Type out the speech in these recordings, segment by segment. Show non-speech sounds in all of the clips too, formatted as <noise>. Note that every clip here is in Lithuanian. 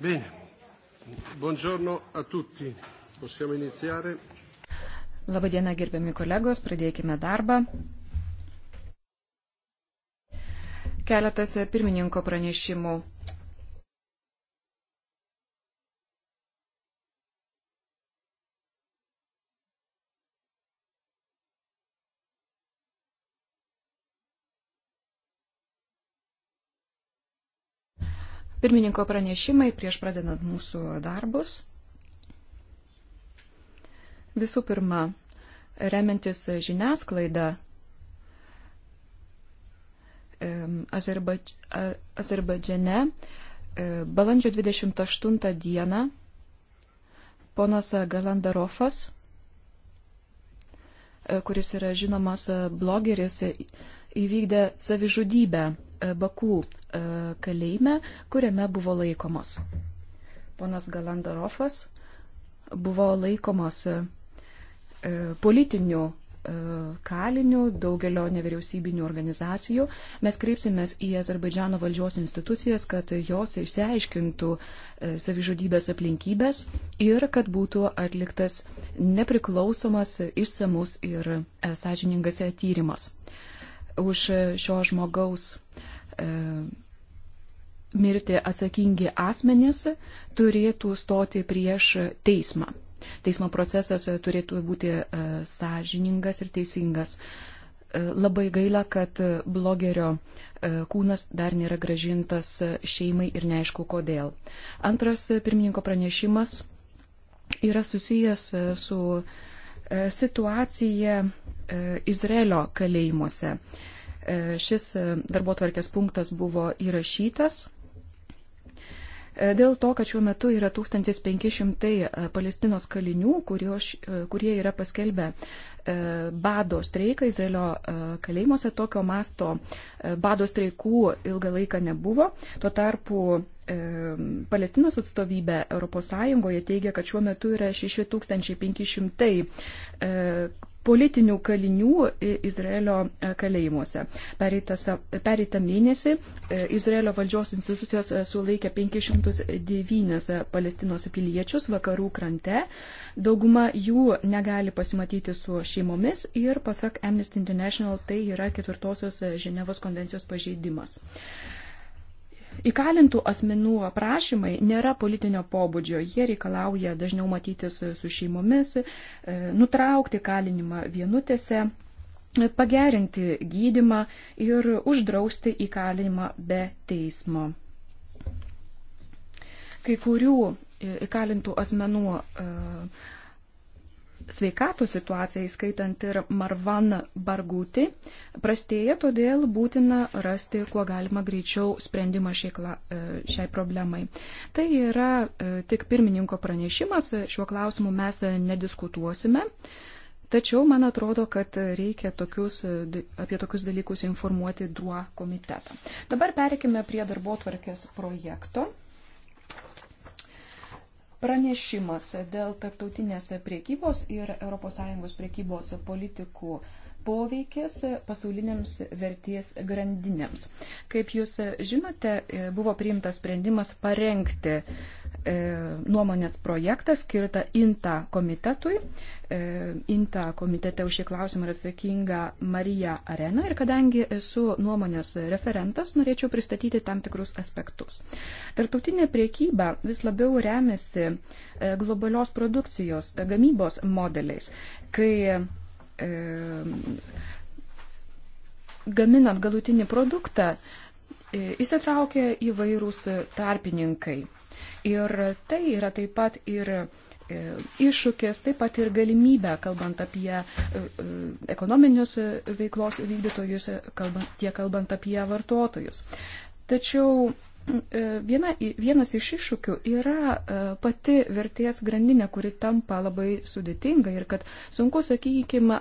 Bene, buongiorno a tutti. Possiamo iniziare. Labadiena, gerbiami kolegos, pradėkime darbą. Keletas pirmininko pranešimų Pirmininko pranešimai prieš pradedant mūsų darbus. Visų pirma, remiantis žiniasklaida, Azerbaidž... Azerbaidžiane e, balandžio 28 dieną ponas Galandarofas, e, kuris yra žinomas e, blogeris, įvykdė savižudybę E, Bakų e, kalėjime, kuriame buvo laikomos. Ponas Galandarofas buvo laikomas e, politinių kalinių, daugelio nevyriausybinių organizacijų. Mes kreipsimės į Azerbaidžiano valdžios institucijas, kad jos išsiaiškintų savižudybės aplinkybės ir kad būtų atliktas nepriklausomas, išsamus ir sąžiningas tyrimas. Už šio žmogaus E, mirti atsakingi asmenys turėtų stoti prieš teismą. Teismo procesas turėtų būti e, sąžiningas ir teisingas. E, labai gaila, kad blogerio kūnas dar nėra gražintas šeimai ir neaišku kodėl. Antras pirmininko pranešimas yra susijęs su situacija Izraelio kalėjimuose. E, šis e, darbo tvarkės punktas buvo įrašytas. E, dėl to, kad šiuo metu yra 1500 palestinos kalinių, kurios, kurie yra paskelbę bado streiką Izraelio kalėjimuose, tokio masto bado streikų ilgą laiką nebuvo. Tuo tarpu Palestinos atstovybė ES teigia, kad šiuo metu yra 6500 politinių kalinių Izraelio e, kalėjimuose. Pereitą mėnesį e, Izraelio valdžios institucijos e, sulaikė 509 palestinos piliečius vakarų krante. Dauguma jų negali pasimatyti su šeimomis ir, pasak Amnesty International, tai yra ketvirtosios Ženevos konvencijos pažeidimas. Įkalintų asmenų aprašymai nėra politinio pobūdžio, jie reikalauja dažniau matytis su šeimomis, e, nutraukti kalinimą vienutėse, pagerinti gydimą ir uždrausti įkalinimą be teismo. Kai kurių e, įkalintų asmenų uh, sveikato situacija, įskaitant ir Marvan Bargūti, prastėja, todėl būtina rasti kuo galima greičiau sprendimą šiai, e, šiai problemai. Tai yra e, tik pirmininko pranešimas, šiuo klausimu mes nediskutuosime. Tačiau man atrodo, kad reikia tokius, apie tokius dalykus informuoti DRUA komitetą. Dabar perikime prie darbo tvarkės projekto pranešimas dėl tarptautinės priekybos ir ES priekybos politikų poveikis pasaulinėms vertės grandinėms. Kaip jūs žinote, buvo priimtas sprendimas parengti e, nuomonės projektą skirtą INTA komitetui E, INTA komitete už šį klausimą yra atsakinga Marija Arena ir kadangi esu nuomonės referentas, norėčiau pristatyti tam tikrus aspektus. Tartautinė priekyba vis labiau remiasi e, globalios produkcijos e, gamybos modeliais, kai e, gaminant galutinį produktą įsitraukia įvairūs tarpininkai. Ir tai yra taip pat ir E, iššūkis, taip pat ir galimybė, kalbant apie e, e, ekonominius veiklos vykdytojus, kalbant, tiek kalbant apie vartotojus. Tačiau viena, vienas iš iššūkių yra pati vertės grandinė, kuri tampa labai sudėtinga ir kad sunku, sakykime,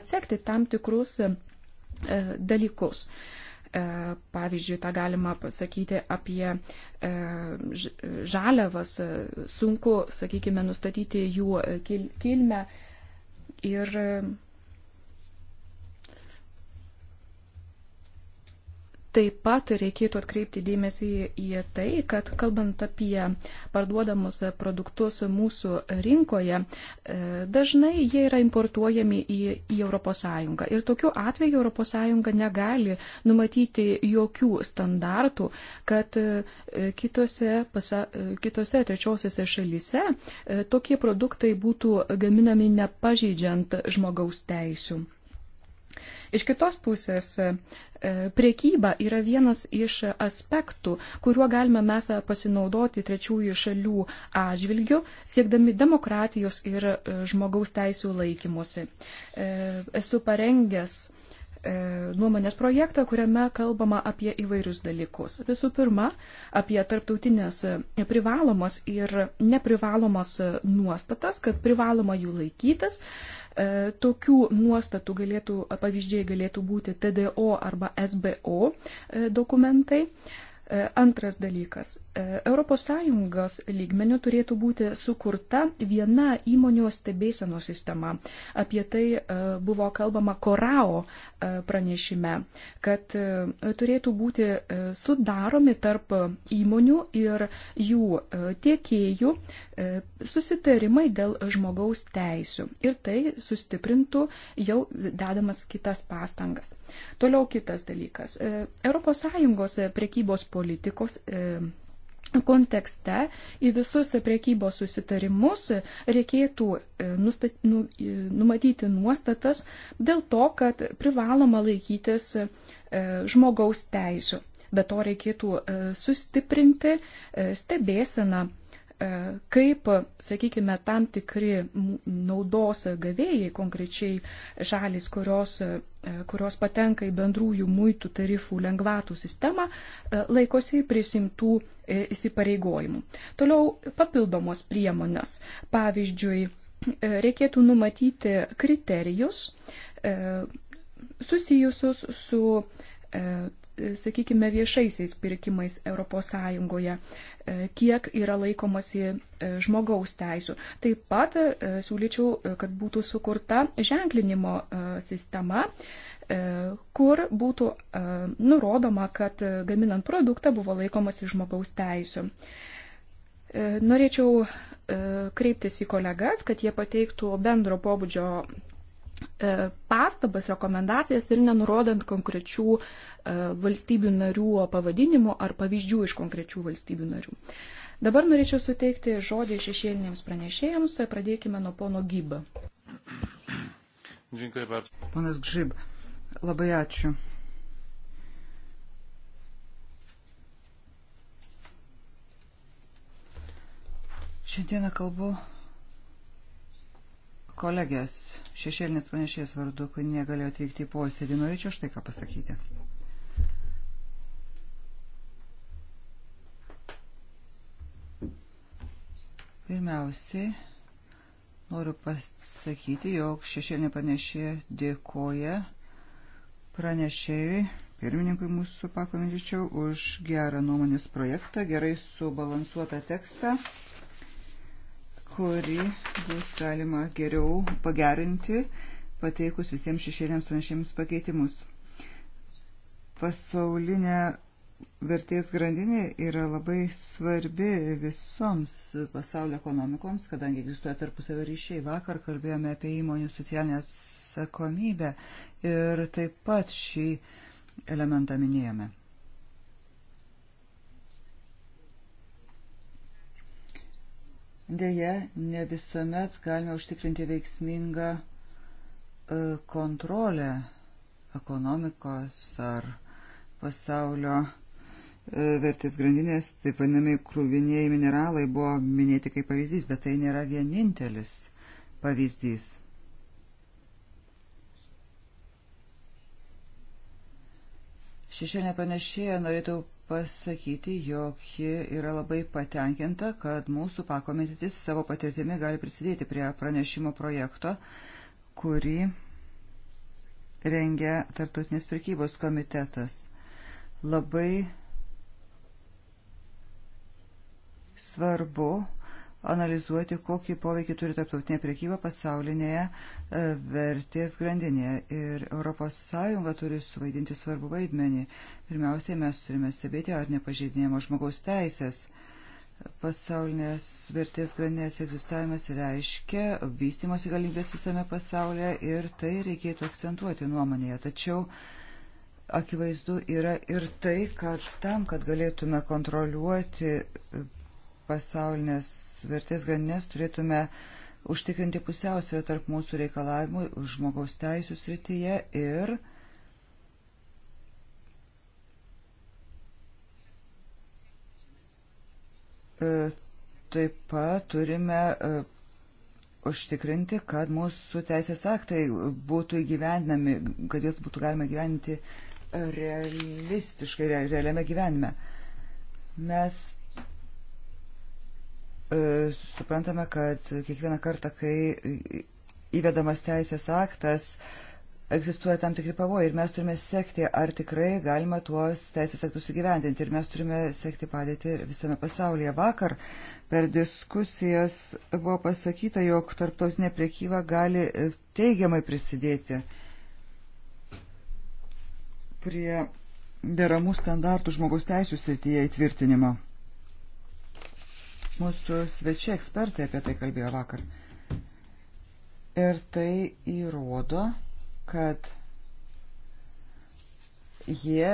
atsekti tam tikrus dalykus. Uh, E, pavyzdžiui, tą galima pasakyti apie e, žaliavas. E, sunku, sakykime, nustatyti jų kilmę. Ir Taip pat reikėtų atkreipti dėmesį į tai, kad kalbant apie parduodamus produktus mūsų rinkoje, e, dažnai jie yra importuojami į, į ES. Ir tokiu atveju ES negali numatyti jokių standartų, kad e, kitose, pasa, e, kitose trečiosiose šalise tokie produktai būtų gaminami nepažydžiant žmogaus teisų. Iš kitos pusės, e, priekyba yra vienas iš aspektų, kuriuo galime mes pasinaudoti trečiųjų šalių atžvilgių, siekdami demokratijos ir e, žmogaus teisų laikymusi. E, esu parengęs E, nuomonės projektą, kuriame kalbama apie įvairius dalykus. Visų pirma, apie tarptautinės e, privalomas ir neprivalomas e, nuostatas, kad privaloma jų laikytis. Tokių nuostatų galėtų, pavyzdžiai galėtų būti TDO arba SBO dokumentai. E, antras dalykas. ES lygmenių turėtų būti sukurta viena įmonių stebėsenos sistema. Apie tai e, buvo kalbama Korao e, pranešime, kad turėtų būti sudaromi tarp įmonių ir jų tiekėjų E, susitarimai dėl žmogaus teisių ir tai sustiprintų jau dedamas kitas pastangas. Toliau kitas dalykas. ES priekybos politikos e, kontekste į visus priekybos susitarimus reikėtų e, nustat, nu, numatyti nuostatas dėl to, kad privaloma laikytis žmogaus teisų. Be to reikėtų sustiprinti stebėseną E, kaip, sakykime, tam tikri naudos gavėjai, konkrečiai šalis, kurios, e, kurios patenka į bendrųjų muitų tarifų lengvatų sistemą, e, laikosi prisimtų įsipareigojimų. Toliau papildomos priemonės. Pavyzdžiui, reikėtų numatyti kriterijus susijusius su sakykime, viešaisiais pirkimais ES, e, kiek yra laikomasi e, žmogaus teisų. Taip pat e, siūlyčiau, kad būtų sukurta ženklinimo sistema, kur būtų nurodoma, kad gaminant produktą buvo laikomasi žmogaus teisų. Norėčiau kreiptis į kolegas, kad jie pateiktų bendro pobūdžio pastabas, rekomendacijas ir nenurodant konkrečių uh, E, valstybių narių pavadinimų ar pavyzdžių iš konkrečių valstybių narių. Dabar norėčiau suteikti žodį šešėliniams pranešėjams. Pradėkime nuo pono Gyba. Ponas Gžib, labai ačiū. Šiandieną kalbu kolegės šešėlinės pranešės vardu, kai negalėjo atvykti į posėdį. Norėčiau štai ką pasakyti. Pirmiausiai noriu pasakyti, jog šešėlinė pranešė dėkoja pranešėjui, pirmininkui mūsų pakomitėčiau, už gerą nuomonės projektą, gerai subalansuotą tekstą, kurį bus galima geriau pagerinti, pateikus visiems šešėlėms pranešėjams pakeitimus. Pasaulinė vertės grandinė yra labai svarbi visoms pasaulio ekonomikoms, kadangi egzistuoja tarpusavio ryšiai. Vakar kalbėjome apie įmonių socialinę atsakomybę ir taip pat šį elementą minėjome. Deja, ne visuomet galime užtikrinti veiksmingą e, kontrolę ekonomikos ar pasaulio E, vertės grandinės, taip vadinami krūvinieji mineralai buvo minėti kaip pavyzdys, bet tai nėra vienintelis pavyzdys. Šešėlė panašėja norėtų pasakyti, jog ji yra labai patenkinta, kad mūsų pakomitetis savo patirtimi gali prisidėti prie pranešimo projekto, kurį rengia Tartutinės prekybos komitetas. Labai svarbu analizuoti, kokį poveikį turi tarptautinė priekyba pasaulinėje e, vertės grandinėje. Ir ES turi suvaidinti svarbu vaidmenį. Pirmiausiai mes turime stebėti, ar nepažeidinėjama žmogaus teisės. Pasaulinės vertės grandinės egzistavimas reiškia vystimosi galimybės visame pasaulyje ir tai reikėtų akcentuoti nuomonėje. Tačiau akivaizdu yra ir tai, kad tam, kad galėtume kontroliuoti pasaulinės vertės grandinės turėtume užtikrinti pusiausvyrą tarp mūsų reikalavimų žmogaus teisų srityje ir e, taip pat turime e, užtikrinti, kad mūsų teisės aktai būtų įgyvendinami, kad juos būtų galima gyventi realistiškai, realiame gyvenime. Mes E, suprantame, kad kiekvieną kartą, kai įvedamas teisės aktas, egzistuoja tam tikri pavojai ir mes turime sekti, ar tikrai galima tuos teisės aktus įgyvendinti ir mes turime sekti padėti visame pasaulyje. Vakar per diskusijas buvo pasakyta, jog tarptautinė priekyba gali teigiamai prisidėti prie deramų standartų žmogaus teisų srityje įtvirtinimo. Mūsų svečiai ekspertai apie tai kalbėjo vakar. Ir tai įrodo, kad jie,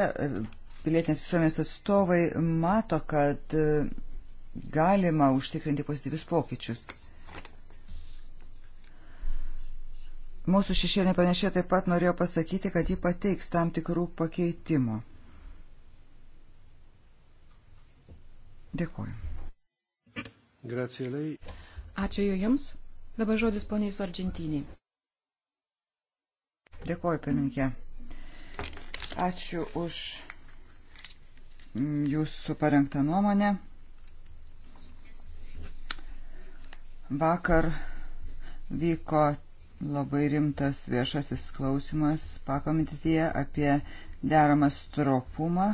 pilietinės visuomenės atstovai, mato, kad e, galima užtikrinti pozityvius pokyčius. Mūsų šešėlė panešė taip pat norėjo pasakyti, kad ji pateiks tam tikrų pakeitimų. Dėkuoju. Gracieliai. Ačiū Jums. Dabar žodis poniai Sargentiniai. Dėkuoju, pirmininkė. Ačiū už mm, Jūsų parengtą nuomonę. Vakar vyko labai rimtas viešasis klausimas pakomitetyje apie deramą stropumą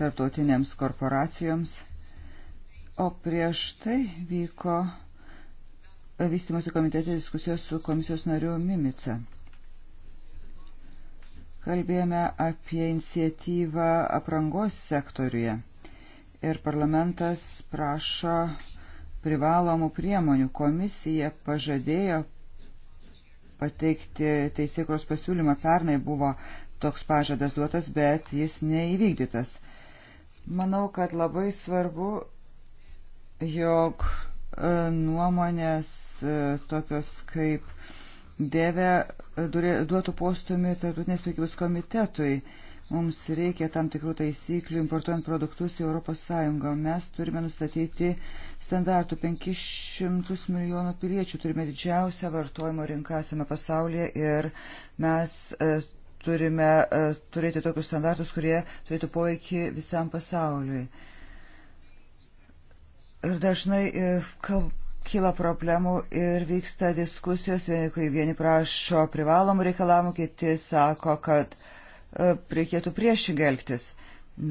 tarptautinėms korporacijoms O prieš tai vyko vystimosi komitete diskusijos su komisijos nariu Mimica. Kalbėjome apie iniciatyvą aprangos sektoriuje ir parlamentas prašo privalomų priemonių. Komisija pažadėjo pateikti teisėkros pasiūlymą. Pernai buvo toks pažadas duotas, bet jis neįvykdytas. Manau, kad labai svarbu jog e, nuomonės e, tokios kaip dėvė e, duotų postumį tarptautinės prekybos komitetui. Mums reikia tam tikrų taisyklių importuojant produktus į ES. Mes turime nustatyti standartų 500 milijonų piliečių. Turime didžiausią vartojimo rinką esame pasaulyje ir mes turime turėti tokius standartus, kurie turėtų poveikį visam pasauliui. Dažnai e, kyla problemų ir vyksta diskusijos, vieni, kai vieni prašo privalomų reikalavimų, kiti sako, kad e, reikėtų priešingai elgtis.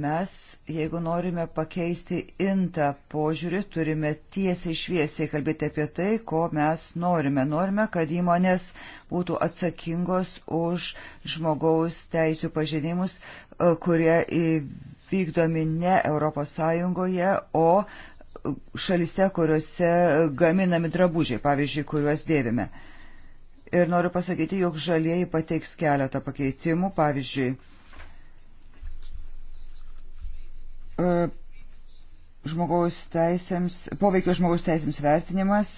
Mes, jeigu norime pakeisti intą požiūrį, turime tiesiai šviesiai kalbėti apie tai, ko mes norime. Norime, kad įmonės būtų atsakingos už žmogaus teisų pažinimus, e, kurie įvykdomi ne ES, o šalise, kuriuose gaminami drabužiai, pavyzdžiui, kuriuos dėvime. Ir noriu pasakyti, jog žalieji pateiks keletą pakeitimų, pavyzdžiui, e, žmogaus teisėms, poveikio žmogaus teisėms vertinimas.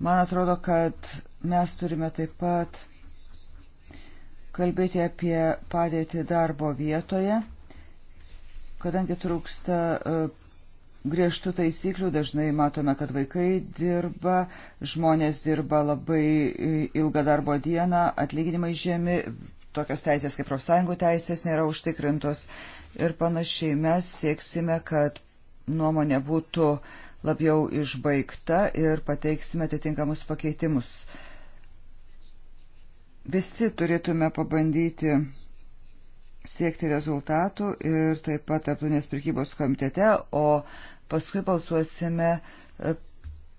Man atrodo, kad mes turime taip pat kalbėti apie padėtį darbo vietoje, kadangi trūksta e, griežtų taisyklių, dažnai matome, kad vaikai dirba, žmonės dirba labai e, ilgą darbo dieną, atlyginimai žemi, tokios teisės kaip profsąjungų teisės nėra užtikrintos ir panašiai. Mes sieksime, kad nuomonė būtų labiau išbaigta ir pateiksime atitinkamus pakeitimus. Visi turėtume pabandyti siekti rezultatų ir taip pat tarptautinės prekybos komitete, o paskui balsuosime e,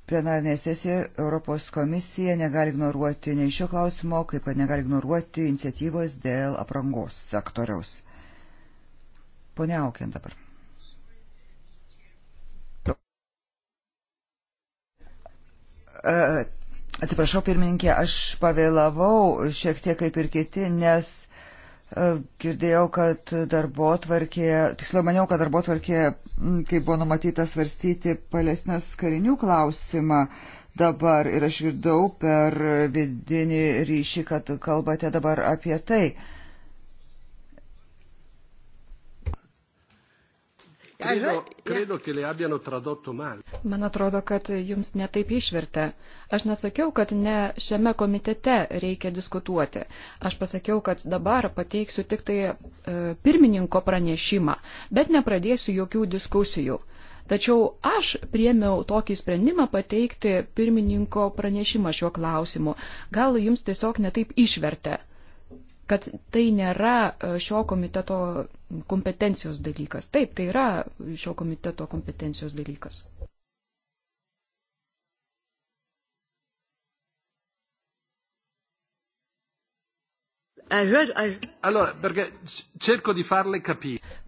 plenarinėje sesijoje Europos komisija negali ignoruoti nei šio klausimo, kaip kad negali ignoruoti iniciatyvos dėl aprangos sektoriaus. Pone Aukien dabar. E, atsiprašau, pirmininkė, aš pavėlavau šiek tiek kaip ir kiti, nes E, girdėjau, kad darbo tvarkėje, tiksliau maniau, kad darbo tvarkėje, kai buvo numatyta svarstyti Palestinos karinių klausimą, dabar ir aš girdau per vidinį ryšį, kad kalbate dabar apie tai. Uh, Credo, credo che le abbiano tradotto male. Man atrodo, kad jums netaip išvertė. Aš nesakiau, kad ne šiame komitete reikia diskutuoti. Aš pasakiau, kad dabar pateiksiu tik tai e, pirmininko pranešimą, bet nepradėsiu jokių diskusijų. Tačiau aš priemiau tokį sprendimą pateikti pirmininko pranešimą šiuo klausimu. Gal jums tiesiog netaip išvertė kad tai nėra e, šio komiteto kompetencijos dalykas. Taip, tai yra šio komiteto kompetencijos dalykas.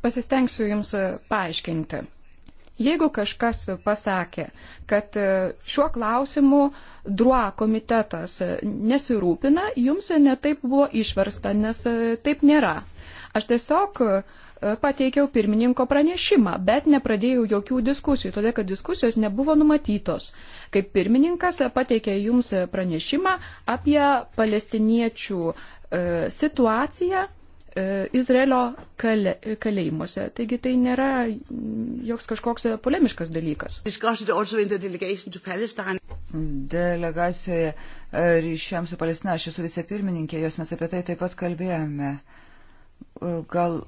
Pasistengsiu Jums e, paaiškinti. Jeigu kažkas pasakė, kad e, šiuo klausimu DRUA komitetas e, nesirūpina, jums netaip buvo išversta, nes e, taip nėra. Aš tiesiog pateikiau pirmininko pranešimą, bet nepradėjau jokių diskusijų, todėl kad diskusijos nebuvo numatytos. Kaip pirmininkas pateikė jums pranešimą apie palestiniečių situaciją E, Izraelio kale, kalėjimuose. Taigi tai nėra joks kažkoks polemiškas dalykas. Delegacijoje e, ryšiams su Palestina, aš esu vicepirmininkė, jos mes apie tai taip pat kalbėjome. E, gal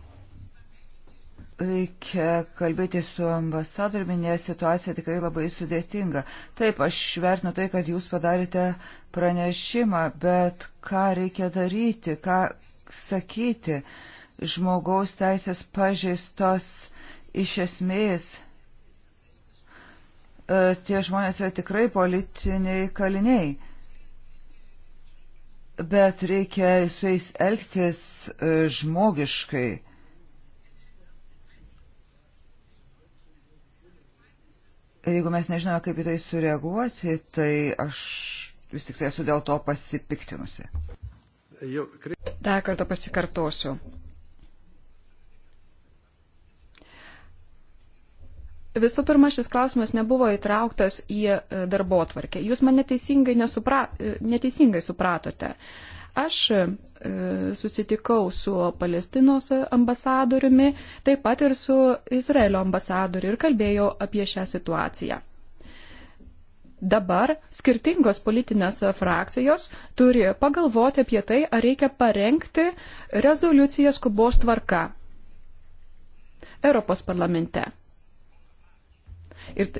reikia kalbėti su ambasadoriumi, nes situacija tikrai labai sudėtinga. Taip, aš vertinu tai, kad jūs padarėte pranešimą, bet ką reikia daryti, ką, sakyti. Žmogaus teisės pažeistos iš esmės. E, tie žmonės yra tikrai politiniai kaliniai. Bet reikia su jais elgtis e, žmogiškai. Ir jeigu mes nežinome, kaip į tai sureaguoti, tai aš vis tik tai esu dėl to pasipiktinusi. Dar kartą pasikartosiu. Visų pirma, šis klausimas nebuvo įtrauktas į e, darbo atvarkę. Jūs mane teisingai, nesupra, e, neteisingai supratote. Aš e, susitikau su Palestinos ambasadoriumi, taip pat ir su Izraelio ambasadoriu ir kalbėjau apie šią situaciją. Dabar skirtingos politinės frakcijos turi pagalvoti apie tai, ar reikia parengti rezoliuciją skubos tvarka Europos parlamente. Ir,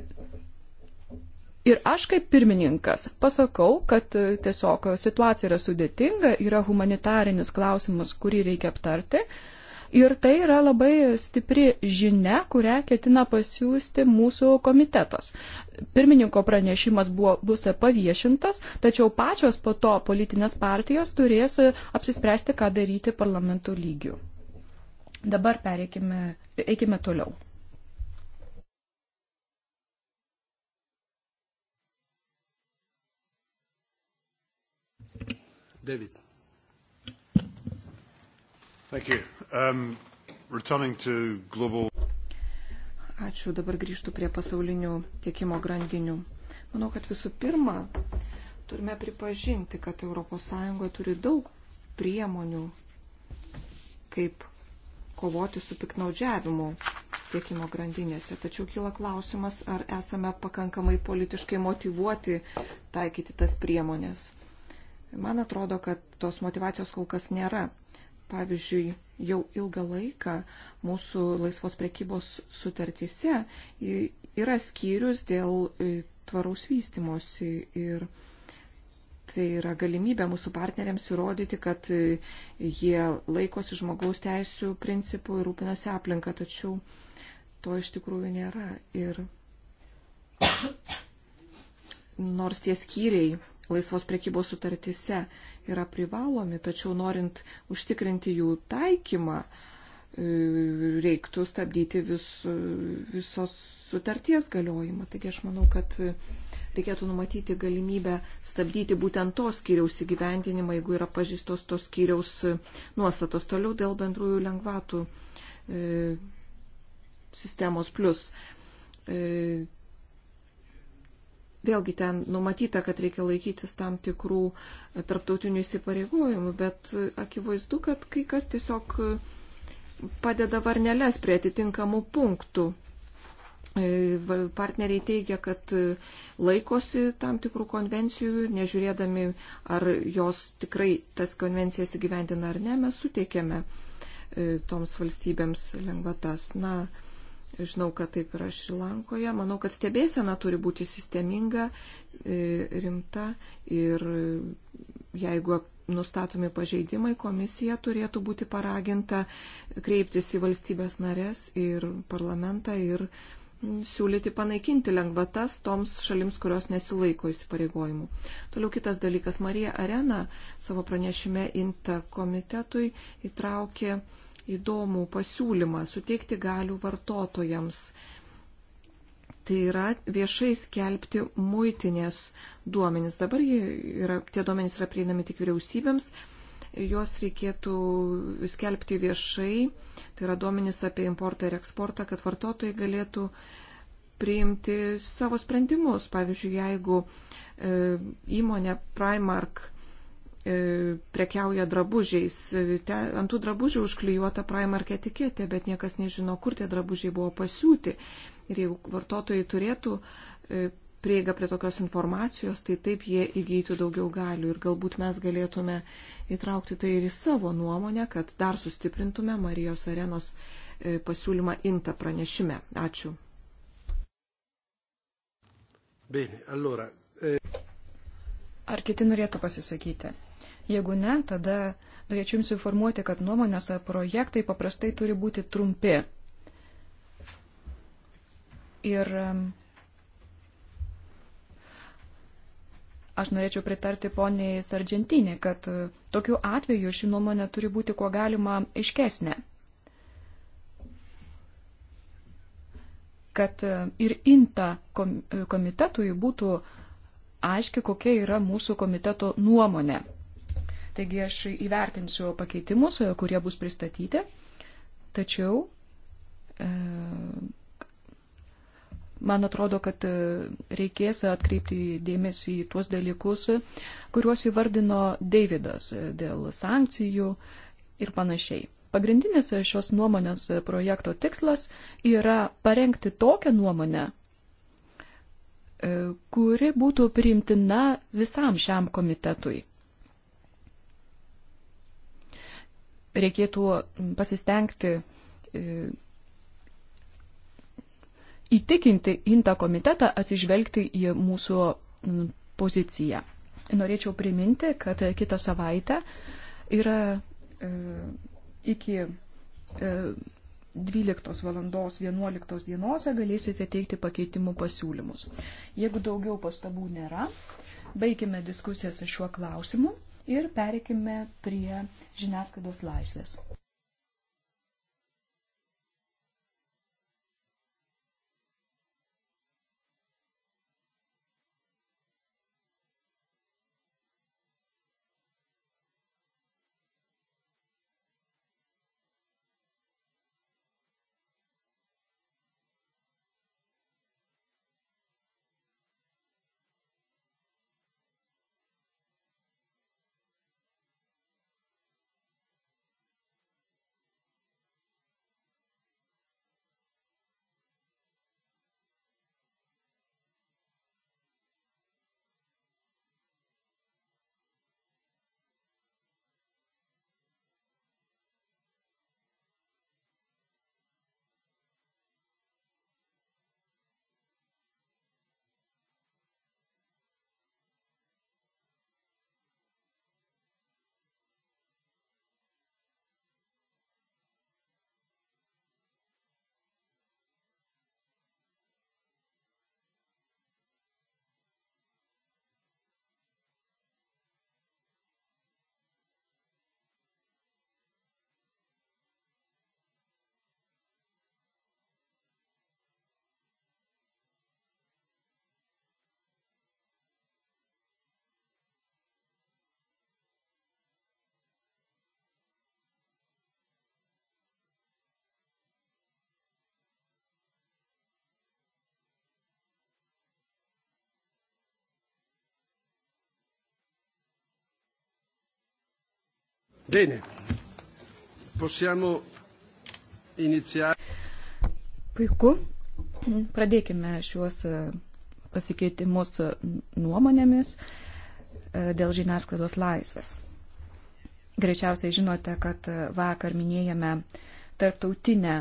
ir aš kaip pirmininkas pasakau, kad e, tiesiog situacija yra sudėtinga, yra humanitarinis klausimas, kurį reikia aptarti, Ir tai yra labai stipri žinia, kurią ketina pasiūsti mūsų komitetas. Pirmininko pranešimas buvo, bus paviešintas, tačiau pačios po to politinės partijos turės apsispręsti, ką daryti parlamentų lygių. Dabar pereikime, eikime toliau. David. Thank you. Um, global... Ačiū, dabar grįžtų prie pasaulinių tiekimo grandinių. Manau, kad visų pirma, turime pripažinti, kad ES turi daug priemonių, kaip kovoti su piknaudžiavimu tiekimo grandinėse. Tačiau kyla klausimas, ar esame pakankamai politiškai motivuoti taikyti tas priemonės. Man atrodo, kad tos motivacijos kol kas nėra. Pavyzdžiui, jau ilgą laiką mūsų laisvos prekybos sutartyse yra skyrius dėl e, tvaraus vystimosi ir tai yra galimybė mūsų partneriams įrodyti, kad e, jie laikosi žmogaus teisų principų ir rūpinasi aplinką, tačiau to iš tikrųjų nėra. Ir <coughs> nors tie skyriai laisvos prekybos sutartyse yra privalomi, tačiau norint užtikrinti jų taikymą, e, reiktų stabdyti vis, visos sutarties galiojimą. Taigi aš manau, kad reikėtų numatyti galimybę stabdyti būtent to skyriaus įgyvendinimą, jeigu yra pažįstos to skyriaus nuostatos. Toliau dėl bendrųjų lengvatų e, sistemos plus. E, Vėlgi ten numatyta, kad reikia laikytis tam tikrų e, tarptautinių įsipareigojimų, bet e, akivaizdu, kad kai kas tiesiog e, padeda varneles prie atitinkamų punktų. Partneriai teigia, kad laikosi tam tikrų konvencijų, nežiūrėdami, ar jos tikrai tas konvencijas įgyvendina ar ne, mes suteikėme toms valstybėms lengvatas. Na, Žinau, kad taip yra Šrilankoje. Manau, kad stebėsena turi būti sisteminga, e, rimta ir jeigu nustatomi pažeidimai, komisija turėtų būti paraginta kreiptis į valstybės narės ir parlamentą ir siūlyti panaikinti lengvatas toms šalims, kurios nesilaiko įsipareigojimų. Toliau kitas dalykas. Marija Arena savo pranešime INTA komitetui įtraukė įdomų pasiūlymą suteikti galių vartotojams. Tai yra viešai skelbti muitinės duomenys. Dabar yra, tie duomenys yra prieinami tik vyriausybėms. Juos reikėtų skelbti viešai. Tai yra duomenys apie importą ir eksportą, kad vartotojai galėtų priimti savo sprendimus. Pavyzdžiui, jeigu e, įmonė Primark E, prekiauja drabužiais. Te, ant tų drabužių užklijuota Primark etiketė, bet niekas nežino, kur tie drabužiai buvo pasiūti. Ir jeigu vartotojai turėtų e, prieigą prie tokios informacijos, tai taip jie įgytų daugiau galių. Ir galbūt mes galėtume įtraukti tai ir į savo nuomonę, kad dar sustiprintume Marijos arenos e, pasiūlymą INTA pranešime. Ačiū. Bene, allora, eh... Ar kiti norėtų pasisakyti? Jeigu ne, tada norėčiau Jums informuoti, kad nuomonės projektai paprastai turi būti trumpi. Ir aš norėčiau pritarti poniai Sargentinė, kad e, tokiu atveju ši nuomonė turi būti kuo galima aiškesnė. Kad e, ir INTA e, komitetui būtų uh, aiški, kokia yra mūsų komiteto nuomonė. Taigi aš įvertinsiu pakeitimus, e, kurie bus pristatyti, tačiau e, man atrodo, kad e, reikės atkreipti dėmesį į tuos dalykus, kuriuos įvardino Davidas e, dėl sankcijų ir panašiai. Pagrindinis šios nuomonės projekto tikslas yra parengti tokią nuomonę, E, kuri būtų priimtina visam šiam komitetui. Reikėtų pasistengti e, įtikinti Inta komitetą atsižvelgti į mūsų poziciją. Norėčiau priminti, kad kitą savaitę yra e, iki 12 valandos 11 dienose galėsite teikti pakeitimų pasiūlymus. Jeigu daugiau pastabų nėra, baigime diskusijas šiuo klausimu ir pereikime prie žiniasklaidos laisvės. Bene, possiamo iniziare. Puiku, pradėkime šiuos e, pasikeitimus e, nuomonėmis e, dėl žiniasklaidos laisvės. Greičiausiai žinote, kad vakar minėjome tarptautinę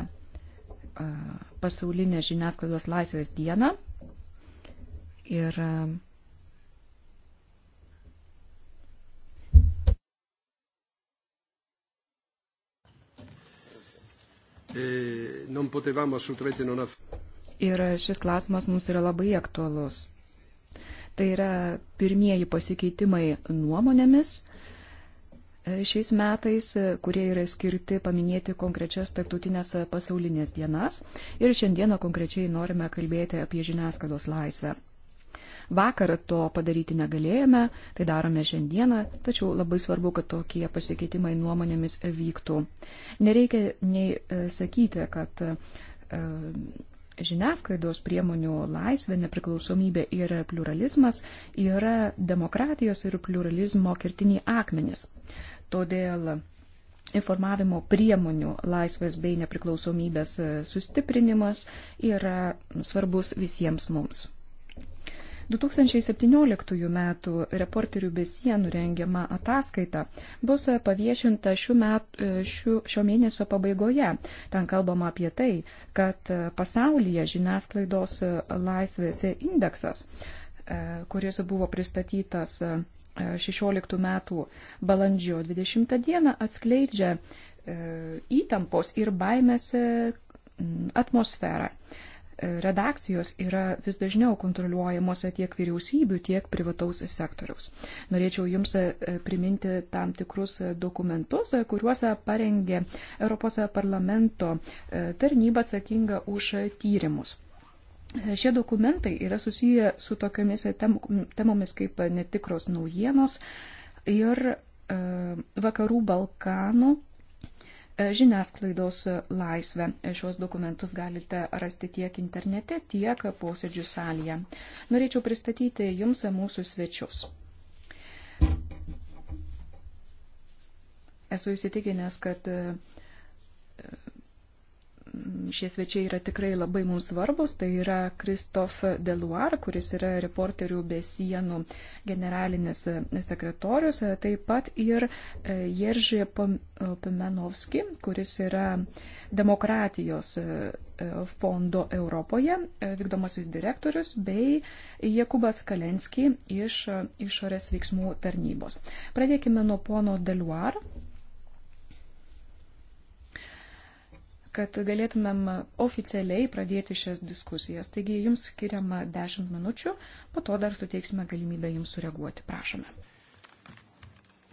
pasaulinę žiniasklaidos laisvės dieną ir Eh, non potevamo assolutamente non Ir šis klausimas mums yra labai aktualus. Tai yra pirmieji pasikeitimai nuomonėmis eh, šiais metais, kurie yra skirti paminėti konkrečias tarptautinės pasaulinės dienas. Ir šiandieną konkrečiai norime kalbėti apie žiniasklaidos laisvę. Vakar to padaryti negalėjome, tai darome šiandieną, tačiau labai svarbu, kad tokie pasikeitimai nuomonėmis vyktų. Nereikia nei e, sakyti, kad e, žiniasklaidos priemonių laisvė, nepriklausomybė ir pluralizmas yra demokratijos ir pluralizmo kertiniai akmenys. Todėl informavimo priemonių laisvės bei nepriklausomybės e, sustiprinimas yra svarbus visiems mums. 2017 m. reporterių be sienų rengiama ataskaita bus paviešinta šių metų, šių, šio mėnesio pabaigoje. Ten kalbama apie tai, kad pasaulyje žiniasklaidos laisvės indeksas, e, kuris buvo pristatytas 16 e, metų balandžio 20 dieną, atskleidžia e, įtampos ir baimės atmosferą redakcijos yra vis dažniau kontroliuojamos tiek vyriausybių, tiek privataus sektoriaus. Norėčiau Jums e, priminti tam tikrus e, dokumentus, e, kuriuos parengė Europos parlamento tarnyba atsakinga už tyrimus. Šie dokumentai yra susiję su tokiamis temomis kaip netikros naujienos ir vakarų Balkanų E, žiniasklaidos e, laisvę. E, šios dokumentus galite rasti tiek internete, tiek posėdžių salėje. Norėčiau pristatyti Jums mūsų svečius. Esu įsitikinęs, kad šie svečiai yra tikrai labai mums svarbus. Tai yra Kristof Deluar, kuris yra reporterių be sienų generalinis sekretorius, taip pat ir e, Jeržė Pimenovski, e, kuris yra demokratijos e, fondo Europoje vykdomasis direktorius, bei Jekubas Kalenski iš išorės veiksmų tarnybos. Pradėkime nuo pono Deluar. kad galėtumėm oficialiai pradėti šias diskusijas. Taigi jums skiriama 10 minučių, po to dar suteiksime galimybę jums sureaguoti. Prašome.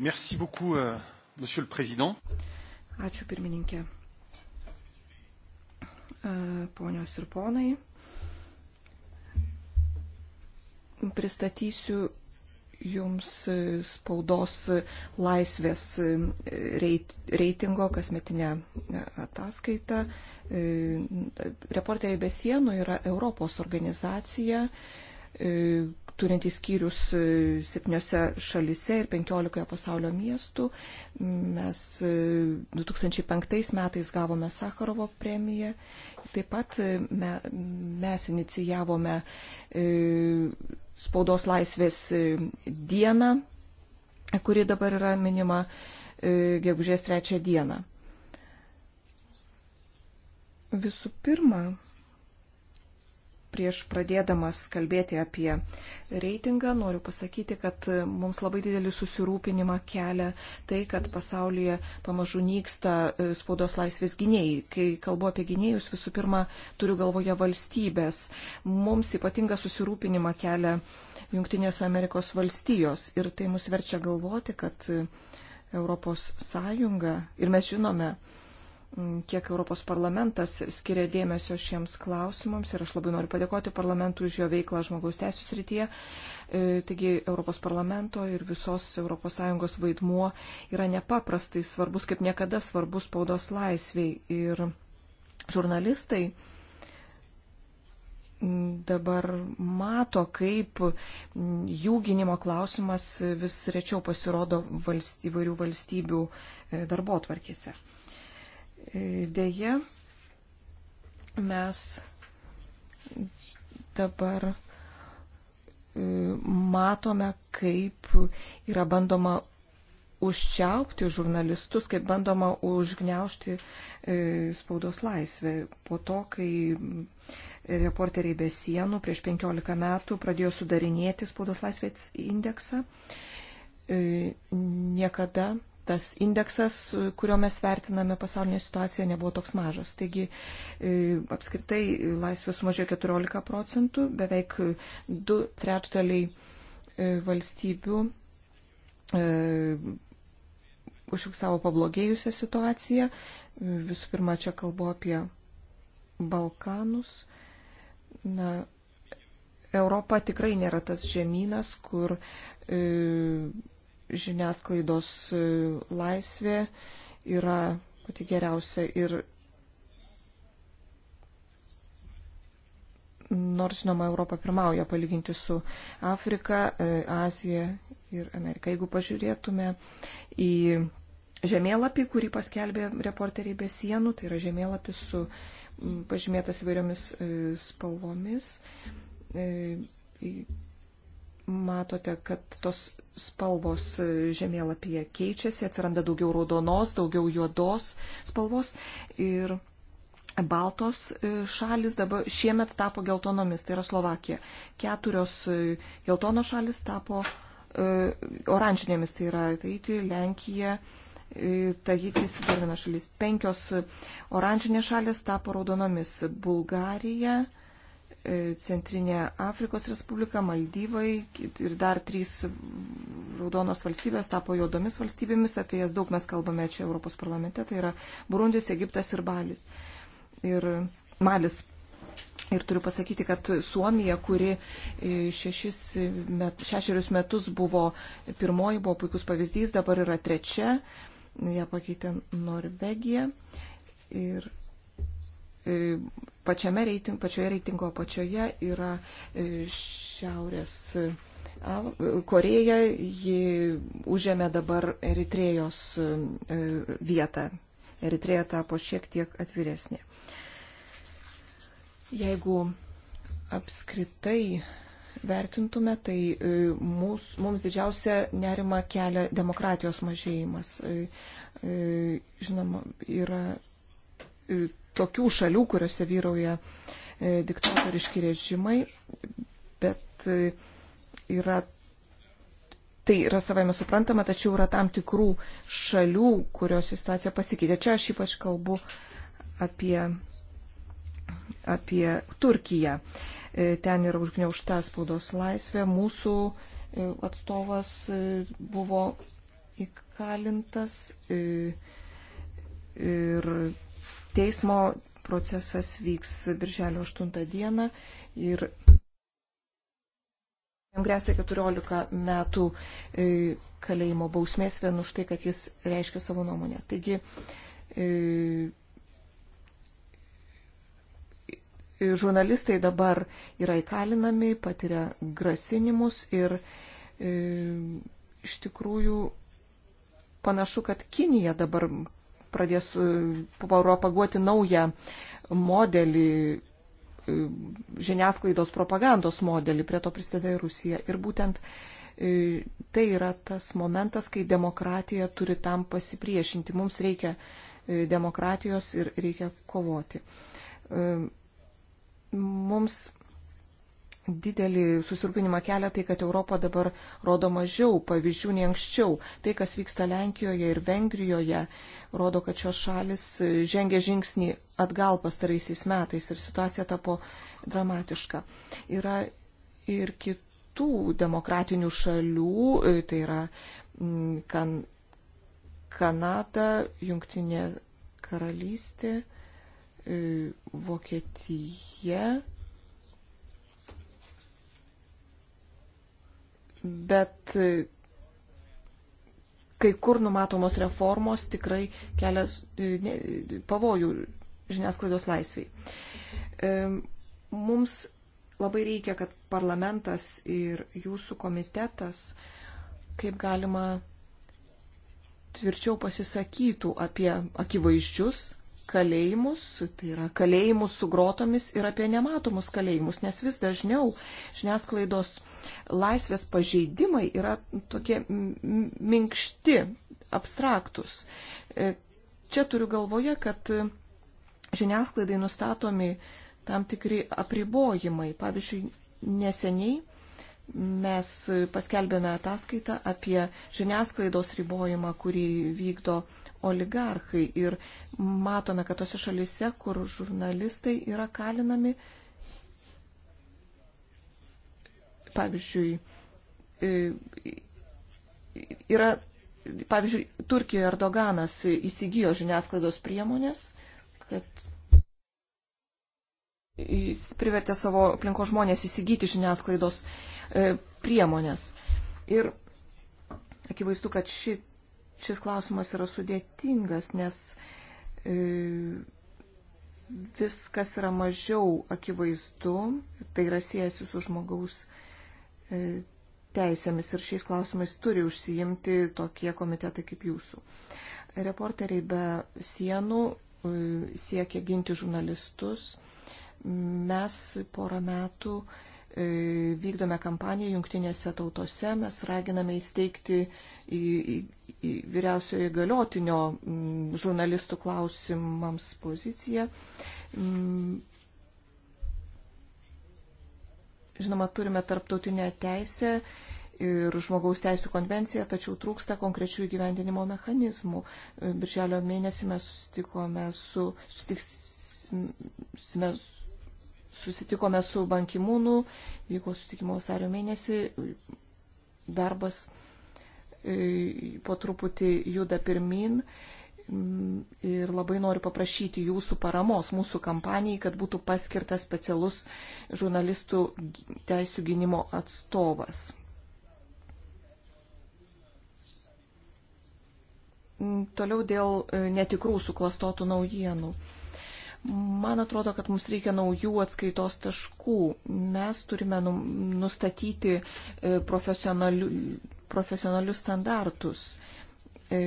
Merci beaucoup, euh, monsieur le président. Ačiū pirmininkė. Ponios ir ponai, pristatysiu jums e, spaudos e, laisvės e, reitingo kasmetinę ataskaitą. Reporteriai be sienų yra Europos organizacija, turinti skyrius septyniose šalise ir penkiolikoje pasaulio miestų. Mes 2005 metais gavome Sakarovo premiją. Taip pat me, mes inicijavome spaudos laisvės e, dieną, kuri dabar yra minima e, gegužės trečią dieną. Visų pirma, Prieš pradėdamas kalbėti apie reitingą, noriu pasakyti, kad mums labai didelį susirūpinimą kelia tai, kad pasaulyje pamažu nyksta e, spaudos laisvės gynėjai. Kai kalbu apie gynėjus, visų pirma, turiu galvoje valstybės. Mums ypatingą susirūpinimą kelia Junktinės Amerikos valstijos ir tai mus verčia galvoti, kad e, Europos Sąjunga ir mes žinome, kiek Europos parlamentas skiria dėmesio šiems klausimams ir aš labai noriu padėkoti parlamentui už jo veiklą žmogaus teisų srityje. E, taigi Europos parlamento ir visos ES vaidmuo yra nepaprastai svarbus, kaip niekada svarbus spaudos laisviai. Ir žurnalistai dabar mato, kaip jų gynimo klausimas vis rečiau pasirodo valst, įvairių valstybių e, darbo tvarkėse. Deja, mes dabar e, matome, kaip yra bandoma užčiaupti žurnalistus, kaip bandoma užgneušti e, spaudos laisvę. Po to, kai reporteriai be sienų prieš 15 metų pradėjo sudarinėti spaudos laisvės indeksą, e, niekada tas indeksas, kurio mes vertiname pasaulinę situaciją, nebuvo toks mažas. Taigi e, apskritai laisvė sumažėjo 14 procentų, beveik 2 trečdaliai e, valstybių e, užfiksavo pablogėjusią situaciją. Visų pirma, čia kalbu apie Balkanus. Na, Europa tikrai nėra tas žemynas, kur e, žiniasklaidos e, laisvė yra pati geriausia ir nors žinoma Europa pirmauja palyginti su Afrika, e, Azija ir Amerika. Jeigu pažiūrėtume į žemėlapį, kurį paskelbė reporteriai be sienų, tai yra žemėlapis su pažymėtas įvairiomis e, spalvomis matote, kad tos spalvos žemėlapyje keičiasi, atsiranda daugiau raudonos, daugiau juodos spalvos ir baltos e, šalis dabar šiemet tapo geltonomis, tai yra Slovakija. Keturios e, geltonos šalis tapo e, oranžinėmis, tai yra Taiti, Lenkija, Taitis ir dar viena šalis. Penkios oranžinės šalis tapo raudonomis. Bulgarija, E, Centrinė Afrikos Respublika, Maldyvai ir dar trys raudonos valstybės tapo juodomis valstybėmis, apie jas daug mes kalbame čia Europos parlamente, tai yra Burundis, Egiptas ir Balis. Ir Malis. Ir turiu pasakyti, kad Suomija, kuri e, šešis met, šešerius metus buvo pirmoji, buvo puikus pavyzdys, dabar yra trečia, ją pakeitė Norvegija. Ir E, pačiame reiting, pačioje reitingo apačioje yra e, Šiaurės e, Koreja, ji užėmė dabar Eritrėjos vietą. Eritreja tapo šiek tiek atviresnė. Jeigu apskritai vertintume, tai mūs, mums didžiausia nerima kelia demokratijos mažėjimas. Žinoma, yra tokių šalių, kuriuose vyrauja e, diktatoriški režimai, bet e, yra, tai yra savame suprantama, tačiau yra tam tikrų šalių, kurios situacija pasikeitė. Čia aš ypač kalbu apie, apie Turkiją. E, ten yra užgniaužta spaudos laisvė. Mūsų atstovas buvo įkalintas ir Teismo procesas vyks birželio 8 dieną ir jam grėsia 14 metų e, kalėjimo bausmės vien už tai, kad jis reiškia savo nuomonę. Taigi, e, žurnalistai dabar yra įkalinami, patiria grasinimus ir e, iš tikrųjų panašu, kad Kinija dabar pradės e, propaguoti naują modelį, e, žiniasklaidos propagandos modelį, prie to prisideda ir Rusija. Ir būtent e, tai yra tas momentas, kai demokratija turi tam pasipriešinti. Mums reikia demokratijos ir reikia kovoti. Mums didelį susirūpinimą kelia tai, kad Europa dabar rodo mažiau pavyzdžių nei anksčiau. Tai, kas vyksta Lenkijoje ir Vengrijoje, rodo, kad šios šalis žengė žingsnį atgal pastaraisiais metais ir situacija tapo dramatiška. Yra ir kitų demokratinių šalių, tai yra mm, kan, Kanada, Junktinė karalystė, e, Vokietija bet e, kai kur numatomos reformos tikrai kelias e, e, pavojų žiniasklaidos laisviai. Mums labai reikia, kad parlamentas ir jūsų komitetas kaip galima tvirčiau pasisakytų apie akivaizdžius kalėjimus, tai yra kalėjimus su grotomis ir apie nematomus kalėjimus, nes vis dažniau žiniasklaidos laisvės pažeidimai yra tokie minkšti, abstraktus. E, čia turiu galvoje, kad žiniasklaidai nustatomi tam tikri apribojimai. Pavyzdžiui, neseniai mes paskelbėme ataskaitą apie žiniasklaidos ribojimą, kurį vykdo oligarchai. Ir matome, kad tose šalise, kur žurnalistai yra kalinami, Pavyzdžiui, e, yra, pavyzdžiui, Turkijoje Erdoganas įsigijo žiniasklaidos priemonės, kad jis privertė savo aplinko žmonės įsigyti žiniasklaidos e, priemonės. Ir akivaizdu, kad ši, šis klausimas yra sudėtingas, nes e, viskas yra mažiau akivaizdu, tai yra siejasi su žmogaus e, E, teisėmis ir šiais klausimais turi užsiimti tokie komitetai kaip jūsų. Reporteriai be sienų e, siekia ginti žurnalistus. Mes porą metų e, vykdome kampaniją jungtinėse tautose, mes raginame įsteigti į, į, į vyriausiojo įgaliotinio žurnalistų klausimams poziciją. Žinoma, turime tarptautinę teisę ir žmogaus teisų konvenciją, tačiau trūksta konkrečių įgyvendinimo mechanizmų. Birželio mėnesį mes susitikome su, susitiksime, susitikome su bankimūnu, vyko susitikimo vasario mėnesį, darbas e, po truputį juda pirmin. E, Mm, ir labai noriu paprašyti jūsų paramos mūsų kampanijai, kad būtų paskirtas specialus žurnalistų teisų gynimo atstovas. Mm, toliau dėl e, netikrų suklastotų naujienų. Man atrodo, kad mums reikia naujų atskaitos taškų. Mes turime nustatyti e, profesionalius standartus e,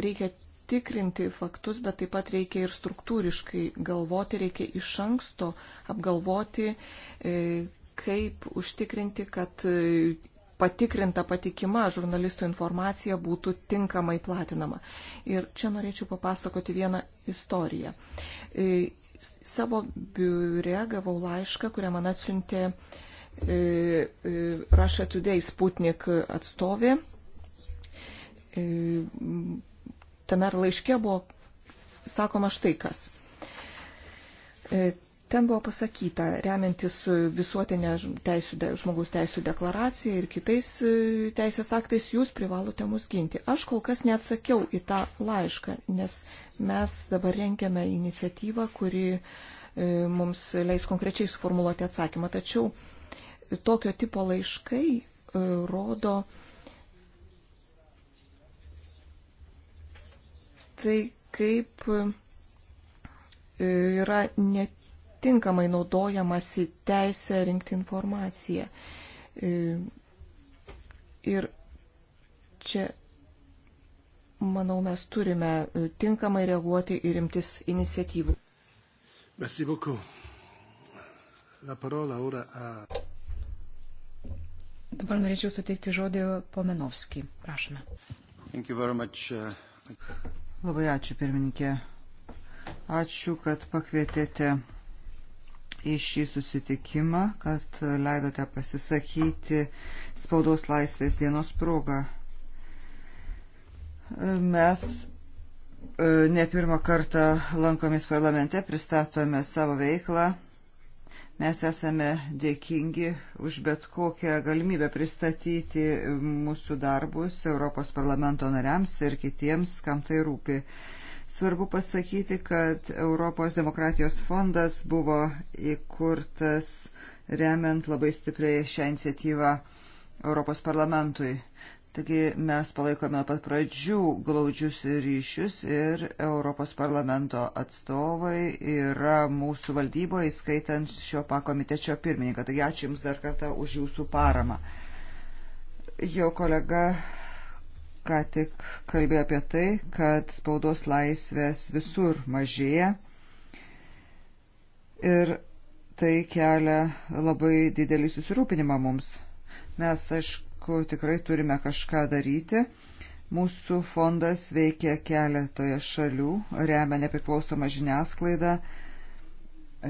reikia tikrinti faktus, bet taip pat reikia ir struktūriškai galvoti, reikia iš anksto apgalvoti, e, kaip užtikrinti, kad e, patikrinta patikima žurnalistų informacija būtų tinkamai platinama. Ir čia norėčiau papasakoti vieną istoriją. E, savo biure gavau laišką, kurią man atsiuntė Russia Today Sputnik atstovė tame laiške buvo sakoma štai kas. E, ten buvo pasakyta, remiantis visuotinė teisų, žmogaus teisų deklaracija ir kitais e, teisės aktais, jūs privalote mus ginti. Aš kol kas neatsakiau į tą laišką, nes mes dabar rengiame iniciatyvą, kuri e, mums leis konkrečiai suformuoluoti atsakymą. Tačiau tokio tipo laiškai rodo, tai, kaip e, yra netinkamai naudojamasi teisė rinkti informaciją. E, ir čia, manau, mes turime e, tinkamai reaguoti ir imtis iniciatyvų. Merci beaucoup. La parola ora a... Dabar norėčiau suteikti žodį Pomenovskį. Prašome. Thank you very much. Uh... Labai ačiū, pirmininkė. Ačiū, kad pakvietėte į šį susitikimą, kad leidote pasisakyti spaudos laisvės dienos progą. Mes e, ne pirmą kartą lankomis parlamente, pristatome savo veiklą Mes esame dėkingi už bet kokią galimybę pristatyti mūsų darbus Europos parlamento nariams ir kitiems, kam tai rūpi. Svarbu pasakyti, kad Europos demokratijos fondas buvo įkurtas remiant labai stipriai šią iniciatyvą Europos parlamentui. Taigi mes palaikome pat pradžių glaudžius ryšius ir Europos parlamento atstovai yra mūsų valdyboje, įskaitant šio pakomitečio pirmininką. Taigi ačiū Jums dar kartą už Jūsų paramą. Jo kolega ką tik kalbėjo apie tai, kad spaudos laisvės visur mažėja ir tai kelia labai didelį susirūpinimą mums. Mes, aišku, aišku, tikrai turime kažką daryti. Mūsų fondas veikia keletoje šalių, remia nepriklausomą žiniasklaidą,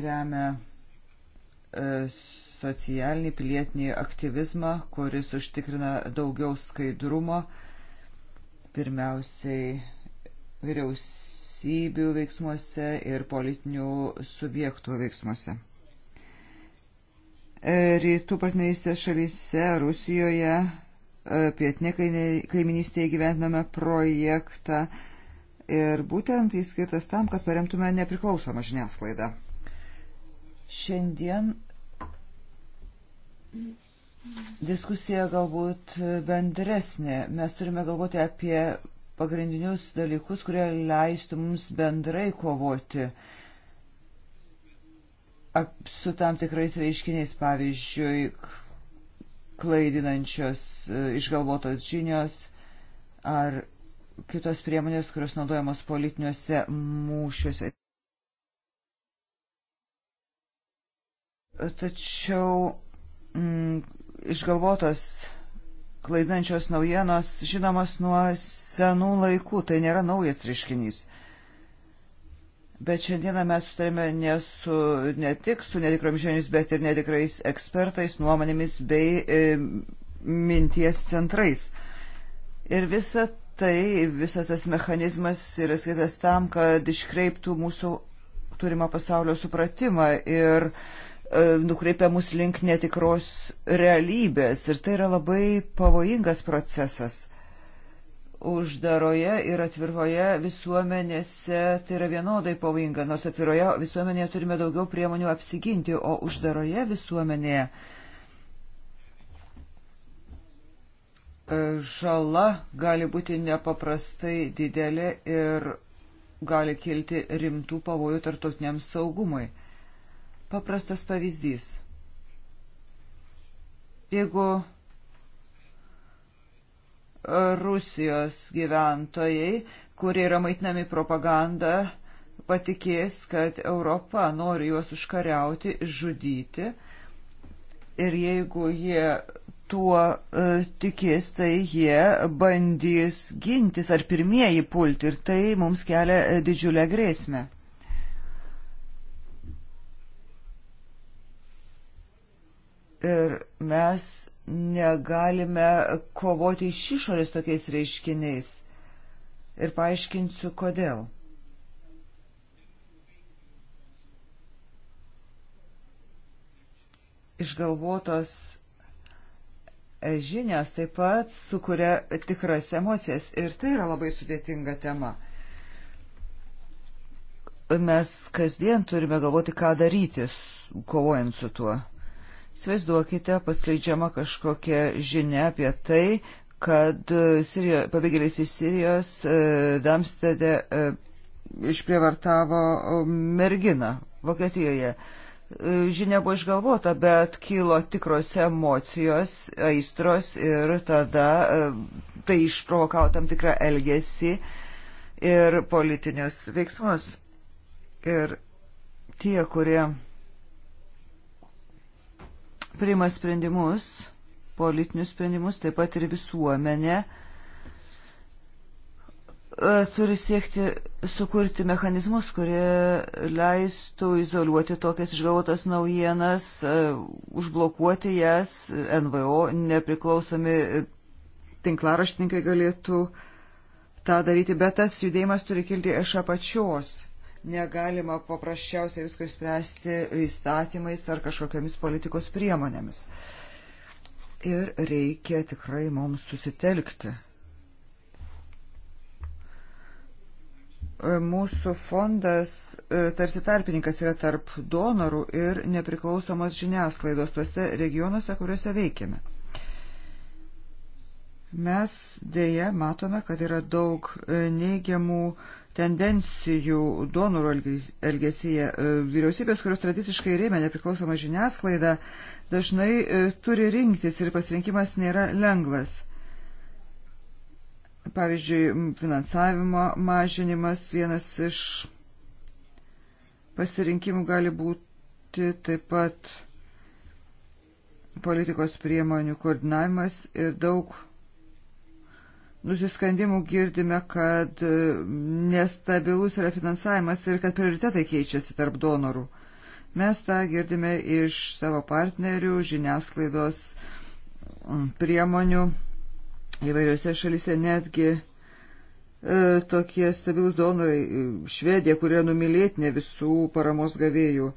remia e, socialinį pilietinį aktyvizmą, kuris užtikrina daugiau skaidrumo, pirmiausiai vyriausybių veiksmuose ir politinių subjektų veiksmuose rytų partnerystės šalyse, Rusijoje, e, pietinė kaiminystėje gyvename projektą ir būtent jis skirtas tam, kad paremtume nepriklausomą žiniasklaidą. Šiandien diskusija galbūt bendresnė. Mes turime galvoti apie pagrindinius dalykus, kurie leistų mums bendrai kovoti uh, su tam tikrais reiškiniais, pavyzdžiui, klaidinančios e, išgalvotos žinios ar kitos priemonės, kurios naudojamos politiniuose mūšiuose. Tačiau m, mm, išgalvotos klaidinančios naujienos žinomos nuo senų laikų, tai nėra naujas reiškinys. Bet šiandieną mes sustarėme ne, su, ne tik su netikrom žiniomis, bet ir netikrais ekspertais, nuomonėmis bei e, minties centrais. Ir visa tai, visas tas mechanizmas yra skirtas tam, kad iškreiptų mūsų turimą pasaulio supratimą ir e, nukreipia mus link netikros realybės. Ir tai yra labai pavojingas procesas uždaroje ir atviroje visuomenėse tai yra vienodai pavojinga, nors atviroje visuomenėje turime daugiau priemonių apsiginti, o uždaroje visuomenėje e, žala gali būti nepaprastai didelė ir gali kilti rimtų pavojų tartutiniam saugumui. Paprastas pavyzdys. Jeigu Rusijos gyventojai, kurie yra maitinami propaganda, patikės, kad Europa nori juos užkariauti, žudyti. Ir jeigu jie tuo uh, tikės, tai jie bandys gintis ar pirmieji pulti ir tai mums kelia e, didžiulę grėsmę. Ir mes negalime kovoti iš išorės tokiais reiškiniais. Ir paaiškinsiu, kodėl. Išgalvotos žinios taip pat sukuria tikras emocijas ir tai yra labai sudėtinga tema. Mes kasdien turime galvoti, ką daryti, kovojant su tuo. Svaizduokite, paskleidžiama kažkokia žinia apie tai, kad e, Sirijo, pabėgėlis iš Sirijos e, Damstede e, išprievartavo merginą Vokietijoje žinia buvo išgalvota, bet kilo tikros emocijos, aistros ir tada tai išprovokavo tam tikrą elgesį ir politinius veiksmus. Ir tie, kurie priima sprendimus, politinius sprendimus, taip pat ir visuomenė e, turi siekti sukurti mechanizmus, kurie leistų izoliuoti tokias išgautas naujienas, e, užblokuoti jas, NVO nepriklausomi tinklaraštininkai galėtų tą daryti, bet tas judėjimas turi kilti iš apačios negalima paprasčiausiai viską spręsti įstatymais ar kažkokiamis politikos priemonėmis. Ir reikia tikrai mums susitelkti. Mūsų fondas e, tarsi tarpininkas yra tarp donorų ir nepriklausomos žiniasklaidos tuose regionuose, kuriuose veikiame. Mes dėje matome, kad yra daug e, neigiamų uh, tendencijų donorų elgesyje. E, vyriausybės, kurios tradiciškai rėmė nepriklausomą žiniasklaidą, dažnai e, turi rinktis ir pasirinkimas nėra lengvas. Pavyzdžiui, finansavimo mažinimas vienas iš pasirinkimų gali būti taip pat politikos priemonių koordinavimas ir daug nusiskandimų girdime, kad e, nestabilus yra finansavimas ir kad prioritetai keičiasi tarp donorų. Mes tą girdime iš savo partnerių, žiniasklaidos mm, priemonių įvairiose šalise netgi e, tokie stabilus donorai, e, Švedija, kurie numylėtinė visų paramos gavėjų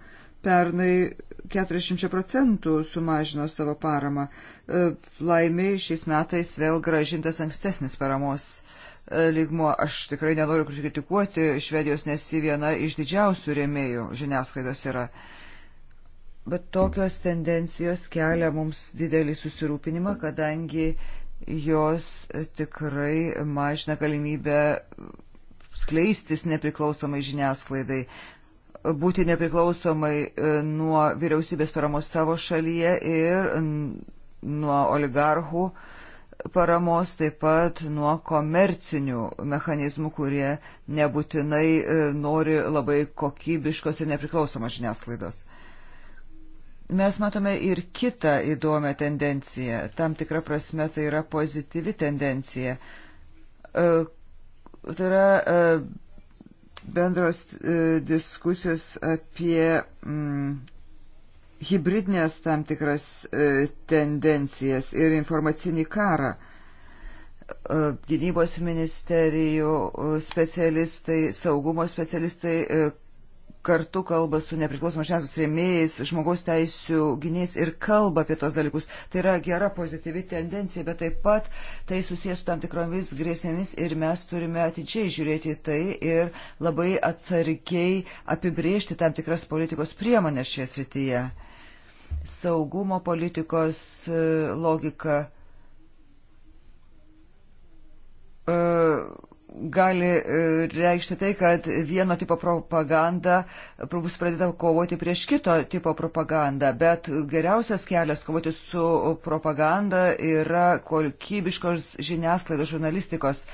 pernai 40 procentų sumažino savo paramą. E, Laimiai šiais metais vėl gražintas ankstesnis paramos e, lygmo. Aš tikrai nenoriu kritikuoti Švedijos, nes ji viena iš didžiausių rėmėjų žiniasklaidos yra. Bet tokios tendencijos kelia mums didelį susirūpinimą, kadangi jos tikrai mažina galimybę skleistis nepriklausomai žiniasklaidai būti nepriklausomai e, nuo vyriausybės paramos savo šalyje ir nuo oligarchų paramos, taip pat nuo komercinių mechanizmų, kurie nebūtinai e, nori labai kokybiškos ir nepriklausomos žiniasklaidos. Mes matome ir kitą įdomią tendenciją. Tam tikrą prasme tai yra pozityvi tendencija. E, tai yra bendros e, diskusijos apie mm, hybridinės tam tikras e, tendencijas ir informacinį karą. E, gynybos ministerijų specialistai, saugumo specialistai kartu kalba su nepriklausomos žiniasklaidos rėmėjais, žmogaus teisų gynėjais ir kalba apie tos dalykus. Tai yra gera pozityvi tendencija, bet taip pat tai susijęs su tam tikromis grėsėmis ir mes turime atidžiai žiūrėti į tai ir labai atsargiai apibrėžti tam tikras politikos priemonės šioje srityje. Saugumo politikos e, logika. Uh, gali e, reikšti tai, kad vieno tipo propaganda bus pradėta kovoti prieš kito tipo propagandą, bet geriausias kelias kovoti su propaganda yra kokybiškos žiniasklaidos žurnalistikos e,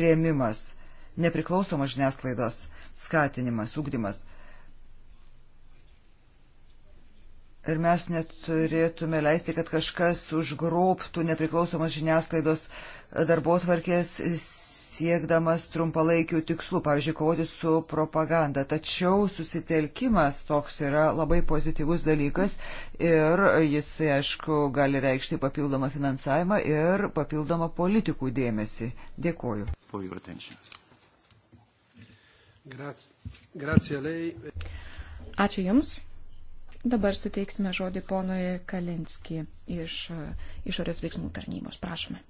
rėmimas, nepriklausomos žiniasklaidos skatinimas, ūkdymas. Ir mes neturėtume leisti, kad kažkas užgrobtų nepriklausomos žiniasklaidos e, darbo tvarkės siekdamas trumpalaikių tikslų, pavyzdžiui, kovoti su propaganda. Tačiau susitelkimas toks yra labai pozityvus dalykas ir jisai, aišku, gali reikšti papildomą finansavimą ir papildomą politikų dėmesį. Dėkuoju. Ačiū Jums. Dabar suteiksime žodį ponui Kalinski iš e, išorės veiksmų tarnybos. Prašome.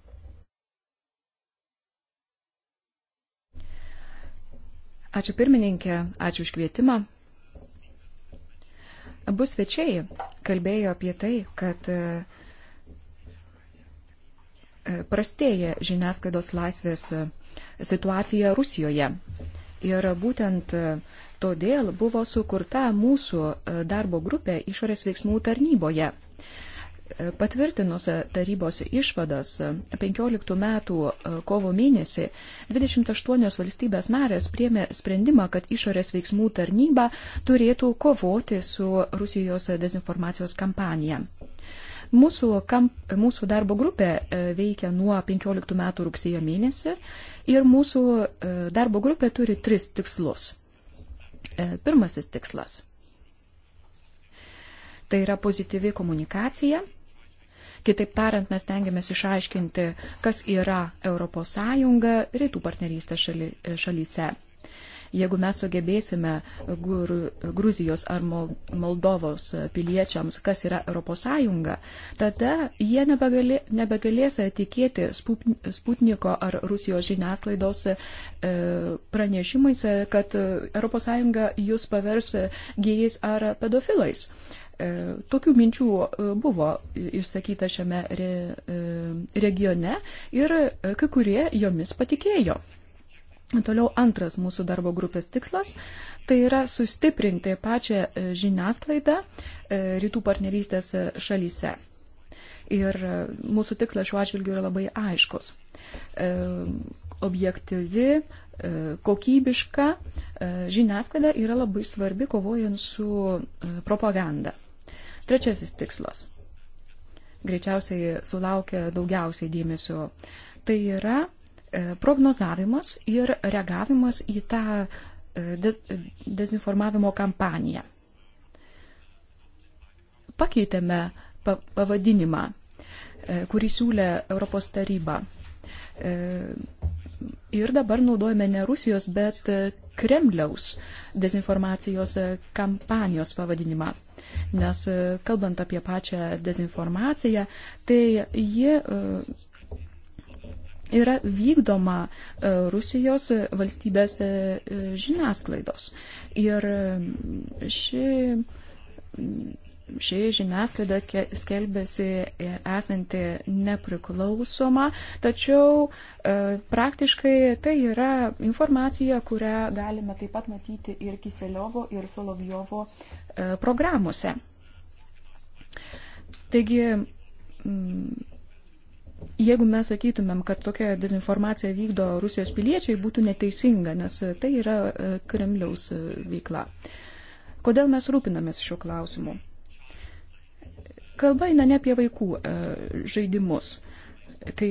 Ačiū pirmininkė, ačiū už kvietimą. Abu svečiai kalbėjo apie tai, kad e, prastėja žiniasklaidos laisvės e, situacija Rusijoje. Ir būtent e, todėl buvo sukurta mūsų darbo grupė išorės veiksmų tarnyboje. Patvirtinus tarybos išvadas 15 metų e, kovo mėnesį 28 valstybės narės priemė sprendimą, kad išorės veiksmų tarnyba turėtų kovoti su Rusijos dezinformacijos kampanija. Mūsų, kamp, mūsų darbo grupė e, veikia nuo 15 metų rugsėjo mėnesį ir mūsų e, darbo grupė turi tris tikslus. Pirmasis tikslas. Tai yra pozityvi komunikacija Kitaip tariant, mes tengiamės išaiškinti, kas yra ES rytų partnerystės šaly, šalyse. Jeigu mes sugebėsime gur, Gruzijos ar Moldovos piliečiams, kas yra ES, tada jie nebegali, nebegalės tikėti Sputniko ar Rusijos žiniasklaidos e, pranešimais, kad ES jūs pavers gėjais ar pedofilais. E, E, tokių minčių e, buvo išsakyta šiame re, e, regione ir kai kurie jomis patikėjo. Toliau antras mūsų darbo grupės tikslas - tai yra sustiprinti pačią žiniasklaidą rytų partnerystės šalyse. Ir mūsų tikslas šiuo atžvilgiu yra labai aiškus. Objektyvi, kokybiška žiniasklaida yra labai svarbi kovojant su propaganda. Trečiasis tikslas greičiausiai sulaukia daugiausiai dėmesio. Tai yra e, prognozavimas ir reagavimas į tą e, dezinformavimo kampaniją. Pakeitėme pavadinimą, e, kurį siūlė Europos taryba. Ir dabar naudojame ne Rusijos, bet Kremliaus dezinformacijos kampanijos pavadinimą nes e, kalbant apie pačią dezinformaciją, tai ji e, yra vykdoma e, Rusijos valstybės žiniasklaidos. Ir ši, ši žiniasklaida skelbėsi esanti nepriklausoma, tačiau praktiškai tai yra informacija, kurią galime taip pat matyti ir Kiseliovo, ir Solovjovo E, programuose. Taigi, mm, jeigu mes sakytumėm, kad tokia dezinformacija vykdo Rusijos piliečiai, būtų neteisinga, nes tai yra e, Kremliaus e, veikla. Kodėl mes rūpinamės šiuo klausimu? Kalba eina ne apie vaikų žaidimus, kai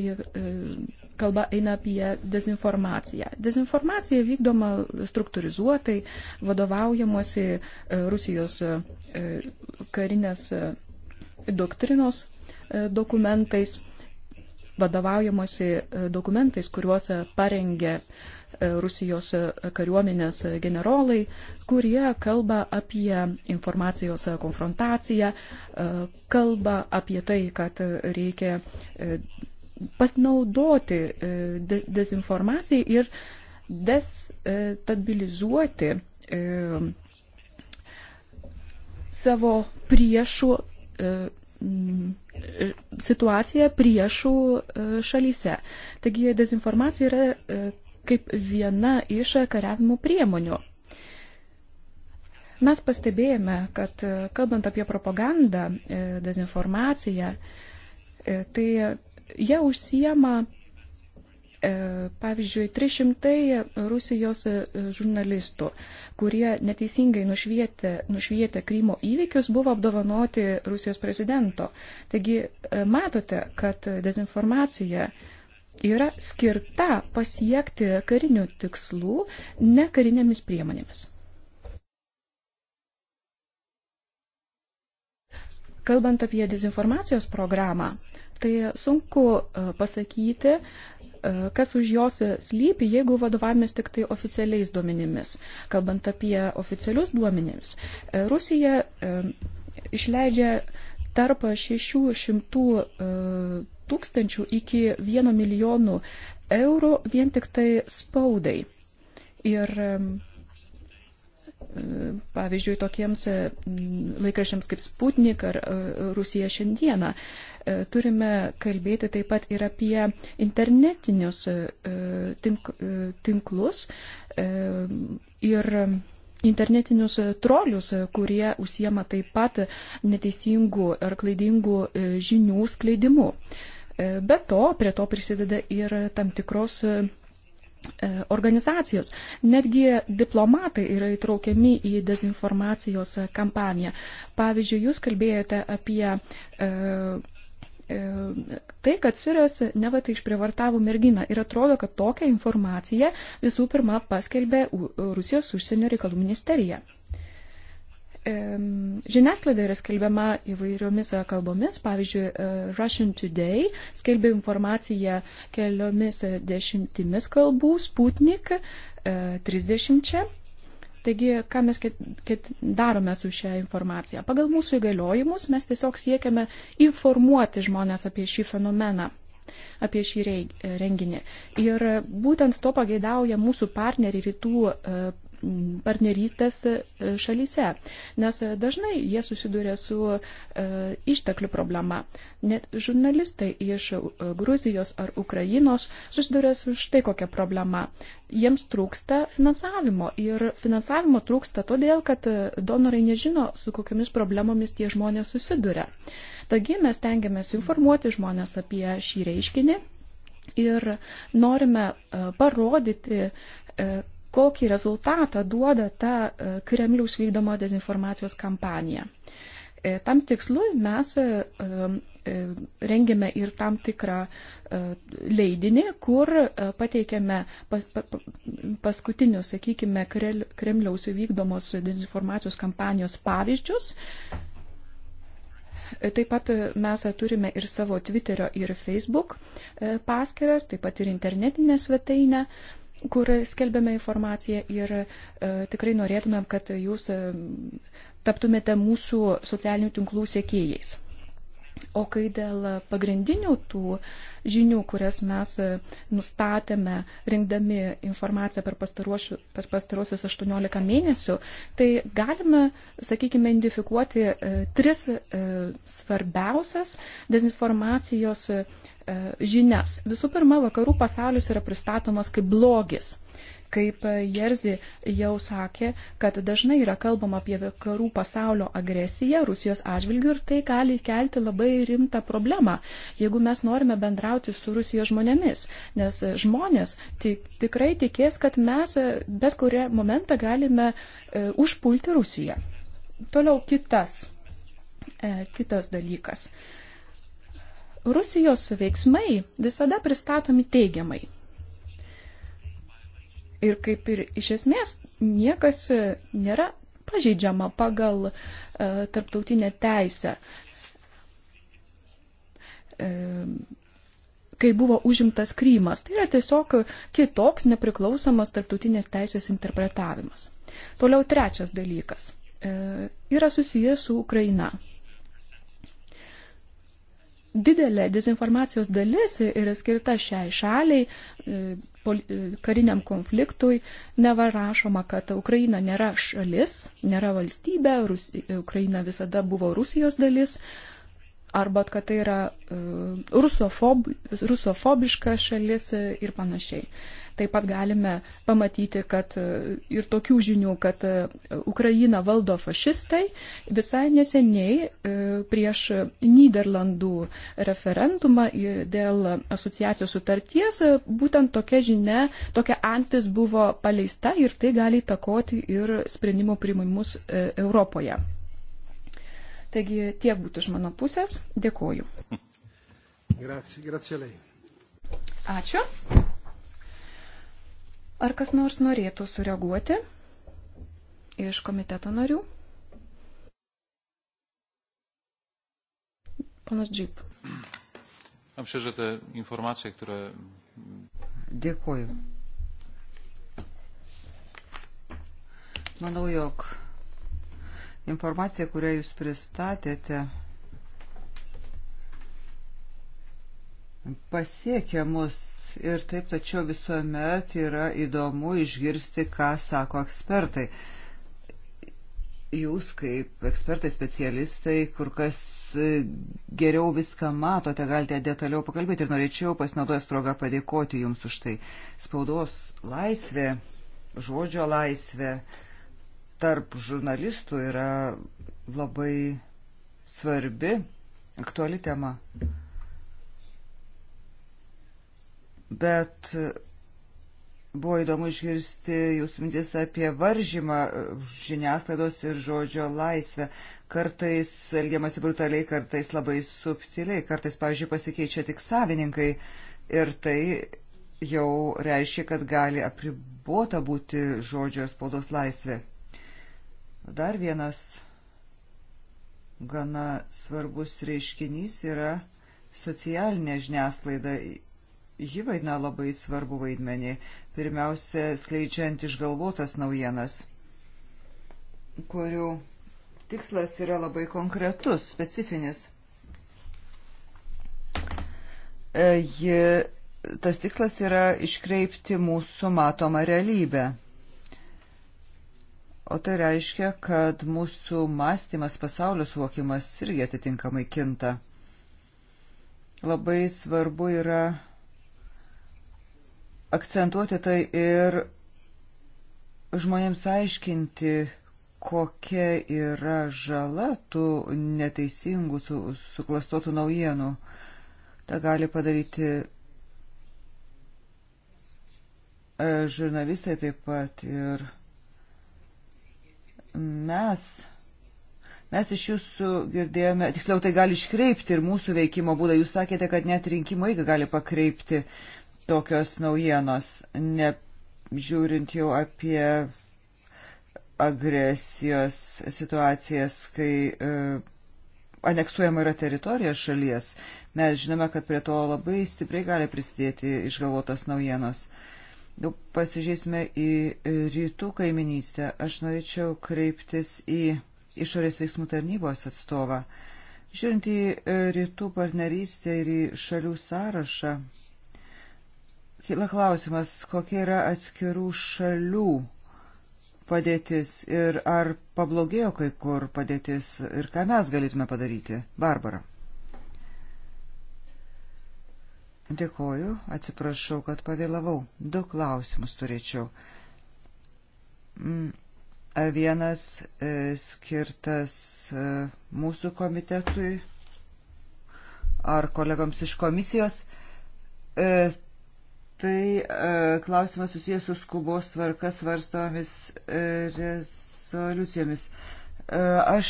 kalba eina apie dezinformaciją. Dezinformacija vykdoma struktūrizuotai, vadovaujamosi e, Rusijos e, karinės e, doktrinos dokumentais, vadovaujamosi dokumentais, kuriuos parengė Rusijos kariuomenės generolai, kurie kalba apie informacijos konfrontaciją, kalba apie tai, kad reikia pasinaudoti e, dezinformacijai ir destabilizuoti e, savo priešų e, situaciją priešų šalyse. Taigi dezinformacija yra kaip viena iš kariavimo priemonių. Mes pastebėjome, kad kalbant apie propagandą, dezinformaciją, tai Jie užsiema, e, pavyzdžiui, 300 Rusijos e, žurnalistų, kurie neteisingai nušvietė, nušvietė Krymo įvykius, buvo apdovanoti Rusijos prezidento. Taigi e, matote, kad dezinformacija yra skirta pasiekti karinių tikslų ne karinėmis priemonėmis. Kalbant apie dezinformacijos programą, Tai sunku e, pasakyti, e, kas už jos slypi, jeigu vadovavimės tik tai oficialiais duomenimis. Kalbant apie oficialius duomenimis, e, Rusija išleidžia tarp 600 tūkstančių iki 1 milijonų eurų vien tik tai spaudai. Ir pavyzdžiui, tokiems e, laikrašiams kaip Sputnik ar e, Rusija šiandieną. E, turime kalbėti taip pat ir apie internetinius tink, tinklus ir internetinius trolius, kurie užsiema taip pat neteisingų ar klaidingų žinių skleidimu. Be to, prie to prisideda ir tam tikros E, organizacijos. Netgi diplomatai yra įtraukiami į dezinformacijos kampaniją. Pavyzdžiui, jūs kalbėjote apie e, e, tai, kad Siras nevatai išprievartavo merginą ir atrodo, kad tokią informaciją visų pirma paskelbė Rusijos užsienio reikalų ministerija. Žiniasklaida yra skelbiama įvairiomis e, kalbomis, pavyzdžiui, e, Russian Today skelbia informaciją keliomis e, dešimtimis kalbų, Sputnik 30. Taigi, ką mes ket, ket darome su šią informaciją? Pagal mūsų įgaliojimus mes tiesiog siekiame informuoti žmonės apie šį fenomeną apie šį renginį. Ir būtent to pageidauja mūsų partneriai rytų partnerystės e, šalyse, nes dažnai jie susiduria su e, išteklių problema. Net žurnalistai iš e, Gruzijos ar Ukrainos susiduria su štai kokia problema. Jiems trūksta finansavimo ir finansavimo trūksta todėl, kad donorai nežino, su kokiamis problemomis tie žmonės susiduria. Taigi mes tengiamės informuoti žmonės apie šį reiškinį ir norime parodyti, kokį rezultatą duoda ta e, Kremliaus vykdoma dezinformacijos kampanija. E, tam tikslui mes e, rengiame ir tam tikrą leidinį, kur pateikėme paskutinius, sakykime, Kremliaus vykdomos dezinformacijos kampanijos pavyzdžius. Taip pat mes turime ir savo Twitterio ir Facebook paskiras, taip pat ir internetinę svetainę kur skelbiame informaciją ir e, tikrai norėtumėm, kad jūs e, taptumėte mūsų socialinių tinklų sėkėjais. O kai dėl pagrindinių tų žinių, kurias mes e, nustatėme, rinkdami informaciją per, per pastaruosius 18 mėnesių, tai galime, sakykime, identifikuoti e, tris e, svarbiausias dezinformacijos E, žinias. Visų pirma, vakarų pasaulis yra pristatomas kaip blogis. Kaip e, Jerzi jau sakė, kad dažnai yra kalbama apie vakarų pasaulio agresiją Rusijos atžvilgių ir tai gali kelti labai rimtą problemą, jeigu mes norime bendrauti su Rusijos žmonėmis, nes žmonės tik, tikrai tikės, kad mes e, bet kurią momentą galime e, užpulti Rusiją. Toliau kitas, e, kitas dalykas. E, Rusijos veiksmai visada pristatomi teigiamai. Ir kaip ir iš esmės niekas e, nėra pažeidžiama pagal e, tarptautinę teisę. E, kai buvo užimtas Krymas. Tai yra tiesiog kitoks nepriklausomas tarptautinės teisės interpretavimas. Toliau trečias dalykas e, yra susijęs su Ukraina didelė dezinformacijos dalis yra skirta šiai šaliai, e, e, kariniam konfliktui. Neva rašoma, kad Ukraina nėra šalis, nėra valstybė, Rus, Ukraina visada buvo Rusijos dalis, arba kad tai yra e, rusofob, rusofobiška šalis ir panašiai. Taip pat galime pamatyti, kad e, ir tokių žinių, kad e, Ukrainą valdo fašistai. Visai neseniai e, prieš Niderlandų referendumą dėl asociacijos sutarties būtent tokia žinia, tokia antis buvo paleista ir tai gali įtakoti ir sprendimų priimimus Europoje. Taigi tiek būtų iš mano pusės. Dėkoju. Grazie, grazie lei. Ačiū. Ar kas nors norėtų sureaguoti iš komiteto narių? Ponas Džip. Dėkuoju. Manau, jog informacija, kurią jūs pristatėte, pasiekia mus ir taip, tačiau visuomet yra įdomu išgirsti, ką sako ekspertai. Jūs kaip ekspertai, specialistai, kur kas geriau viską matote, galite detaliau pakalbėti ir norėčiau pasinaudojęs progą padėkoti Jums už tai. Spaudos laisvė, žodžio laisvė tarp žurnalistų yra labai svarbi, aktuali tema. bet buvo įdomu išgirsti jūsų mintis apie varžymą žiniasklaidos ir žodžio laisvę. Kartais elgiamasi brutaliai, kartais labai subtiliai, kartais, pavyzdžiui, pasikeičia tik savininkai ir tai jau reiškia, kad gali apribota būti žodžio spaudos laisvė. Dar vienas gana svarbus reiškinys yra socialinė žiniasklaida ji vaidina labai svarbu vaidmenį, pirmiausia, skleidžiant išgalvotas naujienas, kurių tikslas yra labai konkretus, specifinis. E, ji, tas tikslas yra iškreipti mūsų matomą realybę. O tai reiškia, kad mūsų mąstymas, pasaulio suvokimas irgi atitinkamai kinta. Labai svarbu yra akcentuoti tai ir žmonėms aiškinti, kokia yra žala tų neteisingų, su, suklastotų naujienų. Ta gali padaryti e, žurnalistai taip pat ir mes. Mes iš jūsų girdėjome, tiksliau tai gali iškreipti ir mūsų veikimo būdą. Jūs sakėte, kad net rinkimai gali pakreipti tokios naujienos, nežiūrint jau apie agresijos situacijas, kai e, aneksuojama yra teritorija šalies. Mes žinome, kad prie to labai stipriai gali prisidėti išgalvotos naujienos. Pasižiūrėsime į rytų kaiminystę. Aš norėčiau kreiptis į išorės veiksmų tarnybos atstovą. Žiūrint į e, rytų partnerystę ir į šalių sąrašą, Kila klausimas, kokia yra atskirų šalių padėtis ir ar pablogėjo kai kur padėtis ir ką mes galėtume padaryti. Barbara. Dėkoju, atsiprašau, kad pavėlavau. Du klausimus turėčiau. Mm, vienas e, skirtas e, mūsų komitetui ar kolegams iš komisijos. E, Tai e, klausimas susijęs su skubos tvarkas svarstomis e, rezoliucijomis. E, aš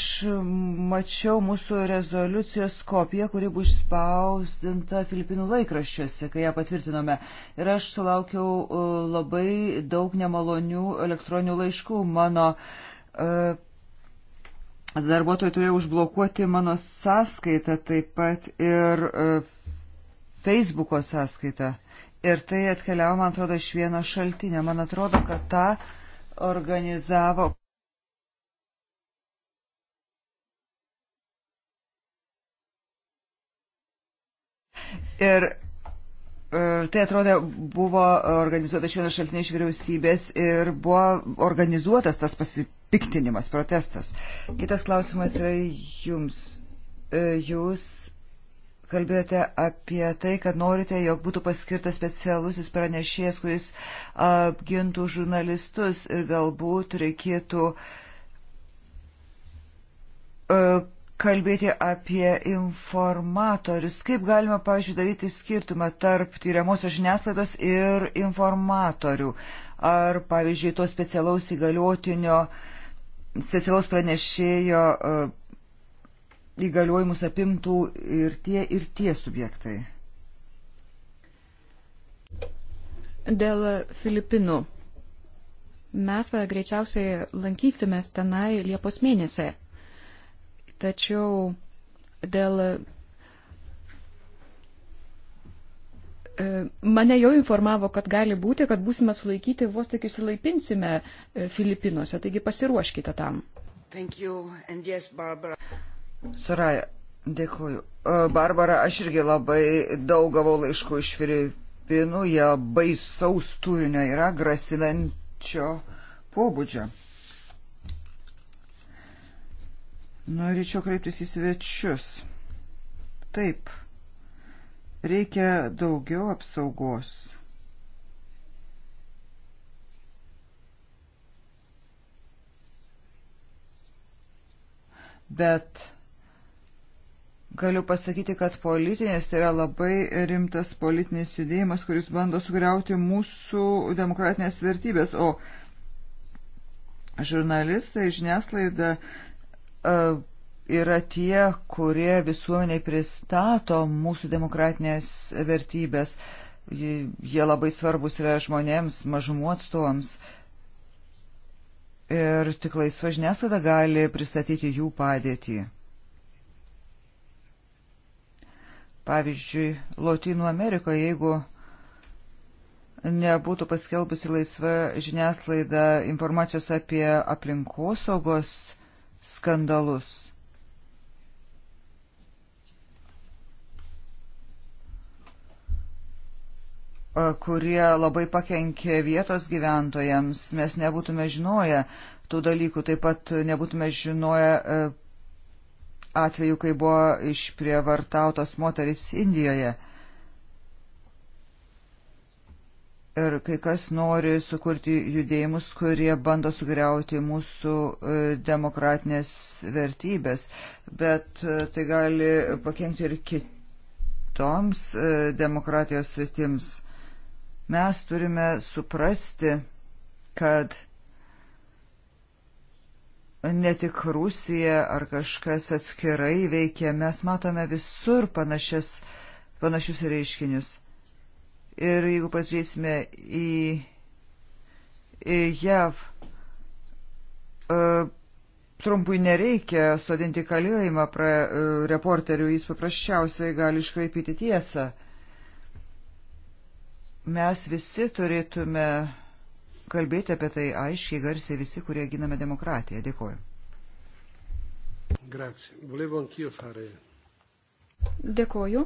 mačiau mūsų rezoliucijos kopiją, kuri buvo išspausdinta Filipinų laikraščiuose, kai ją patvirtinome. Ir aš sulaukiau labai daug nemalonių elektroninių laiškų. Mano darbuotojai turėjo užblokuoti mano sąskaitą taip pat ir Facebooko sąskaitą. Ir tai atkeliavo, man atrodo, iš vieno šaltinio. Man atrodo, kad tą organizavo. Ir e, tai atrodė buvo organizuota iš vieno šaltinio iš vyriausybės ir buvo organizuotas tas pasipiktinimas, protestas. Kitas klausimas yra jums. E, jūs kalbėjote apie tai, kad norite, jog būtų paskirtas specialusis pranešėjas, kuris apgintų žurnalistus ir galbūt reikėtų e, kalbėti apie informatorius. Kaip galima, pavyzdžiui, daryti skirtumą tarp tyriamosios žiniasklaidos ir informatorių? Ar, pavyzdžiui, to specialaus įgaliotinio, specialaus pranešėjo uh, įgaliojimus apimtų ir tie, ir tie subjektai. Dėl Filipinų. Mes greičiausiai lankysimės tenai Liepos mėnesį. Tačiau dėl. E, mane jau informavo, kad gali būti, kad būsime sulaikyti vos tik įsilaipinsime e, Filipinuose, taigi pasiruoškite tam. Yes, Barbara. Saraja, dėkuoju. E, Barbara, aš irgi labai daug gavau laiškų iš Filipinų, jie baisaus turinio yra grasinančio pobūdžio. Norėčiau kreiptis į svečius. Taip, reikia daugiau apsaugos. Bet galiu pasakyti, kad politinės tai yra labai rimtas politinis judėjimas, kuris bando sugriauti mūsų demokratinės vertybės, o žurnalistai, žiniaslaida e, yra tie, kurie visuomeniai pristato mūsų demokratinės vertybės. Jie labai svarbus yra žmonėms, mažumų atstovams. Ir tik laisva žiniasklaida gali pristatyti jų padėtį. Pavyzdžiui, Lotynų Amerikoje, jeigu nebūtų paskelbusi laisva žiniaslaida informacijos apie aplinkosaugos skandalus. kurie labai pakenkė vietos gyventojams, mes nebūtume žinoję tų dalykų, taip pat nebūtume žinoję e, atveju, kai buvo išprievartautos moteris Indijoje. Ir kai kas nori sukurti judėjimus, kurie bando sugriauti mūsų e, demokratinės vertybės, bet e, tai gali pakengti ir kitoms e, demokratijos sritims. Mes turime suprasti, kad ne tik Rusija ar kažkas atskirai veikia, mes matome visur panašias, panašius reiškinius. Ir jeigu pasižiūrėsime į, į JAV, uh, Trumpui nereikia sodinti kalėjimą pra, uh, e, reporterių, jis paprasčiausiai gali iškraipyti tiesą. Mes visi turėtume kalbėti apie tai aiškiai, garsiai visi, kurie giname demokratiją. Dėkuoju. Dėkuoju.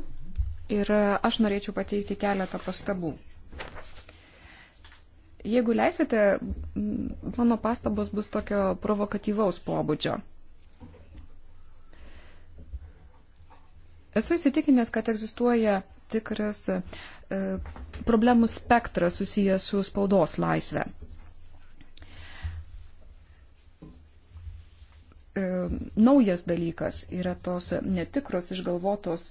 Ir e, aš norėčiau pateikti keletą pastabų. Jeigu leisite, mano pastabos bus tokio provokatyvaus pobūdžio. Esu įsitikinęs, kad egzistuoja tikras e, problemų spektras susijęs su spaudos laisvė. E, naujas dalykas yra tos netikros išgalvotos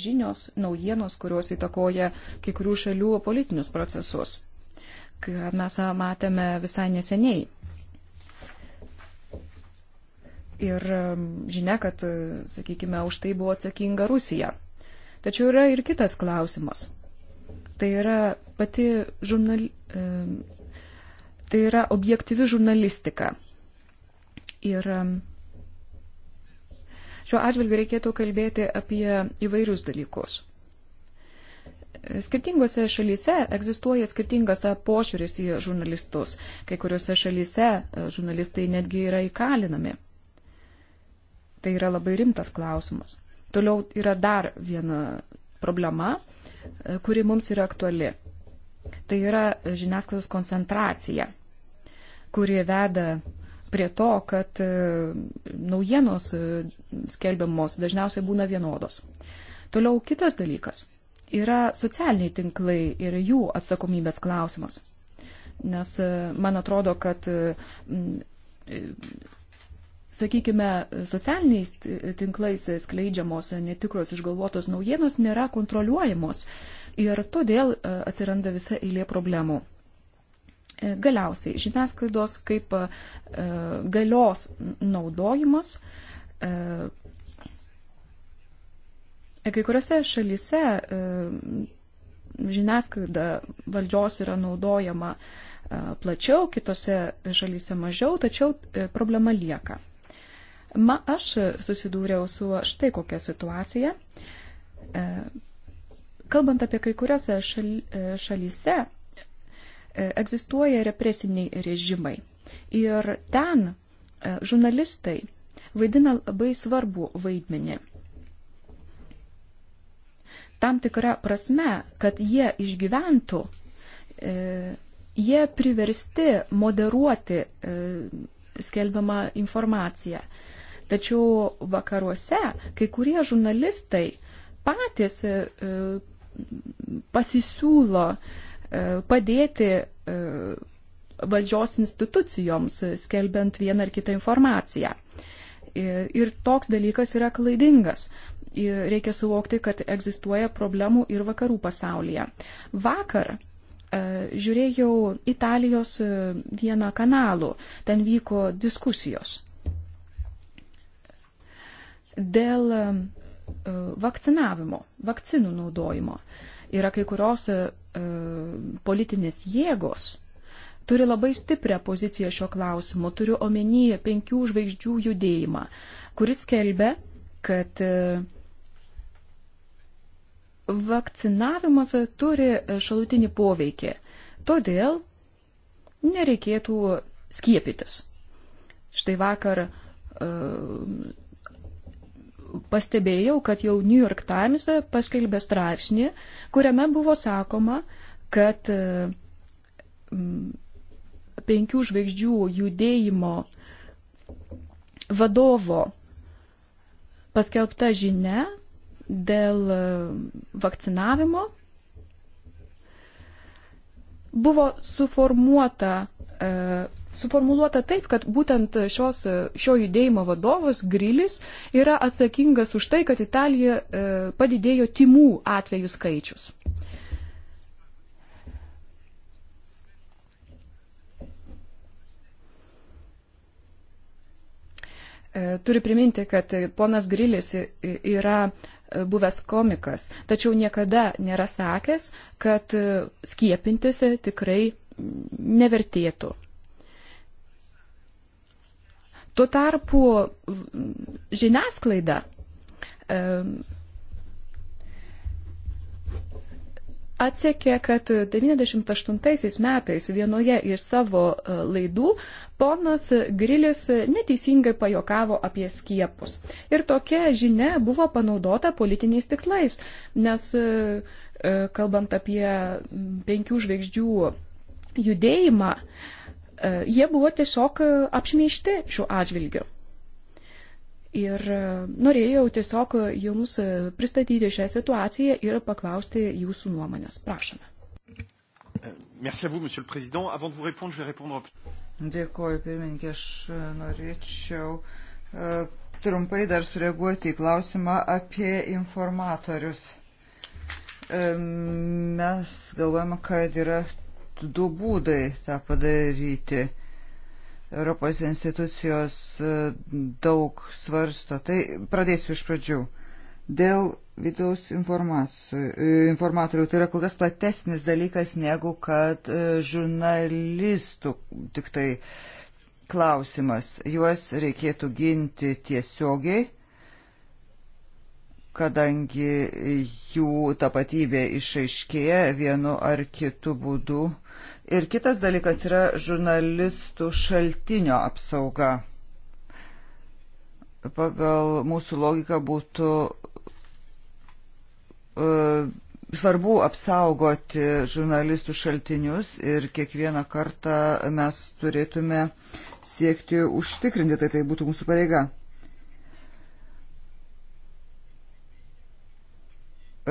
žinios, naujienos, kurios įtakoja kai kurių šalių politinius procesus, ką mes matėme visai neseniai. Ir e, žinia, kad, sakykime, už tai buvo atsakinga Rusija. Tačiau yra ir kitas klausimas. Tai yra pati žurnal... E, tai yra objektyvi žurnalistika. Ir e, šiuo atžvilgiu reikėtų kalbėti apie įvairius dalykus. E, skirtingose šalyse egzistuoja skirtingas pošiūris į žurnalistus. Kai kuriuose šalyse žurnalistai netgi yra įkalinami. Tai yra labai rimtas klausimas. Toliau yra dar viena problema, e, kuri mums yra aktuali. Tai yra žiniasklaidos koncentracija, kuri veda prie to, kad e, naujienos e, skelbiamos dažniausiai būna vienodos. Toliau kitas dalykas yra socialiniai tinklai ir jų atsakomybės klausimas. Nes man atrodo, kad sakykime, socialiniais tinklais skleidžiamos netikros išgalvotos naujienos nėra kontroliuojamos ir todėl e, atsiranda visa eilė problemų. E, galiausiai žiniasklaidos kaip e, galios naudojimas. Kai kuriuose šalyse žiniasklaida valdžios yra naudojama plačiau, kitose šalyse mažiau, tačiau problema lieka. Ma, aš susidūriau su štai kokia situacija. E, kalbant apie kai kurias šal, e, šalyse, e, egzistuoja represiniai režimai. Ir ten žurnalistai vaidina labai svarbu vaidmenį. Tam tikra prasme, kad jie išgyventų, jie priversti moderuoti skelbiamą informaciją. Tačiau vakaruose kai kurie žurnalistai patys e, pasisiūlo e, padėti e, valdžios institucijoms, skelbiant vieną ar kitą informaciją. Ir toks dalykas yra klaidingas. Reikia suvokti, kad egzistuoja problemų ir vakarų pasaulyje. Vakar žiūrėjau Italijos vieną kanalų, ten vyko diskusijos. Dėl e, vakcinavimo, vakcinų naudojimo yra kai kurios e, politinės jėgos turi labai stiprią poziciją šio klausimu. Turiu omenyje penkių žvaigždžių judėjimą, kuris kelbė, kad e, vakcinavimas turi šalutinį poveikį. Todėl nereikėtų skiepytis. Štai vakar pastebėjau, kad jau New York Times paskelbė straipsnį, kuriame buvo sakoma, kad e, penkių žvaigždžių judėjimo vadovo paskelbta žinia dėl e, vakcinavimo buvo suformuota e, suformuoluota taip, kad būtent šios, šio judėjimo vadovas Grilis yra atsakingas už tai, kad Italija e, padidėjo timų atvejų skaičius. E, turiu priminti, kad ponas Grilis yra e, buvęs komikas, tačiau niekada nėra sakęs, kad skiepintis tikrai nevertėtų. Tuo tarpu mm, žiniasklaida atsekė, kad 98 metais vienoje iš savo e, laidų ponas Grilis neteisingai pajokavo apie skiepus. Ir tokia žinia buvo panaudota politiniais tikslais, nes e, kalbant apie penkių žvaigždžių judėjimą, E, jie buvo tiesiog e, apšmeišti šiuo atžvilgiu. Ir e, norėjau tiesiog jums pristatyti šią situaciją ir paklausti jūsų nuomonės. Prašome. Merci à vous, Monsieur le Président. Avant de vous répondre, je vais répondre. Dėkuoju, pirmininkė, aš norėčiau trumpai dar sureaguoti į klausimą apie informatorius. Mes galvojame, kad yra du būdai tą padaryti. Europos institucijos e, daug svarsto. Tai pradėsiu iš pradžių. Dėl vidaus e, informatorių tai yra kur kas platesnis dalykas negu kad e, žurnalistų tik tai klausimas. Juos reikėtų ginti tiesiogiai kadangi jų tapatybė išaiškėja vienu ar kitu būdu Ir kitas dalykas yra žurnalistų šaltinio apsauga. Pagal mūsų logiką būtų uh, svarbu apsaugoti žurnalistų šaltinius ir kiekvieną kartą mes turėtume siekti užtikrinti, tai tai būtų mūsų pareiga.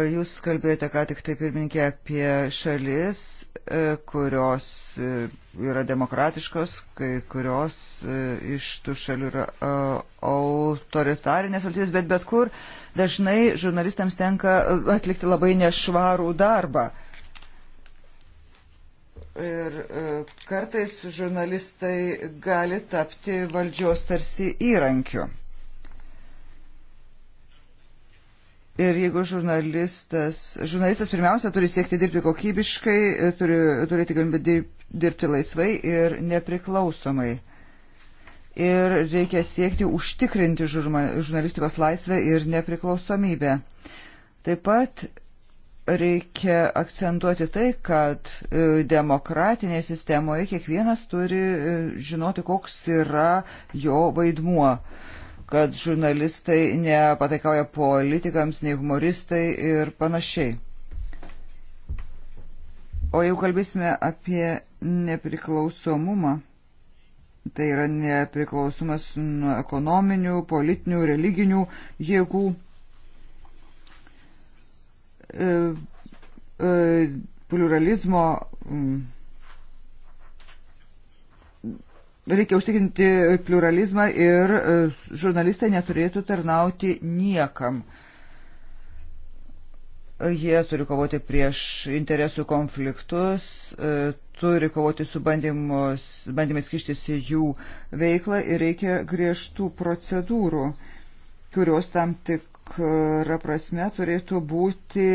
Jūs kalbėjote ką tik tai pirmininkė apie šalis, e, kurios e, yra demokratiškos, kai kurios e, iš tų šalių yra autoritarinės valstybės, bet bet kur dažnai žurnalistams tenka atlikti labai nešvarų darbą. Ir kartais žurnalistai gali tapti valdžios tarsi įrankiu. Ir jeigu žurnalistas, žurnalistas pirmiausia turi siekti dirbti kokybiškai, e, turi turėti galimybę dirbti laisvai ir nepriklausomai. Ir reikia siekti užtikrinti žurnalistikos laisvę ir nepriklausomybę. Taip pat reikia akcentuoti tai, kad e, demokratinėje sistemoje kiekvienas turi e, žinoti, koks yra jo vaidmuo kad žurnalistai nepatakauja politikams, nei humoristai ir panašiai. O jau kalbėsime apie nepriklausomumą. Tai yra nepriklausomas nuo ekonominių, politinių, religinių jėgų. E, e, pluralizmo. Mm, reikia užtikrinti pluralizmą ir e, žurnalistai neturėtų tarnauti niekam. Jie turi kovoti prieš interesų konfliktus, e, turi kovoti su bandymais kištis į jų veiklą ir reikia griežtų procedūrų, kurios tam tikra prasme turėtų būti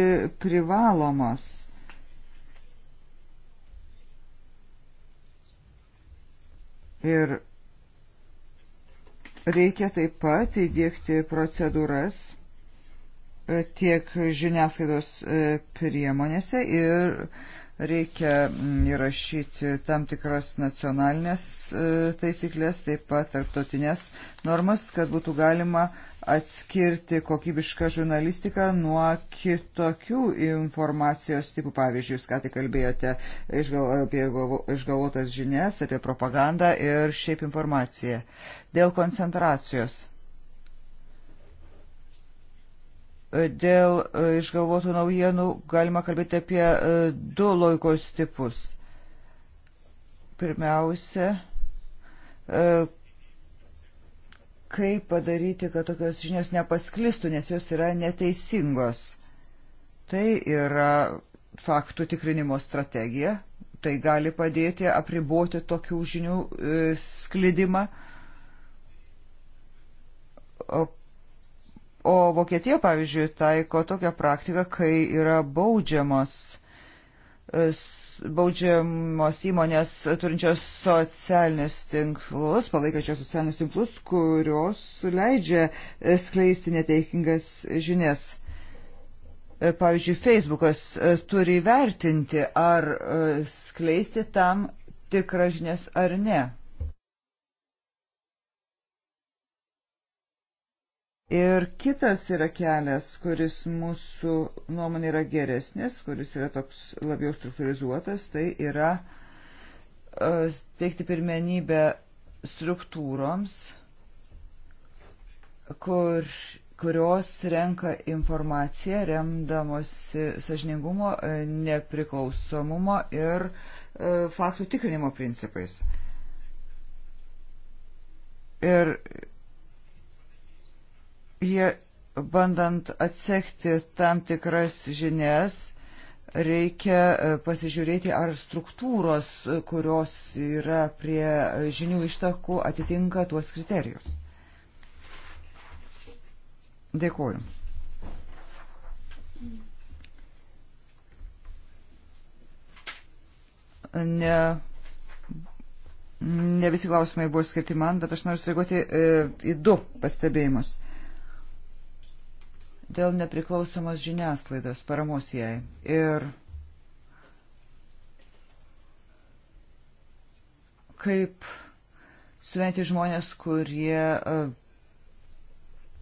privalomos Ir reikia taip pat įdėkti procedūras e, tiek žiniasklaidos e, priemonėse ir Reikia mm, įrašyti tam tikras nacionalinės e, taisyklės, taip pat tarptautinės normas, kad būtų galima atskirti kokybišką žurnalistiką nuo kitokių informacijos tipų. Pavyzdžiui, jūs ką tik kalbėjote išgal, apie išgalvotas žinias, apie propagandą ir šiaip informaciją. Dėl koncentracijos Dėl e, išgalvotų naujienų galima kalbėti apie e, du loikos tipus. Pirmiausia, e, kaip padaryti, kad tokios žinios nepasklistų, nes jos yra neteisingos. Tai yra faktų tikrinimo strategija, tai gali padėti apriboti tokių žinių sklidimą. O O Vokietija, pavyzdžiui, taiko tokią praktiką, kai yra baudžiamos, e, baudžiamos įmonės turinčios socialinius tinklus, palaikančios socialinius tinklus, kurios leidžia e, skleisti neteikingas žinias. E, pavyzdžiui, Facebookas turi vertinti, ar skleisti tam tikras žinias ar ne. Ir kitas yra kelias, kuris mūsų nuomonė yra geresnis, kuris yra toks labiau struktūrizuotas, tai yra e, teikti pirmenybę struktūroms, kur, kurios renka informaciją remdamosi sažiningumo, e, nepriklausomumo ir e, faktų tikrinimo principais. Ir jie, bandant atsekti tam tikras žinias, reikia e, pasižiūrėti, ar struktūros, e, kurios yra prie e, žinių ištakų, atitinka tuos kriterijus. Dėkuoju. Ne, ne visi klausimai buvo skirti man, bet aš noriu streguoti į du pastebėjimus dėl nepriklausomos žiniasklaidos paramos jai. Ir kaip suvienyti žmonės, kurie e,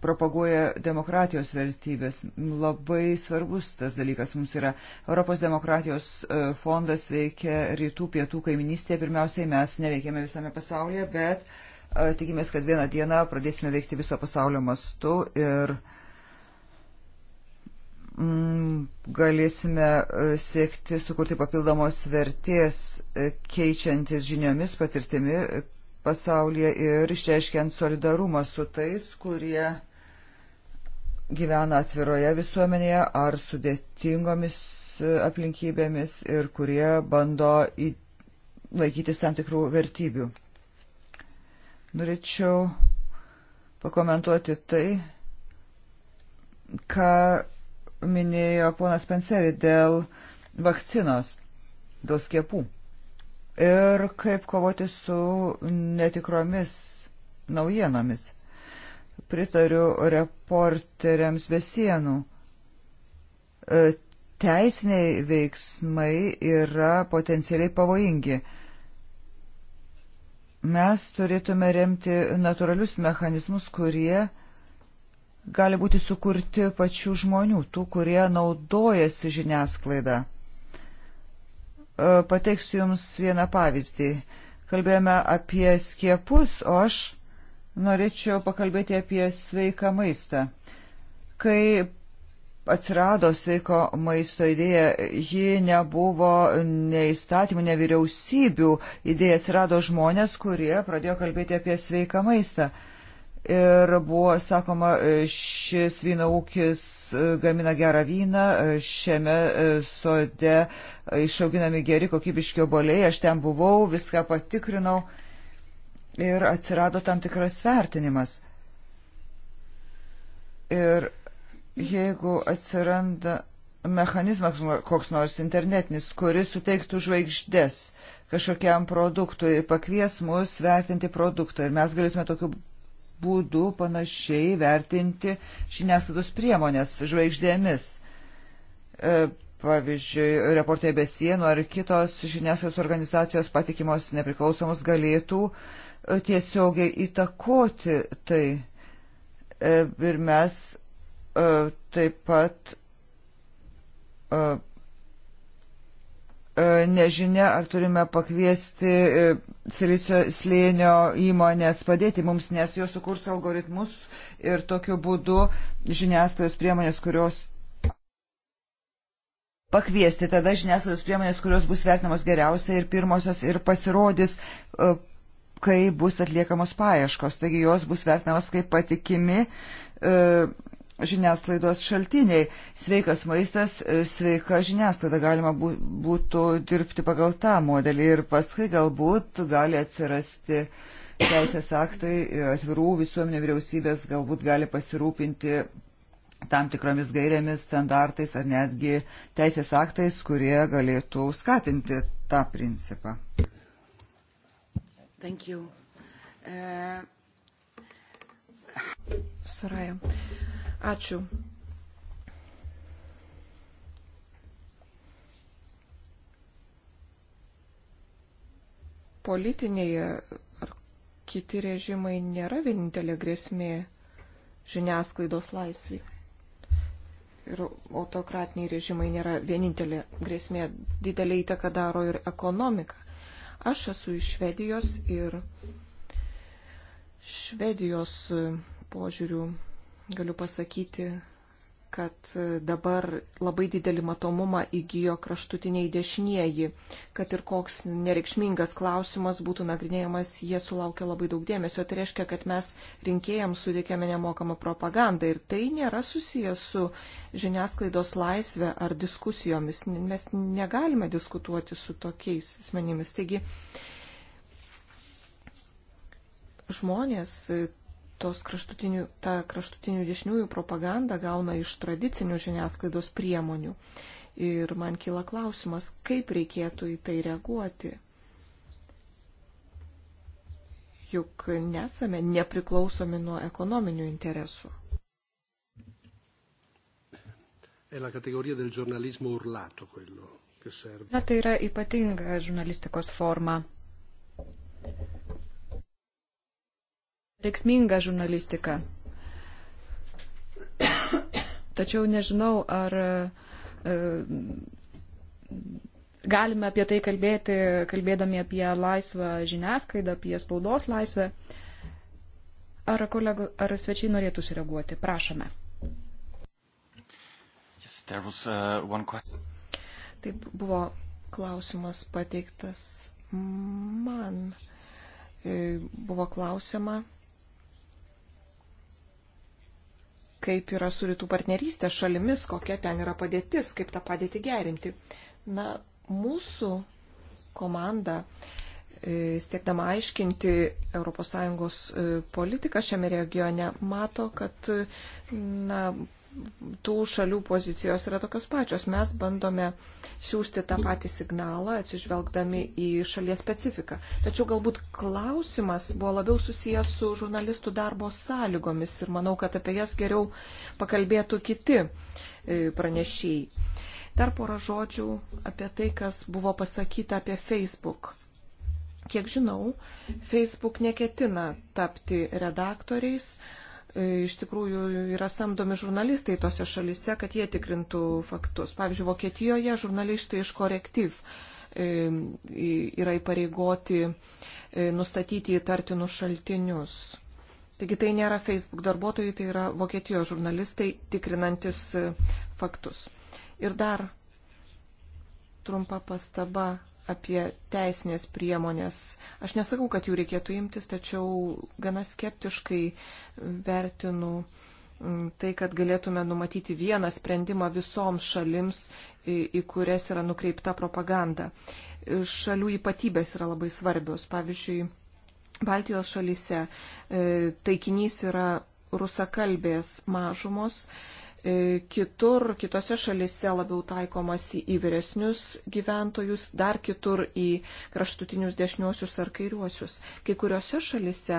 propaguoja demokratijos vertybės. Labai svarbus tas dalykas mums yra. Europos demokratijos e, fondas veikia rytų, pietų kaiminystėje. Pirmiausiai mes neveikėme visame pasaulyje, bet e, tikimės, kad vieną dieną pradėsime veikti viso pasaulio mastu ir uh, Mm, galėsime e, siekti sukurti papildomos vertės, e, keičiantis žiniomis, patirtimi e, pasaulyje ir išreiškiant solidarumą su tais, kurie gyvena atviroje visuomenėje ar sudėtingomis aplinkybėmis ir kurie bando į, laikytis tam tikrų vertybių. Norėčiau pakomentuoti tai, ką minėjo ponas Penseri dėl vakcinos, dėl skiepų ir kaip kovoti su netikromis naujienomis. Pritariu reporteriams be sienų. E, teisiniai veiksmai yra potencialiai pavojingi. Mes turėtume remti natūralius mechanizmus, kurie uh, gali būti sukurti pačių žmonių, tų, kurie naudojasi žiniasklaida. E, pateiksiu Jums vieną pavyzdį. Kalbėjome apie skiepus, o aš norėčiau pakalbėti apie sveiką maistą. Kai atsirado sveiko maisto idėja, ji nebuvo nei įstatymų, nei vyriausybių idėja, atsirado žmonės, kurie pradėjo kalbėti apie sveiką maistą. Ir buvo sakoma, e, šis vyno ūkis e, gamina gerą vyną, e, šiame sode išauginami geri kokybiški oboliai, aš ten buvau, viską patikrinau ir atsirado tam tikras vertinimas. Ir jeigu atsiranda mechanizmas koks nors internetinis, kuris suteiktų žvaigždės kažkokiam produktui ir pakvies mus vertinti produktą ir mes galėtume tokiu būdu panašiai vertinti žiniasklaidos priemonės žvaigždėmis. E, pavyzdžiui, reportai be sienų ar kitos žiniasklaidos organizacijos patikimos nepriklausomos galėtų e, tiesiogiai įtakoti tai. E, ir mes taip pat E, nežinia, ar turime pakviesti e, silicio slėnio įmonės padėti mums, nes jos sukurs algoritmus ir tokiu būdu žiniasklaidos priemonės, kurios pakviesti tada žiniasklaidos priemonės, kurios bus vertinamos geriausiai ir pirmosios ir pasirodys, e, kai bus atliekamos paieškos. Taigi jos bus vertinamos kaip patikimi žiniasklaidos šaltiniai. Sveikas maistas, e, sveika žiniasklaida galima būtų dirbti pagal tą modelį ir paskui galbūt gali atsirasti teisės aktai, e, atvirų visuomenė vyriausybės galbūt gali pasirūpinti tam tikromis gairėmis, standartais ar netgi teisės aktais, kurie galėtų skatinti tą principą. Thank you. Uh... Soraya. Ačiū. Politiniai ar kiti režimai nėra vienintelė grėsmė žiniasklaidos laisvė. Ir autokratiniai režimai nėra vienintelė grėsmė, didelį įtaką daro ir ekonomika. Aš esu iš Švedijos ir Švedijos požiūrių galiu pasakyti, kad dabar labai didelį matomumą įgyjo kraštutiniai dešinieji, kad ir koks nereikšmingas klausimas būtų nagrinėjamas, jie sulaukia labai daug dėmesio. Tai reiškia, kad mes rinkėjams sudėkėme nemokamą propagandą ir tai nėra susijęs su žiniasklaidos laisvė ar diskusijomis. Mes negalime diskutuoti su tokiais asmenimis. Taigi, žmonės tos kraštutinių, ta kraštutinių dešiniųjų propaganda gauna iš tradicinių žiniasklaidos priemonių. Ir man kyla klausimas, kaip reikėtų į tai reaguoti. Juk nesame nepriklausomi nuo ekonominių interesų. Na, tai yra ypatinga žurnalistikos forma veiksmingą žurnalistiką. Tačiau nežinau, ar e, galime apie tai kalbėti, kalbėdami apie laisvą žiniasklaidą, apie spaudos laisvę. Ar, kolego, ar svečiai norėtų sureaguoti? Prašome. Yes, was, uh, Taip buvo klausimas pateiktas man. E, buvo klausima kaip yra su rytų partnerystės šalimis, kokia ten yra padėtis, kaip tą padėtį gerinti. Na, mūsų komanda, e, siekdama aiškinti ES e, politiką šiame regione, mato, kad na, tų šalių pozicijos yra tokios pačios. Mes bandome siūsti tą patį signalą, atsižvelgdami į šalies specifiką. Tačiau galbūt klausimas buvo labiau susijęs su žurnalistų darbo sąlygomis ir manau, kad apie jas geriau pakalbėtų kiti e, pranešėjai. Dar porą žodžių apie tai, kas buvo pasakyta apie Facebook. Kiek žinau, Facebook neketina tapti redaktoriais, E, iš tikrųjų yra samdomi žurnalistai tose šalise, kad jie tikrintų faktus. Pavyzdžiui, Vokietijoje žurnalistai iš korektiv e, yra įpareigoti e, nustatyti įtartinus šaltinius. Taigi tai nėra Facebook darbuotojai, tai yra Vokietijos žurnalistai tikrinantis faktus. Ir dar trumpa pastaba apie teisinės priemonės. Aš nesakau, kad jų reikėtų imtis, tačiau gana skeptiškai vertinu mm, tai, kad galėtume numatyti vieną sprendimą visoms šalims, į, į kurias yra nukreipta propaganda. Šalių ypatybės yra labai svarbios. Pavyzdžiui, Baltijos šalyse e, taikinys yra rusakalbės mažumos E, kitur, kitose šalise labiau taikomasi į vyresnius gyventojus, dar kitur į kraštutinius dešiniuosius ar kairiuosius. Kai kuriuose šalise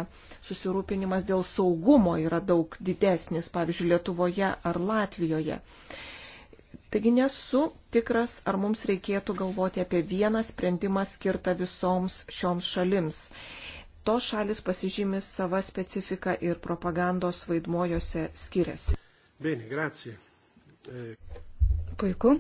susirūpinimas dėl saugumo yra daug didesnis, pavyzdžiui, Lietuvoje ar Latvijoje. Taigi nesu tikras, ar mums reikėtų galvoti apie vieną sprendimą skirtą visoms šioms šalims. Tos šalis pasižymis sava specifika ir propagandos vaidmojose skiriasi. Bene, grazie. Eh. Puiku.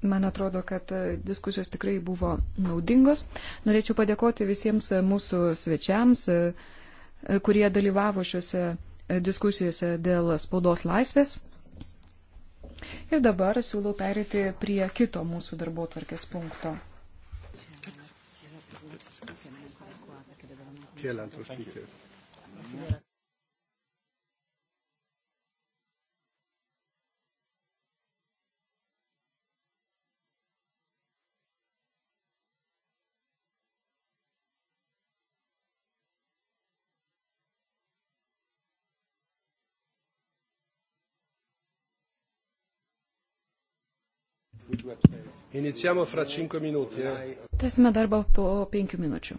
Man atrodo, kad e, diskusijos tikrai buvo naudingos. Norėčiau padėkoti visiems e, mūsų svečiams, e, kurie dalyvavo šiuose diskusijose dėl spaudos laisvės. Ir dabar siūlau perėti prie kito mūsų darbo tvarkės punkto. Chi è l'altro speaker? Iniziamo fra 5 minuti. Eh. Tęsime darbą po 5 minučių.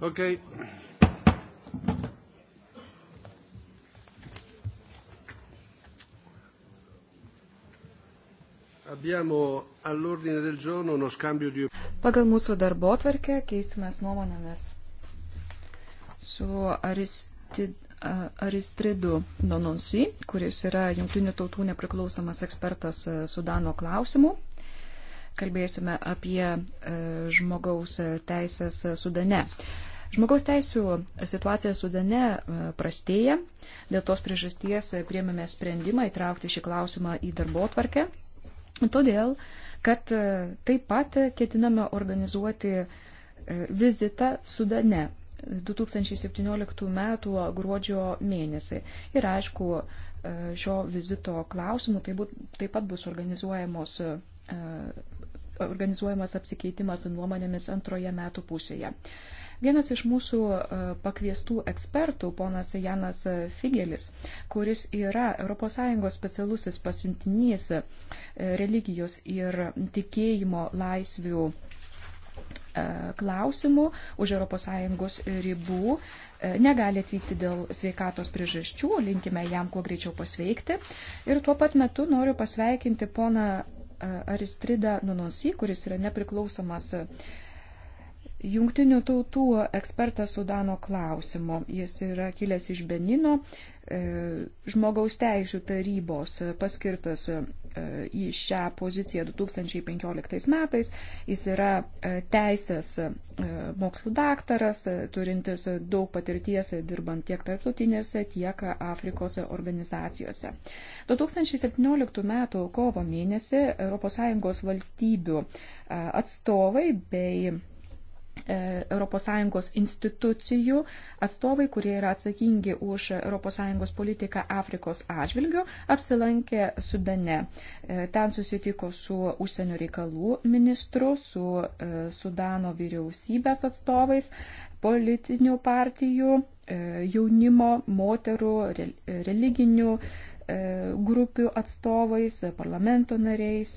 Okay. Pagal mūsų darbo atverkę keistumės nuomonėmis su Aristridu Nononsi, kuris yra Junktinių tautų nepriklausomas ekspertas Sudano klausimų. Kalbėsime apie žmogaus teisės Sudane. E, Žmogaus teisų situacija Sudane e, prastėja, dėl tos priežasties priemėme sprendimą įtraukti šį klausimą į darbo tvarkę, todėl, kad e, taip pat ketiname organizuoti e, vizitą Sudane 2017 m. gruodžio mėnesį. Ir aišku, šio vizito klausimų taip, taip pat bus organizuojamos organizuojamas apsikeitimas nuomonėmis antroje metų pusėje. Vienas iš mūsų e, pakviestų ekspertų, ponas Janas Figelis, kuris yra ES specialusis pasiuntinys e, religijos ir tikėjimo laisvių e, klausimų už ES ribų, negali atvykti dėl sveikatos priežasčių, linkime jam kuo greičiau pasveikti. Ir tuo pat metu noriu pasveikinti poną Aristridą Nunonsy, kuris yra nepriklausomas Jungtinių tautų ekspertas Sudano klausimo. Jis yra kilęs iš Benino, e, žmogaus teisų tarybos e, paskirtas e, į šią poziciją 2015 metais. Jis yra teisės mokslų daktaras, turintis daug patirties dirbant tiek tarptautinėse, tiek Afrikos organizacijose. 2017 m. kovo mėnesį ES valstybių atstovai bei ES institucijų atstovai, kurie yra atsakingi už ES politiką Afrikos atžvilgiu, apsilankė Sudane. E, ten susitiko su užsienio reikalų ministru, su e, Sudano vyriausybės atstovais, politinių partijų, e, jaunimo, moterų, religinių grupių atstovais, parlamento nariais,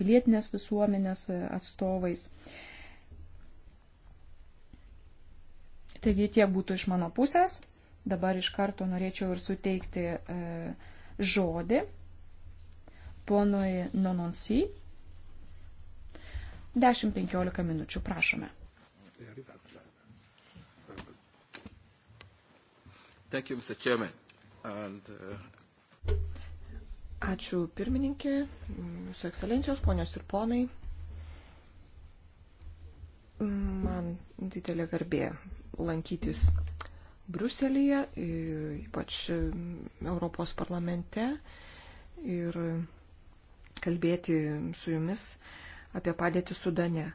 pilietinės visuomenės atstovais. Taigi tie būtų iš mano pusės. Dabar iš karto norėčiau ir suteikti e, žodį ponui Nononsi. 10-15 minučių, prašome. Thank you, Mr. Chairman. And, uh... Ačiū pirmininkė, jūsų ekscelencijos, ponios ir ponai. Man didelė garbė lankytis Bruselėje, ypač mm, Europos parlamente ir kalbėti su jumis apie padėtį Sudane.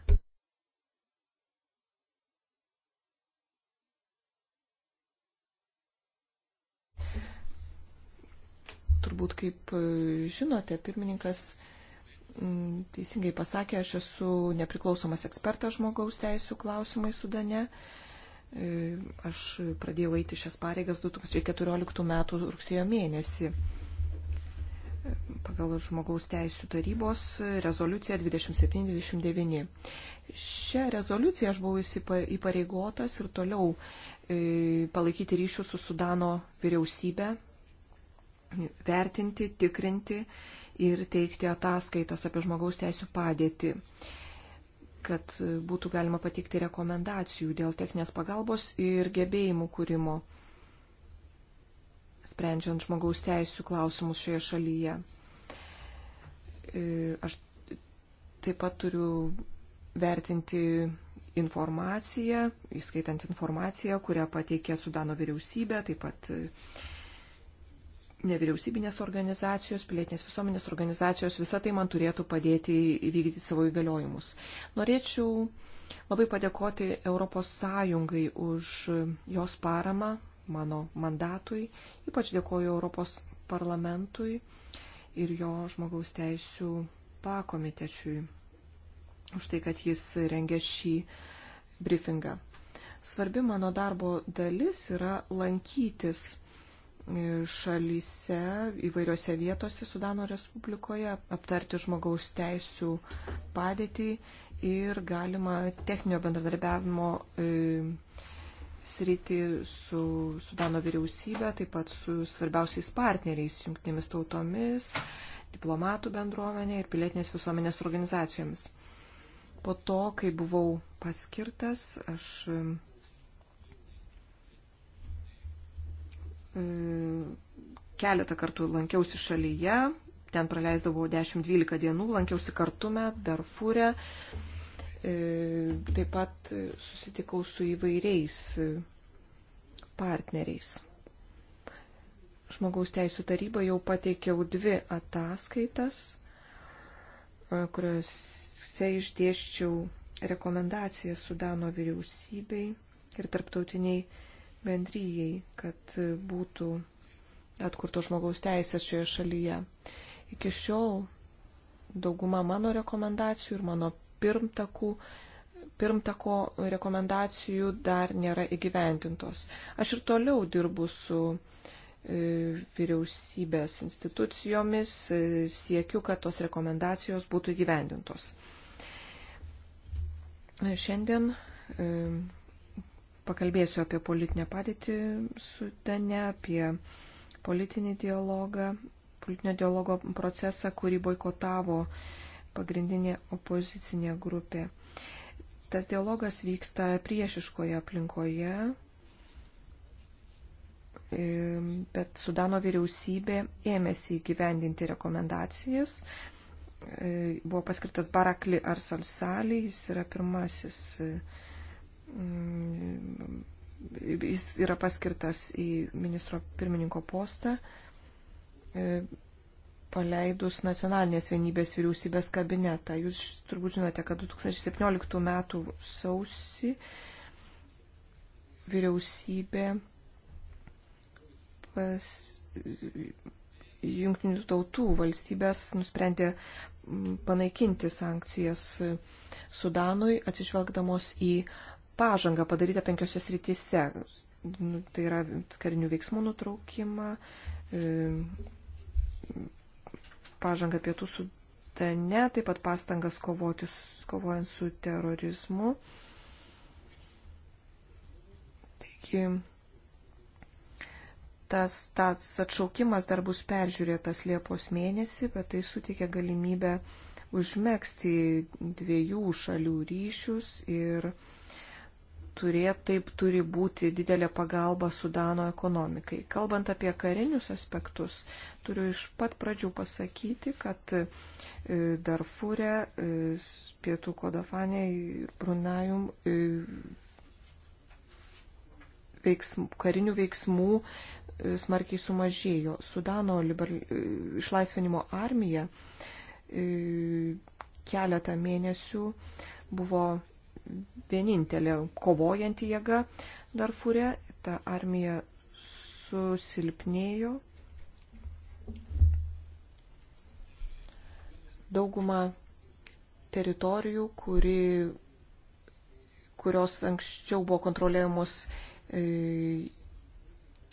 Turbūt, kaip e, žinote, pirmininkas mm, teisingai pasakė, aš esu nepriklausomas ekspertas žmogaus teisų klausimai Sudane. E, aš pradėjau eiti šias pareigas 2014 m. rugsėjo mėnesį. E, pagal žmogaus teisų tarybos rezoliuciją 2729. Šią rezoliuciją aš buvau įpareigotas ir toliau e, palaikyti ryšių su Sudano vyriausybė, vertinti, tikrinti ir teikti ataskaitas apie žmogaus teisų padėtį kad būtų galima pateikti rekomendacijų dėl techninės pagalbos ir gebėjimų kūrimo, sprendžiant žmogaus teisų klausimus šioje šalyje. E, aš taip pat turiu vertinti informaciją, įskaitant informaciją, kurią pateikė Sudano vyriausybė, taip pat nevyriausybinės organizacijos, pilietinės visuomenės organizacijos, visa tai man turėtų padėti įvykdyti savo įgaliojimus. Norėčiau labai padėkoti ES už jos paramą mano mandatui, ypač dėkoju Europos parlamentui ir jo žmogaus teisų pakomitečiui už tai, kad jis rengė šį briefingą. Svarbi mano darbo dalis yra lankytis šalyse, įvairiose vietose Sudano Respublikoje, aptarti žmogaus teisų padėtį ir galima techninio bendradarbiavimo e, sritį su Sudano vyriausybė, taip pat su svarbiausiais partneriais, jungtinėmis tautomis, diplomatų bendruomenė ir pilietinės visuomenės organizacijomis. Po to, kai buvau paskirtas, aš keletą kartų lankiausi šalyje, ten praleisdavau 10-12 dienų, lankiausi kartume, Darfūre, e, taip pat susitikau su įvairiais e, partneriais. Žmogaus teisų taryba jau pateikiau dvi ataskaitas, e, kuriuose išdėščiau rekomendacijas Sudano vyriausybei ir tarptautiniai bendryjai, kad būtų atkurto žmogaus teisės šioje šalyje. Iki šiol dauguma mano rekomendacijų ir mano pirmtakų, pirmtako rekomendacijų dar nėra įgyvendintos. Aš ir toliau dirbu su e, vyriausybės institucijomis, e, siekiu, kad tos rekomendacijos būtų įgyvendintos. Šiandien e, pakalbėsiu apie politinę padėtį Sudane, apie politinį dialogą, politinio dialogo procesą, kurį boikotavo pagrindinė opozicinė grupė. Tas dialogas vyksta priešiškoje aplinkoje, bet Sudano vyriausybė ėmėsi įgyvendinti rekomendacijas. E, buvo paskirtas Barakli Arsalsali, jis yra pirmasis e, Mm, jis yra paskirtas į ministro pirmininko postą, e, paleidus nacionalinės vienybės vyriausybės kabinetą. Jūs turbūt žinote, kad 2017 m. sausi vyriausybė pas jungtinių tautų valstybės nusprendė panaikinti sankcijas Sudanui, atsižvelgdamos į uh, pažanga padaryta penkiose srityse. Nu, tai yra karinių veiksmų nutraukimą, e, pažanga pietų sudane, taip pat pastangas kovotis, kovojant su terorizmu. Taigi, tas, tas atšaukimas dar bus peržiūrėtas Liepos mėnesį, bet tai suteikia galimybę užmėgsti dviejų šalių ryšius ir turėt, taip turi būti didelė pagalba Sudano ekonomikai. Kalbant apie karinius aspektus, turiu iš pat pradžių pasakyti, kad e, Darfūrė, e, Pietų Kodafanė ir Brunajum e, veiksm, karinių veiksmų smarkiai sumažėjo. Sudano liberal, išlaisvinimo armija keletą mėnesių buvo vienintelė kovojanti jėga Darfūre. Ta armija susilpnėjo. Dauguma teritorijų, kuri, kurios anksčiau buvo kontroliuojamos e,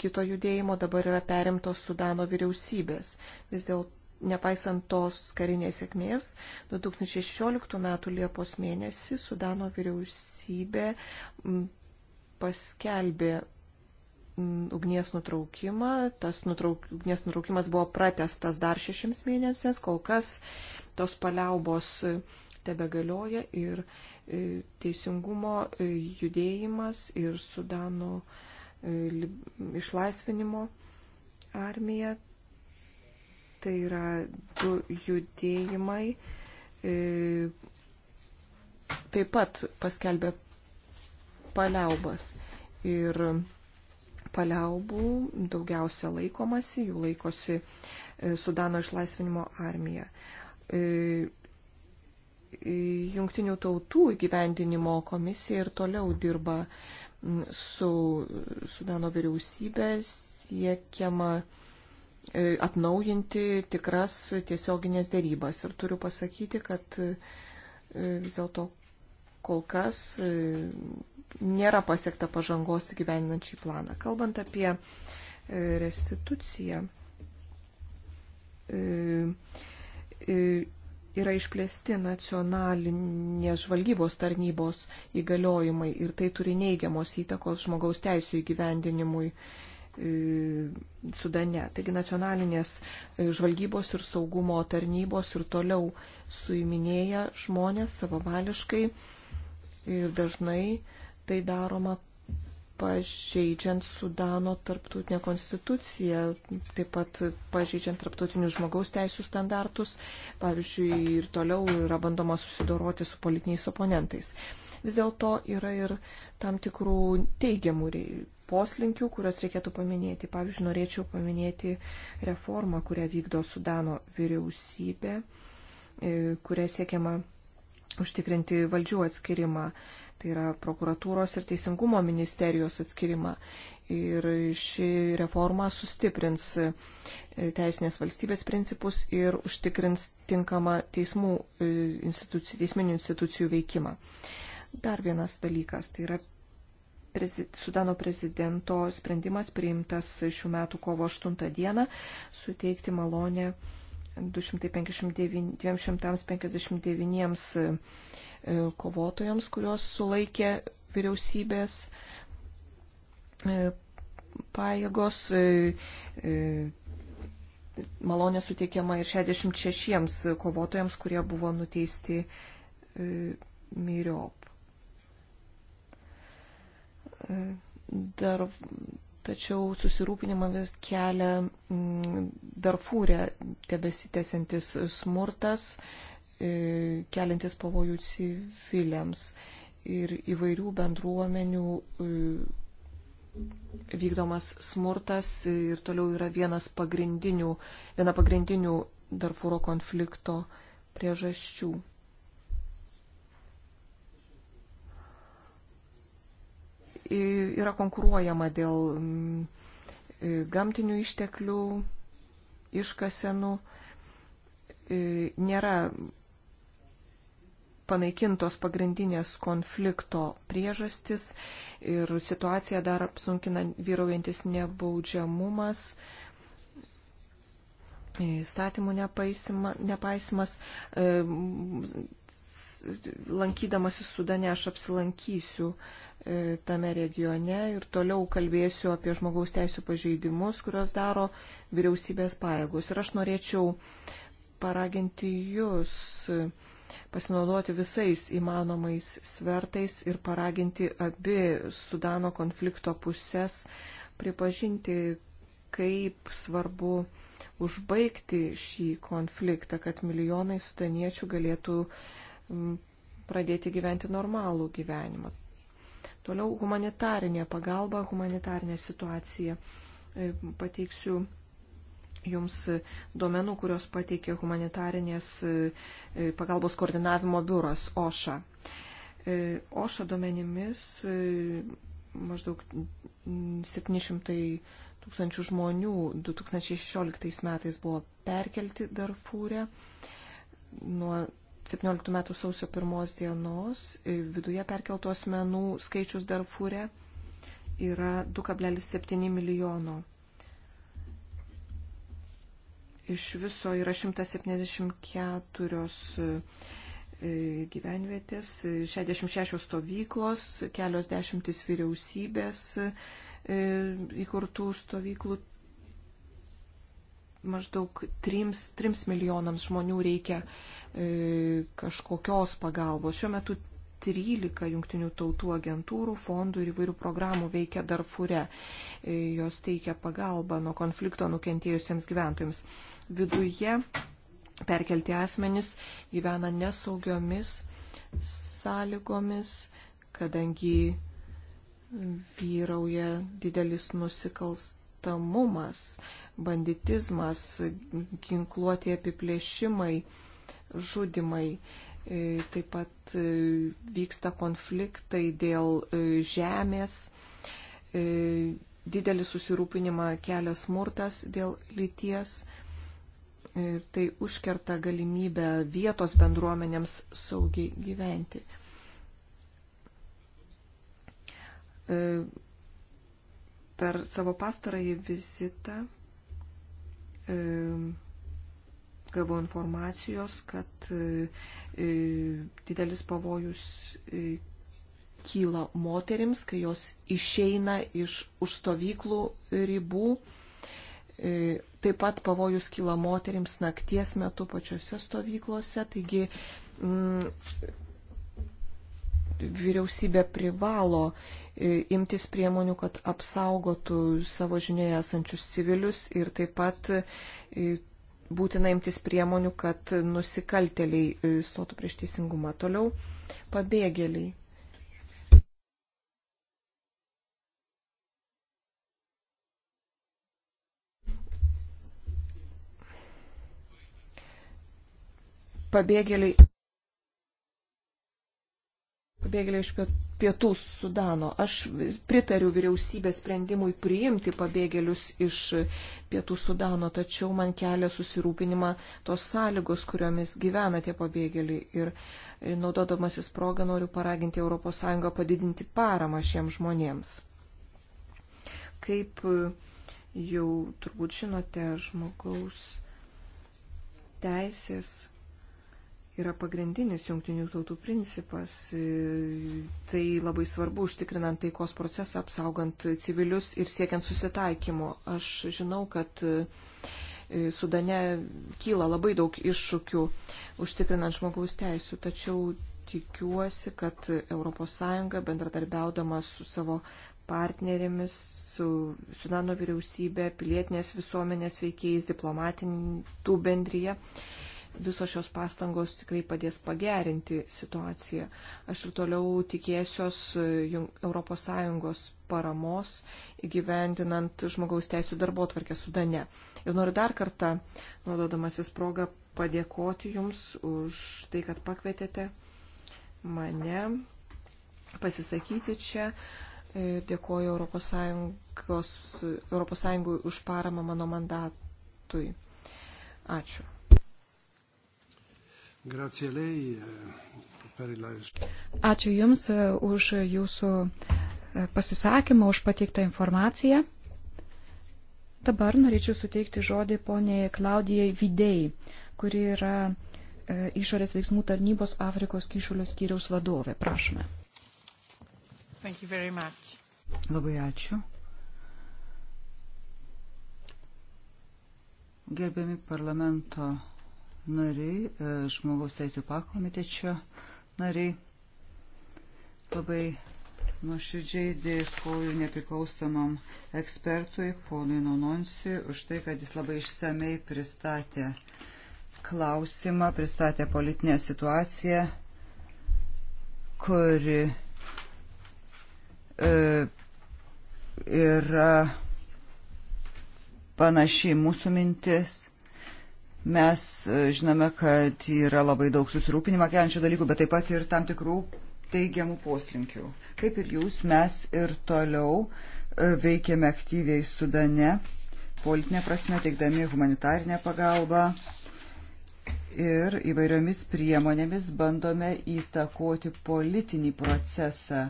kito judėjimo, dabar yra perimtos Sudano vyriausybės. Vis dėlto Nepaisant tos karinės sėkmės, 2016 m. Liepos mėnesį Sudano vyriausybė paskelbė ugnies nutraukimą. Tas nutrauk, ugnies nutraukimas buvo pratestas dar šešiams mėnesiams, kol kas tos paliaubos tebe galioja ir e, teisingumo e, judėjimas ir Sudano e, išlaisvinimo armija Tai yra du judėjimai. E, taip pat paskelbė paliaubas. Ir paliaubų daugiausia laikomasi, jų laikosi e, Sudano išlaisvinimo armija. E, Jungtinių tautų įgyvendinimo komisija ir toliau dirba su Sudano vyriausybė siekiama E, atnaujinti tikras tiesioginės dėrybas. Ir turiu pasakyti, kad e, vis dėlto kol kas e, nėra pasiekta pažangos įgyveninant šį planą. Kalbant apie restituciją, yra išplėsti nacionalinės žvalgybos tarnybos įgaliojimai ir tai turi neigiamos įtakos žmogaus teisų įgyvendinimui Sudane. Taigi nacionalinės e, žvalgybos ir saugumo tarnybos ir toliau suiminėja žmonės savavališkai ir dažnai tai daroma pažeidžiant Sudano tarptautinę konstituciją, taip pat pažeidžiant tarptautinius žmogaus teisų standartus, pavyzdžiui, ir toliau yra bandoma susidoroti su politiniais oponentais. Vis dėlto yra ir tam tikrų teigiamų poslinkių, kuriuos reikėtų paminėti. Pavyzdžiui, norėčiau paminėti reformą, kurią vykdo Sudano vyriausybė, e, kuria siekiama užtikrinti valdžių atskirimą. Tai yra prokuratūros ir teisingumo ministerijos atskirimą. Ir ši reforma sustiprins e, teisinės valstybės principus ir užtikrins tinkamą teismų e, institucijų, teisminių institucijų veikimą. Dar vienas dalykas tai yra Sudano prezidento sprendimas priimtas šių metų kovo 8 dieną suteikti malonę 259 e, kovotojams, kurios sulaikė vyriausybės e, pajėgos. E, malonė suteikiama ir 66 kovotojams, kurie buvo nuteisti myriop dar, tačiau susirūpinimą vis kelia mm, Darfūrė tebesitėsiantis smurtas, e, keliantis pavojų civiliams ir įvairių bendruomenių e, vykdomas smurtas ir toliau yra vienas pagrindinių, viena pagrindinių Darfūro konflikto priežasčių. yra konkuruojama dėl gamtinių išteklių, iškasenų, nėra panaikintos pagrindinės konflikto priežastis ir situaciją dar apsunkina vyraujantis nebaudžiamumas, įstatymų nepaisimas lankydamasis Sudane aš apsilankysiu e, tame regione ir toliau kalbėsiu apie žmogaus teisų pažeidimus, kurios daro vyriausybės pajėgus. Ir aš norėčiau paraginti jūs pasinaudoti visais įmanomais svertais ir paraginti abi Sudano konflikto pusės pripažinti, kaip svarbu užbaigti šį konfliktą, kad milijonai sudaniečių galėtų uh, pradėti gyventi normalų gyvenimą. Toliau humanitarinė pagalba, humanitarinė situacija. E, pateiksiu Jums duomenų, kurios pateikė humanitarinės e, e, pagalbos koordinavimo biuras OŠA. OŠA duomenimis maždaug 700 tūkstančių žmonių 2016 metais buvo perkelti Darfūrė. Nuo 17 metų sausio 1 dienos e, viduje perkeltų asmenų skaičius Darfūre yra 2,7 milijono. Iš viso yra 174 e, e, gyvenvietės, 66 stovyklos, kelios dešimtis vyriausybės įkurtų stovyklų, maždaug 3, 3 milijonams žmonių reikia e, kažkokios pagalbos. Šiuo metu 13 jungtinių tautų agentūrų, fondų ir įvairių programų veikia Darfure. E, jos teikia pagalbą nuo konflikto nukentėjusiems gyventojams. Viduje perkelti asmenys gyvena nesaugiomis sąlygomis, kadangi vyrauja didelis nusikalst nusikalstamumas, banditizmas, ginkluoti apiplėšimai, žudimai. E, taip pat e, vyksta konfliktai dėl e, žemės, didelį susirūpinimą kelia smurtas dėl lyties ir tai užkerta galimybę vietos bendruomenėms saugiai gyventi Per savo pastarąjį vizitą e, gavau informacijos, kad e, e, didelis pavojus e, kyla moterims, kai jos išeina iš užstovyklų ribų. E, taip pat pavojus kyla moterims nakties metu pačiose stovyklose. Taigi, mm, vyriausybė privalo e, imtis priemonių, kad apsaugotų savo žinioje esančius civilius ir taip pat e, būtina imtis priemonių, kad nusikalteliai e, stotų prieš teisingumą. Toliau pabėgėliai. Pabėgėliai pabėgėliai iš pietų Sudano. Aš pritariu vyriausybės sprendimui priimti pabėgėlius iš pietų Sudano, tačiau man kelia susirūpinimą tos sąlygos, kuriomis gyvena tie pabėgėliai. Ir naudodamasis progą noriu paraginti ES padidinti paramą šiems žmonėms. Kaip jau turbūt žinote, žmogaus teisės yra pagrindinis jungtinių tautų principas. E, tai labai svarbu užtikrinant taikos procesą, apsaugant civilius ir siekiant susitaikymo. Aš žinau, kad e, Sudane kyla labai daug iššūkių užtikrinant žmogaus teisų, tačiau tikiuosi, kad ES bendradarbiaudama su savo partnerėmis, su Sudano vyriausybė, pilietinės visuomenės veikėjais, diplomatintų bendryje, visos šios pastangos tikrai padės pagerinti situaciją. Aš ir toliau tikėsios ES paramos įgyvendinant žmogaus teisų darbo tvarkę Sudane. Ir noriu dar kartą, naudodamasis progą, padėkoti Jums už tai, kad pakvietėte mane pasisakyti čia. E, dėkoju ES už paramą mano mandatui. Ačiū. Eh, ačiū Jums eh, už Jūsų eh, pasisakymą, už pateiktą informaciją. Dabar norėčiau suteikti žodį poniai Klaudijai Vidėjai, kuri yra išorės veiksmų tarnybos Afrikos kyšulio skyriaus vadovė. Prašome. Labai ačiū. Gerbiami parlamento nariai, e, žmogaus teisų pakomitečio nariai. Labai nuoširdžiai dėkoju nepriklausomam ekspertui, ponui Nononsi, už tai, kad jis labai išsamei pristatė klausimą, pristatė politinę situaciją, kuri e, yra panašiai mūsų mintis. Mes e, žinome, kad yra labai daug susirūpinimą keliančių dalykų, bet taip pat ir tam tikrų teigiamų poslinkių. Kaip ir jūs, mes ir toliau e, veikiame aktyviai Sudane, politinė prasme teikdami humanitarinę pagalbą ir įvairiomis priemonėmis bandome įtakoti politinį procesą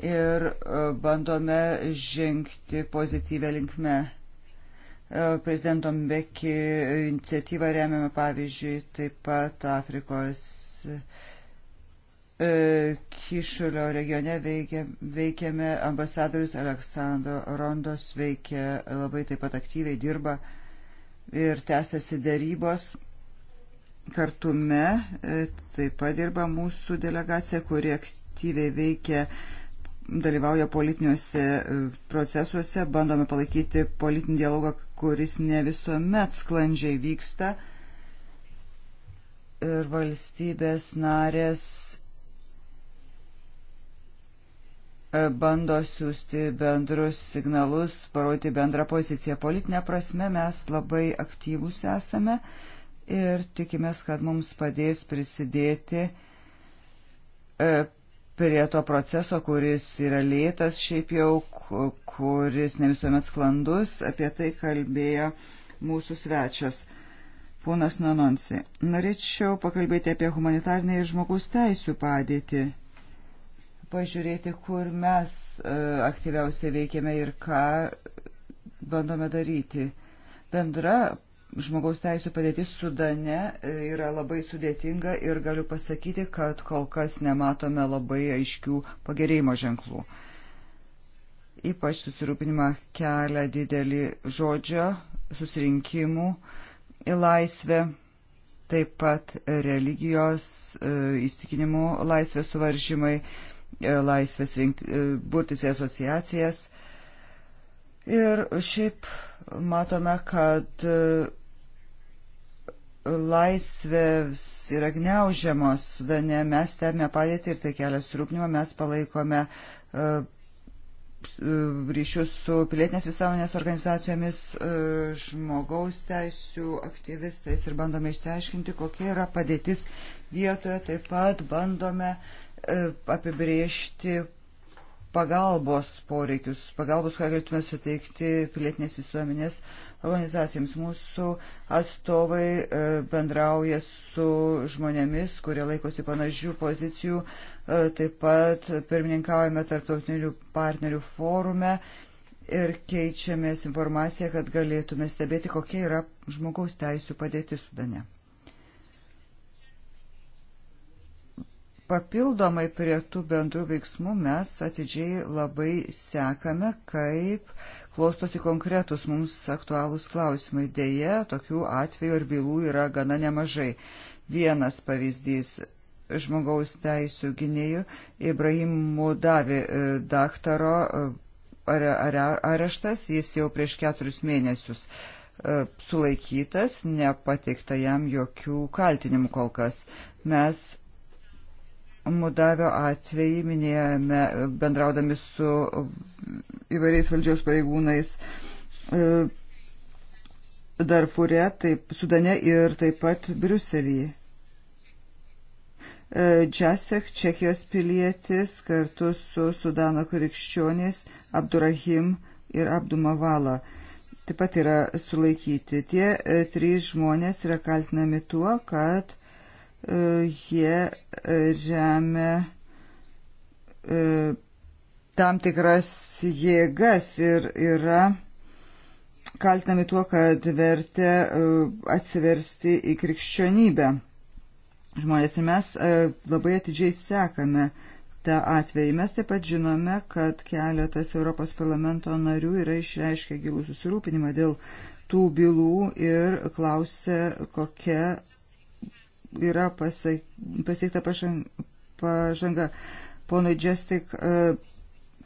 ir e, bandome žengti pozityvę linkmę prezidento Mbeki iniciatyvą remiame, pavyzdžiui, taip pat Afrikos e, Kišulio regione veikiame, ambasadorius Aleksandro Rondos veikia labai taip pat aktyviai, dirba ir tęsiasi darybos. Kartume e, taip pat dirba mūsų delegacija, kuri aktyviai veikia dalyvauja politiniuose e, procesuose, bandome palaikyti politinį dialogą, kuris ne visuomet sklandžiai vyksta. Ir valstybės narės e, bando siūsti bendrus signalus, parodyti bendrą poziciją. Politinė prasme mes labai aktyvus esame ir tikimės, kad mums padės prisidėti e, prie to proceso, kuris yra lėtas šiaip jau, kuris ne visuomet sklandus, apie tai kalbėjo mūsų svečias. Ponas Nanonsi, norėčiau pakalbėti apie humanitarnį ir žmogaus teisų padėtį, pažiūrėti, kur mes e, aktyviausiai veikiame ir ką bandome daryti. Bendra žmogaus teisų padėtis Sudane e, yra labai sudėtinga ir galiu pasakyti, kad kol kas nematome labai aiškių pagerėjimo ženklų. Ypač susirūpinimą kelia didelį žodžio susirinkimų į laisvę, taip pat religijos e, įstikinimų laisvės suvaržymai, e, laisvės rinkti, burtis į asociacijas. Ir šiaip matome, kad laisvės yra gniaužiamos Sudane, mes stebime padėtį ir tai kelia surūpnimą, mes palaikome uh, ryšius su pilietinės visuomenės organizacijomis, uh, žmogaus teisų aktyvistais ir bandome išsiaiškinti, kokia yra padėtis vietoje, taip pat bandome uh, apibriežti pagalbos poreikius, pagalbos, ką galėtume suteikti pilietinės visuomenės uh, organizacijoms. Mūsų atstovai e, bendrauja su žmonėmis, kurie laikosi panašių pozicijų. E, taip pat pirmininkaujame tarptautinių partnerių forume ir keičiamės informaciją, kad galėtume stebėti, kokia yra žmogaus teisų padėti Sudane. Papildomai prie tų bendrų veiksmų mes atidžiai labai sekame, kaip uh, klostosi konkretus mums aktualūs klausimai. Deja, tokių atvejų ir bylų yra gana nemažai. Vienas pavyzdys žmogaus teisų gynėjų Ibrahimų davė e, daktaro e, areštas, jis jau prieš keturis mėnesius e, sulaikytas, nepateikta jam jokių kaltinimų kol kas. Mes Mudavio atvejį minėjome bendraudami su įvairiais valdžios pareigūnais e, Darfūre, taip, Sudane ir taip pat Briuselyje. Džasek, e, Čekijos pilietis, kartu su Sudano krikščionys Abdurahim ir Abdumavala taip pat yra sulaikyti. Tie e, trys žmonės yra kaltinami tuo, kad jie remia e, tam tikras jėgas ir yra kaltinami tuo, kad vertė e, atsiversti į krikščionybę. Žmonės ir mes e, labai atidžiai sekame tą atvejį. Mes taip pat žinome, kad keletas Europos parlamento narių yra išreiškę gilų susirūpinimą dėl tų bylų ir klausė, kokia yra pasiekta pažanga. Ponui Džestik e,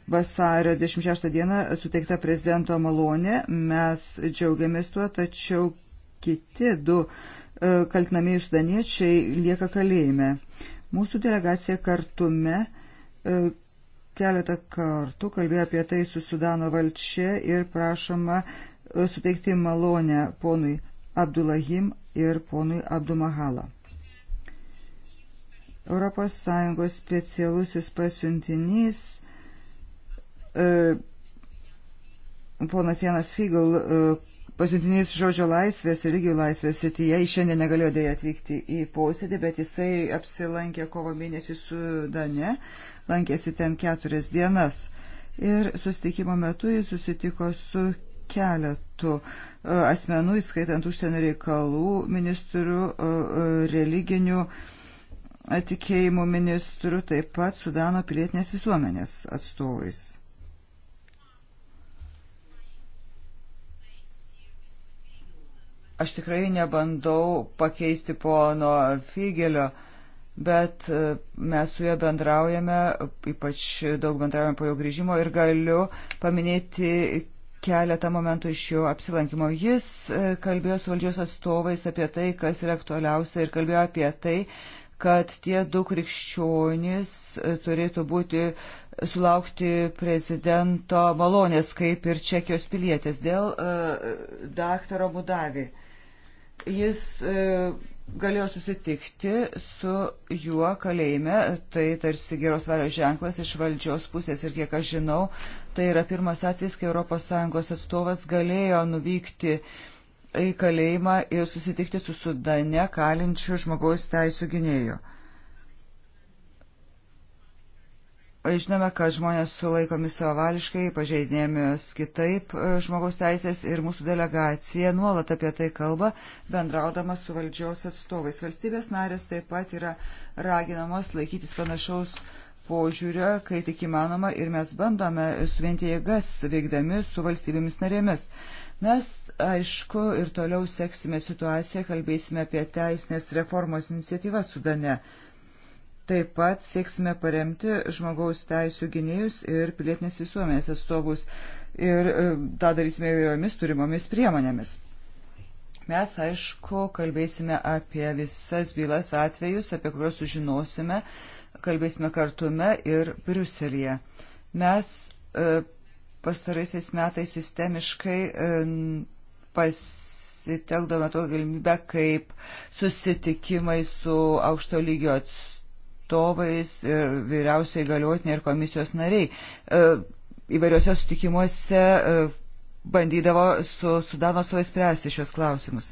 vasario 26 dieną suteikta prezidento malonė, mes džiaugiamės tuo, tačiau kiti du e, kaltinamieji sudaniečiai lieka kalėjime. Mūsų delegacija kartume e, keletą kartų kalbėjo apie tai su Sudano valdžia ir prašoma suteikti malonę ponui Abdulahim ir ponui Abdumahala. ES specialusis pasiuntinys e, ponas Janas Figel, e, pasiuntinys žodžio laisvės ir lygių laisvės srityje, jis šiandien negalėjo dėja atvykti į posėdį, bet jisai apsilankė kovo mėnesį Sudane, lankėsi ten keturias dienas. Ir susitikimo metu jis susitiko su keletu e, asmenų, įskaitant užsienio reikalų ministrų, religinių, tikėjimo ministru, taip pat Sudano pilietinės visuomenės atstovais. Aš tikrai nebandau pakeisti pono Figelio, bet e, mes su juo bendraujame, ypač daug bendraujame po jo grįžimo ir galiu paminėti keletą momentų iš jo apsilankimo. Jis e, kalbėjo su valdžios atstovais apie tai, kas yra aktualiausia ir kalbėjo apie tai, kad tie du krikščionys e, turėtų būti sulaukti prezidento malonės, kaip ir Čekijos pilietės, dėl uh, daktaro Budavi. Jis uh, galėjo susitikti su juo kalėjime, tai tarsi geros valios ženklas iš valdžios pusės ir kiek aš žinau, tai yra pirmas atvejis, kai ES atstovas galėjo nuvykti uh, į kalėjimą ir susitikti su Sudane kalinčių žmogaus teisų gynėjų. Žinome, kad žmonės sulaikomi savavališkai, pažeidinėjamios kitaip e, žmogaus teisės ir mūsų delegacija nuolat apie tai kalba, bendraudama su valdžios atstovais. Valstybės narės taip pat yra raginamos laikytis panašaus požiūrio, kai tik įmanoma, ir mes bandome suvienti jėgas veikdami su valstybėmis narėmis. Mes aišku, ir toliau seksime situaciją, kalbėsime apie teisinės reformos iniciatyvą Sudane. Taip pat sieksime paremti žmogaus teisų gynėjus ir pilietinės visuomenės atstovus. Ir e, tą darysime jomis turimomis priemonėmis. Mes, aišku, kalbėsime apie visas bylas atvejus, apie kuriuos sužinosime, kalbėsime kartume ir Briuselėje. Mes e, pastaraisiais metais sistemiškai e, pasitelkdome tokią galimybę kaip susitikimai su aukšto lygio atstovais ir vyriausiai galiotinė ir komisijos nariai. E, įvairiuose sutikimuose e, bandydavo su Sudano savais spręsti šios klausimus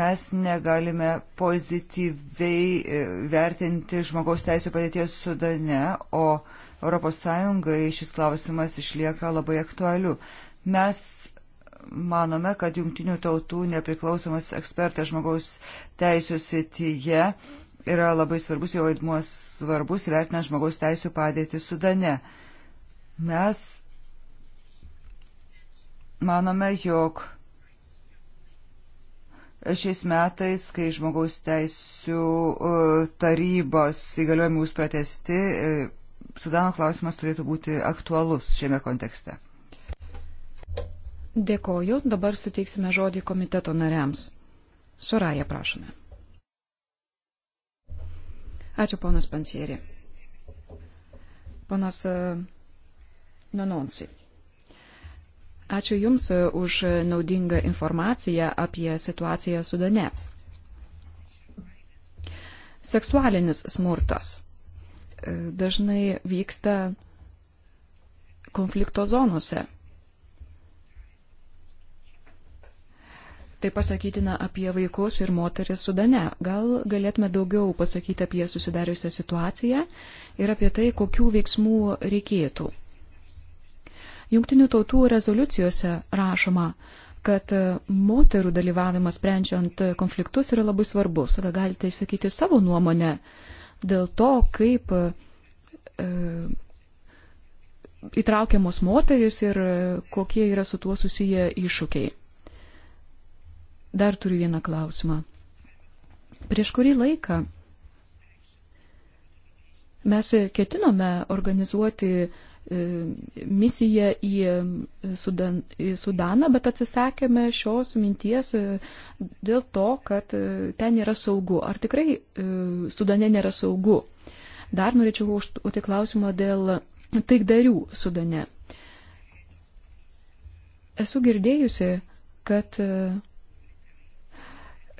mes negalime pozityviai e, vertinti žmogaus teisų padėties Sudane, o ES šis klausimas išlieka labai aktualiu. Mes manome, kad jungtinių tautų nepriklausomas ekspertas žmogaus teisų sityje yra labai svarbus, jo vaidmuo svarbus įvertinant žmogaus teisų padėtį Sudane. Mes manome, jog šiais metais, kai žmogaus teisų e, tarybos įgaliojimai bus pratesti, e, Sudano klausimas turėtų būti aktualus šiame kontekste. Dėkoju, dabar suteiksime žodį komiteto nariams. Suraja, prašome. Ačiū, ponas Pansieri. Ponas e, Nononsi. Ačiū Jums e, už naudingą informaciją apie situaciją Sudane. Seksualinis smurtas e, dažnai vyksta konflikto zonose Tai pasakytina apie vaikus ir moteris Sudane. Gal galėtume daugiau pasakyti apie susidariusią situaciją ir apie tai, kokių veiksmų reikėtų. Junktinių tautų rezoliucijose rašoma, kad moterų dalyvavimas sprendžiant konfliktus yra labai svarbus. Tada galite įsakyti savo nuomonę dėl to, kaip e, įtraukiamos moteris ir kokie yra su tuo susiję iššūkiai. Dar turiu vieną klausimą. Prieš kurį laiką mes ketinome organizuoti e, misiją į, e, Sudan, į Sudaną, bet atsisakėme šios minties e, dėl to, kad ten yra saugu. Ar tikrai Sudane nėra saugu? Dar norėčiau užduoti klausimą dėl taikdarių Sudane. Esu girdėjusi, kad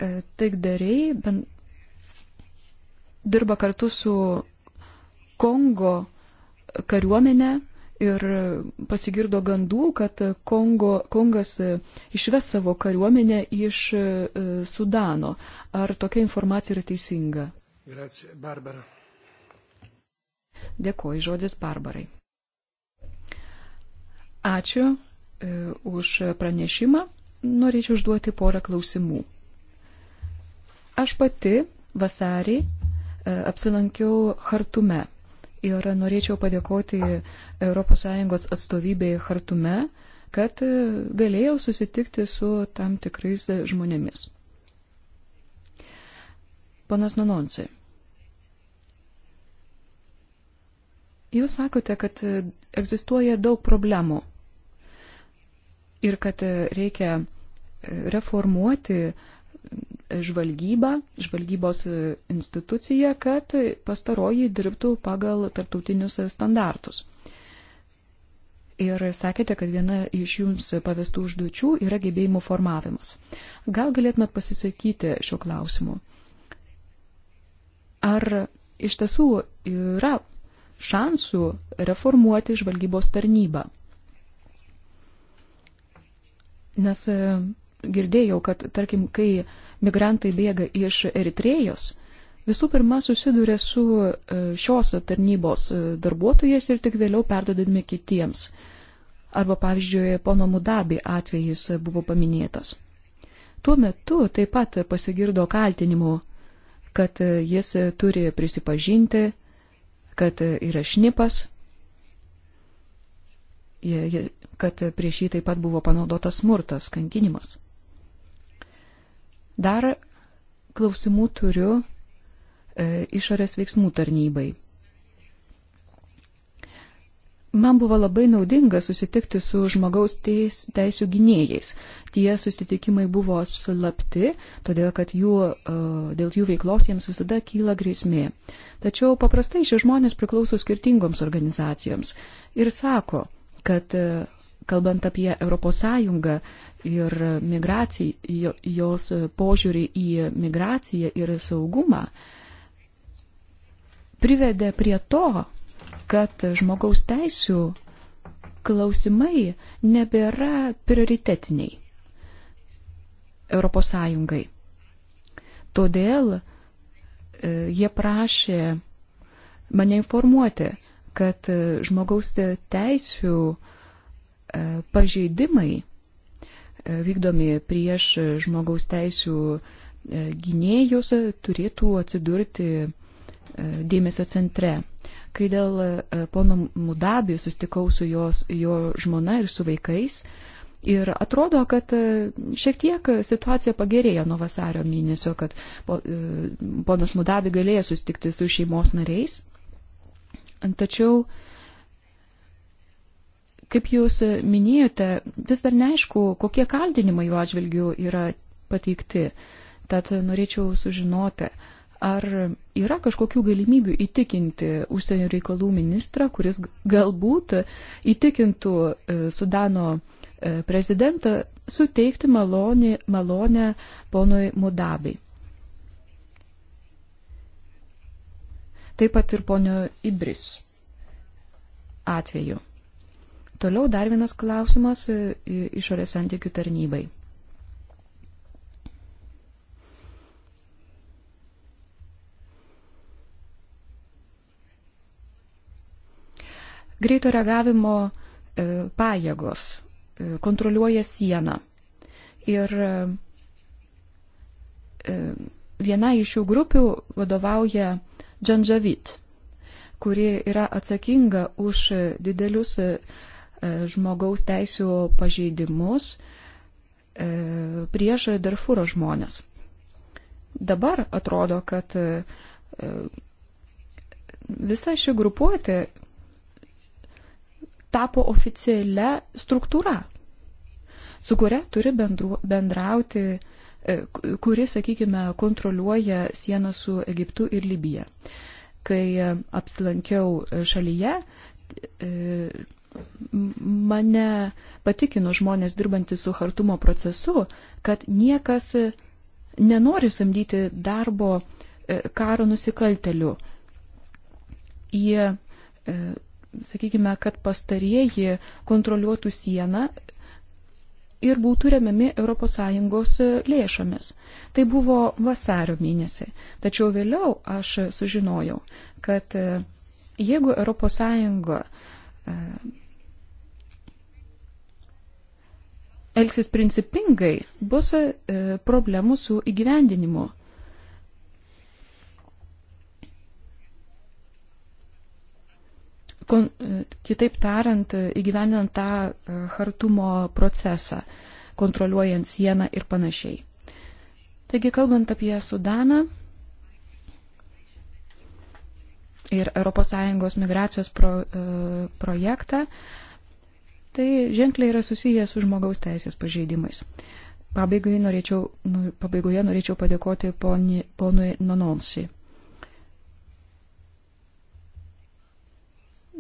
E, taikdariai ben, dirba kartu su Kongo kariuomenė ir pasigirdo gandų, kad Kongo, Kongas išves savo kariuomenę iš e, Sudano. Ar tokia informacija yra teisinga? Grazie, Barbara. Dėkuoju, žodis Barbarai. Ačiū e, už pranešimą. Norėčiau užduoti porą klausimų. Aš pati vasarį e, apsilankiau Hartume ir norėčiau padėkoti ES atstovybėje Hartume, kad e, galėjau susitikti su tam tikrais žmonėmis. Panas Nanonsi. Jūs sakote, kad egzistuoja daug problemų ir kad reikia e, reformuoti žvalgybą, žvalgybos instituciją, kad pastaroji dirbtų pagal tarptautinius standartus. Ir sakėte, kad viena iš jums pavestų užduočių yra gebėjimų formavimas. Gal galėtumėt pasisakyti šiuo klausimu? Ar iš tiesų yra šansų reformuoti žvalgybos tarnybą? Nes e, girdėjau, kad, tarkim, kai migrantai bėga iš Eritrėjos, visų pirma susiduria su e, šios tarnybos e, darbuotojais ir tik vėliau perdodami kitiems. Arba pavyzdžiui, pono Mudabi atvejis buvo paminėtas. Tuo metu taip pat pasigirdo kaltinimų, kad e, jis turi prisipažinti, kad yra šnipas, kad prieš jį taip pat buvo panaudotas smurtas, kankinimas. Dar klausimų turiu e, išorės veiksmų tarnybai. Man buvo labai naudinga susitikti su žmogaus teis, teisų gynėjais. Tie susitikimai buvo slapti, todėl kad jų, e, dėl jų veiklos jiems visada kyla grėsmė. Tačiau paprastai šie žmonės priklauso skirtingoms organizacijoms ir sako, kad e, kalbant apie ES, ir migraciją, jos požiūrį į migraciją ir saugumą privedė prie to, kad žmogaus teisų klausimai nebėra prioritetiniai ES. Todėl e, jie prašė mane informuoti, kad e, žmogaus teisų e, pažeidimai vykdomi prieš žmogaus teisų e, gynėjus, turėtų atsidurti e, dėmesio centre. Kai dėl e, pono Mudabi sustikau su jos, jo žmona ir su vaikais, ir atrodo, kad šiek tiek situacija pagerėjo nuo vasario mėnesio, kad ponas Mudabi galėjo sustikti su šeimos nariais. Tačiau uh, Kaip jūs minėjote, vis dar neaišku, kokie kaltinimai jų atžvilgių yra pateikti. Tad norėčiau sužinoti, ar yra kažkokių galimybių įtikinti užsienio reikalų ministrą, kuris galbūt įtikintų e, Sudano e, prezidentą suteikti malonį, malonę ponui Mudabai. Taip pat ir ponio Ibris atveju. Toliau dar vienas klausimas e, išorės santykių tarnybai. Greito reagavimo e, pajėgos e, kontroliuoja sieną. Ir viena iš šių grupių vadovauja Džandžavit, kuri yra atsakinga už didelius E, žmogaus teisų pažeidimus e, prieš Darfūro žmonės. Dabar atrodo, kad e, visa ši grupuotė tapo oficialia struktūra, su kuria turi bendru, bendrauti kuri, sakykime, kontroliuoja sieną su Egiptu ir Libija. Kai apsilankiau šalyje, mane patikino žmonės dirbantys su hartumo procesu, kad niekas e, nenori samdyti darbo e, karo nusikaltelių. Jie, e, sakykime, kad pastarieji kontroliuotų sieną ir būtų remiami ES lėšomis. Tai buvo vasario mėnesį. Tačiau vėliau aš sužinojau, kad jeigu ES elgsis principingai, bus e, problemų su įgyvendinimu. Kon, e, kitaip tariant, įgyvendinant tą e, hartumo procesą, kontroliuojant sieną ir panašiai. Taigi, kalbant apie Sudaną ir ES migracijos pro, projektą, tai ženkliai yra susijęs su žmogaus teisės pažeidimais. Pabaigai norėčiau, nu, pabaigoje norėčiau padėkoti poni, ponui Nononsi.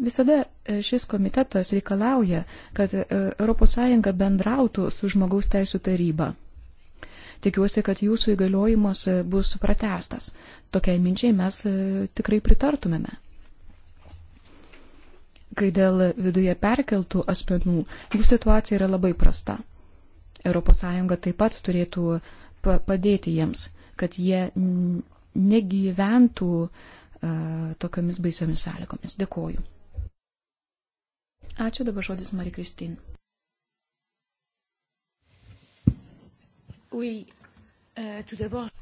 Visada e, šis komitetas reikalauja, kad ES bendrautų su žmogaus teisų taryba. Tikiuosi, kad jūsų įgaliojimas e, bus pratestas. Tokiai minčiai mes e, tikrai pritartumėme kai dėl viduje perkeltų asmenų jų situacija yra labai prasta. ES taip pat turėtų padėti jiems, kad jie negyventų uh, e, tokiamis baisiomis sąlygomis. Dėkoju. Ačiū dabar žodis Marija Kristin. Oui, euh, tout d'abord.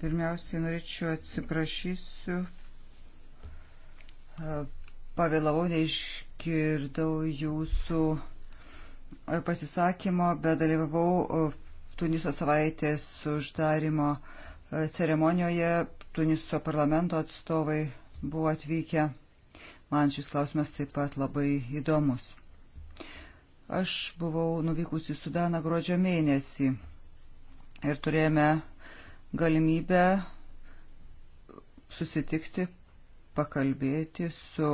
Pirmiausiai norėčiau atsiprašysiu uh, pavėlavau, neiškirdau jūsų pasisakymo, bet dalyvavau uh, Tuniso savaitės uždarimo uh, ceremonijoje. Tuniso parlamento atstovai buvo atvykę. Man šis klausimas taip pat labai įdomus. Aš buvau nuvykusi į Sudaną gruodžio mėnesį ir turėjome galimybę susitikti, pakalbėti su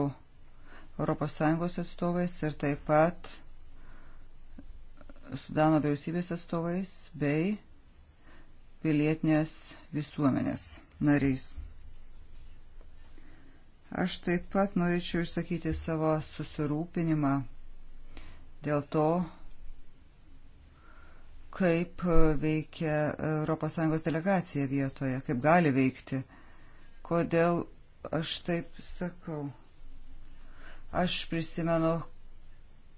ES atstovais ir taip pat Sudano vyriausybės atstovais bei pilietinės visuomenės nariais. Aš taip pat norėčiau išsakyti savo susirūpinimą dėl to, kaip veikia ES delegacija vietoje, kaip gali veikti. Kodėl aš taip sakau? Aš prisimenu,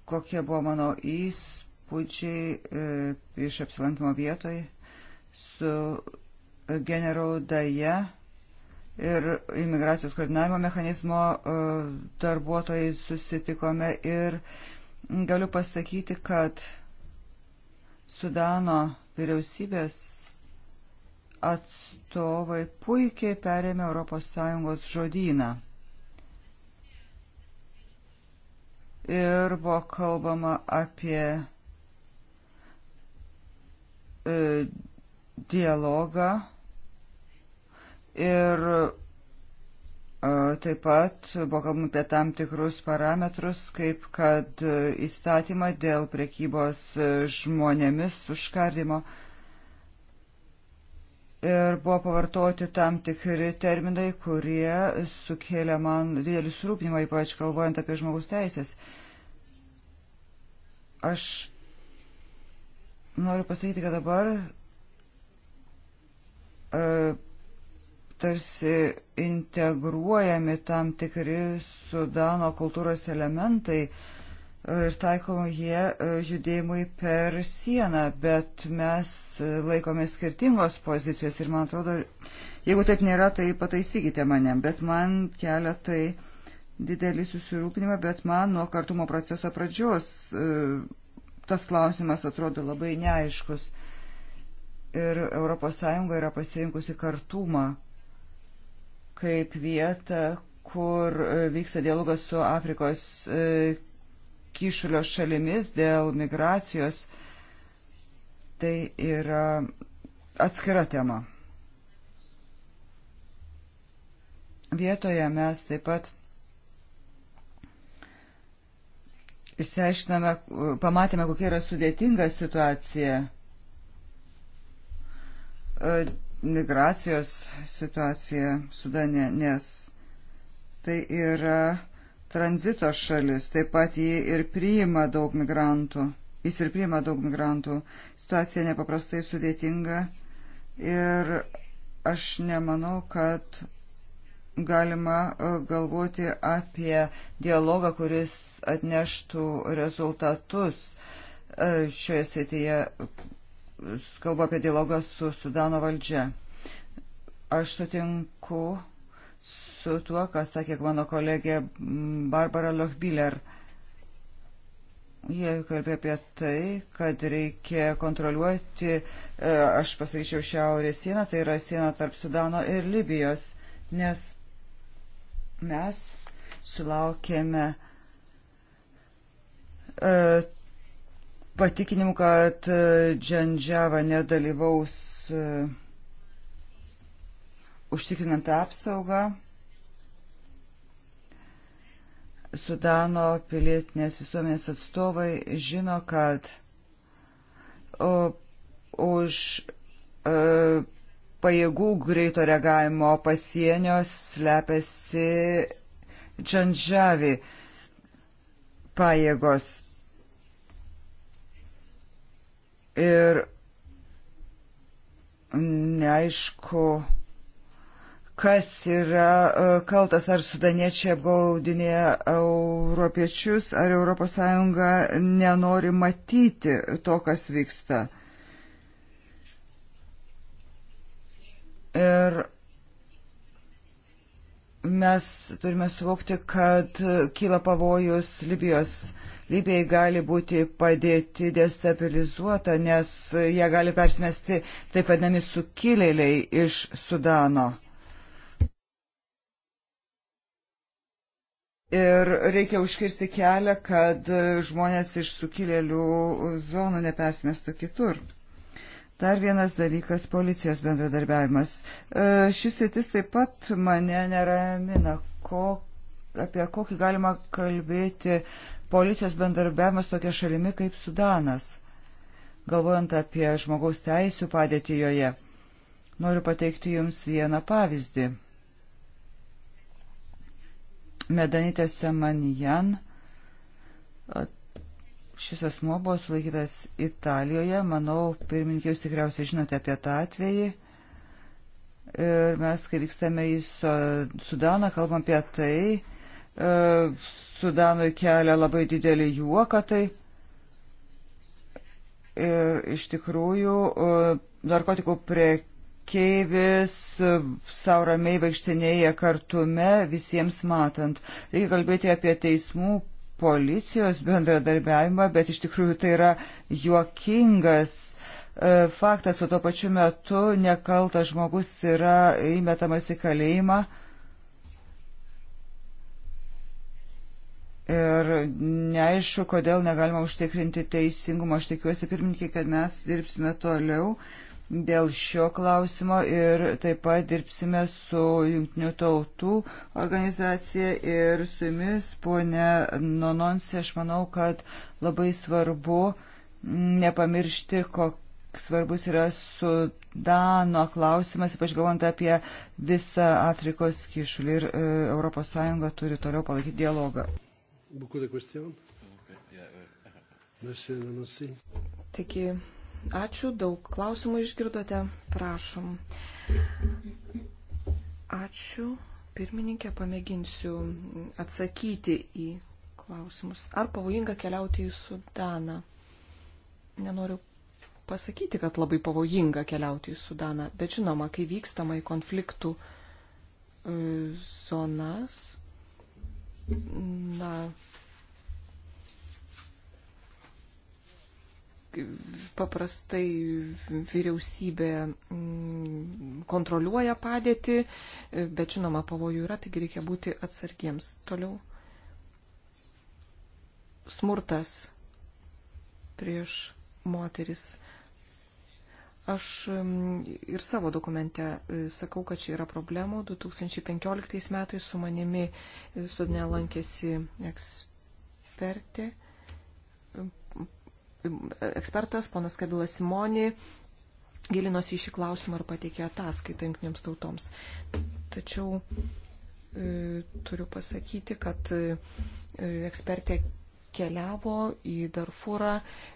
kokie buvo mano įspūdžiai e, iš apsilankimo vietoje su generolu Daja ir imigracijos koordinavimo mechanizmo e, darbuotojais susitikome ir galiu pasakyti, kad Sudano vyriausybės atstovai puikiai perėmė ES žodyną. ir buvo kalbama apie e, dialogą ir e, taip pat buvo kalbama apie tam tikrus parametrus, kaip kad įstatymą dėl prekybos žmonėmis užkardimo. Ir buvo pavartoti tam tikri terminai, kurie sukėlė man didelį surūpinimą, ypač kalbant apie žmogus teisės. Uh, Aš noriu pasakyti, kad dabar e, tarsi integruojami tam tikri Sudano kultūros elementai e, ir taikomi jie e, judėjimui per sieną, bet mes laikomės skirtingos pozicijos ir man atrodo, jeigu taip nėra, tai pataisykite mane, bet man kelia tai didelį susirūpinimą, bet man nuo kartumo proceso pradžios e, tas klausimas atrodo labai neaiškus. Ir ES yra pasirinkusi kartumą kaip vietą, kur e, vyksta dialogas su Afrikos e, kyšulio šalimis dėl migracijos. Tai yra atskira tema. Vietoje mes taip pat išsiaiškiname, pamatėme, kokia yra sudėtinga situacija, e, migracijos situacija Sudane, nes tai yra tranzito šalis, taip pat jį ir priima daug migrantų. Jis ir priima daug migrantų. Situacija nepaprastai sudėtinga ir aš nemanau, kad galima e, galvoti apie dialogą, kuris atneštų rezultatus e, šioje srityje. Kalbu apie dialogą su Sudano valdžia. Aš sutinku su tuo, ką sakė mano kolegė Barbara Lochbiller. Jie kalbė apie tai, kad reikia kontroliuoti, e, aš pasakyčiau, šiaurės sieną, tai yra siena tarp Sudano ir Libijos, nes Mes sulaukėme e, patikinimų, kad e, Džandžiava nedalyvaus e, užtikrinant apsaugą. Sudano pilietinės visuomenės atstovai žino, kad o, už e, pajėgų greito reagavimo pasienio slepiasi Džandžavi pajėgos. Ir neaišku, kas yra e, kaltas, ar sudaniečiai apgaudinėja europiečius, ar ES nenori matyti to, kas vyksta. Ir mes turime suvokti, kad kyla pavojus Libijos Libijai gali būti padėti destabilizuota, nes jie gali persimesti taip vadinami sukilėliai iš Sudano. Ir reikia užkirsti kelią, kad žmonės iš sukilėlių zonų nepersimestų kitur. Dar vienas dalykas - policijos bendradarbiavimas. E, šis sėtis taip pat mane neramina, ko, apie kokį galima kalbėti policijos bendarbiavimas tokia šalimi kaip Sudanas, galvojant apie žmogaus teisų padėtį joje. Noriu pateikti Jums vieną pavyzdį. Medanytė Semanijan Šis asmo buvo sulaikytas Italijoje. Manau, pirmininkė, jūs tikriausiai žinote apie tą atvejį. Ir mes, kai vykstame į Sudaną, kalbam apie tai. E, Sudanui kelia labai didelį juoką tai. Ir iš tikrųjų e, narkotikų priekeivis e, savo ramiai vaikštinėja kartume visiems matant. Reikia kalbėti apie teismų policijos bendradarbiavimą, bet iš tikrųjų tai yra juokingas e, faktas, o tuo pačiu metu nekaltas žmogus yra įmetamas į kalėjimą. Ir neaišku, kodėl negalima užtikrinti teisingumo. Aš tikiuosi, pirmininkai, kad mes dirbsime toliau. E, dėl šio klausimo ir taip pat dirbsime su Junktinių tautų organizacija ir su jumis, ponė Nononse, aš manau, kad labai svarbu nepamiršti, koks svarbus yra Sudano klausimas, ypač galvant apie visą Afrikos kišulį ir ES turi toliau palaikyti dialogą. Taigi, Ačiū, daug klausimų išgirdote. Prašom. Ačiū. Pirmininkė, pamėginsiu atsakyti į klausimus. Ar pavojinga keliauti į Sudaną? Nenoriu pasakyti, kad labai pavojinga keliauti į Sudaną, bet žinoma, kai vykstama į konfliktų e, zonas, na, paprastai vyriausybė mm, kontroliuoja padėtį, bet žinoma, pavojų yra, taigi reikia būti atsargiems. Toliau smurtas prieš moteris. Aš mm, ir savo dokumente e, sakau, kad čia yra problemų. 2015 metais su manimi sudne lankėsi ekspertė ekspertas, ponas Kabilas Simoni, gilinosi į šį klausimą ir pateikė ataskaitą jungtinėms tautoms. Tačiau e, turiu pasakyti, kad e, ekspertė keliavo į Darfūrą,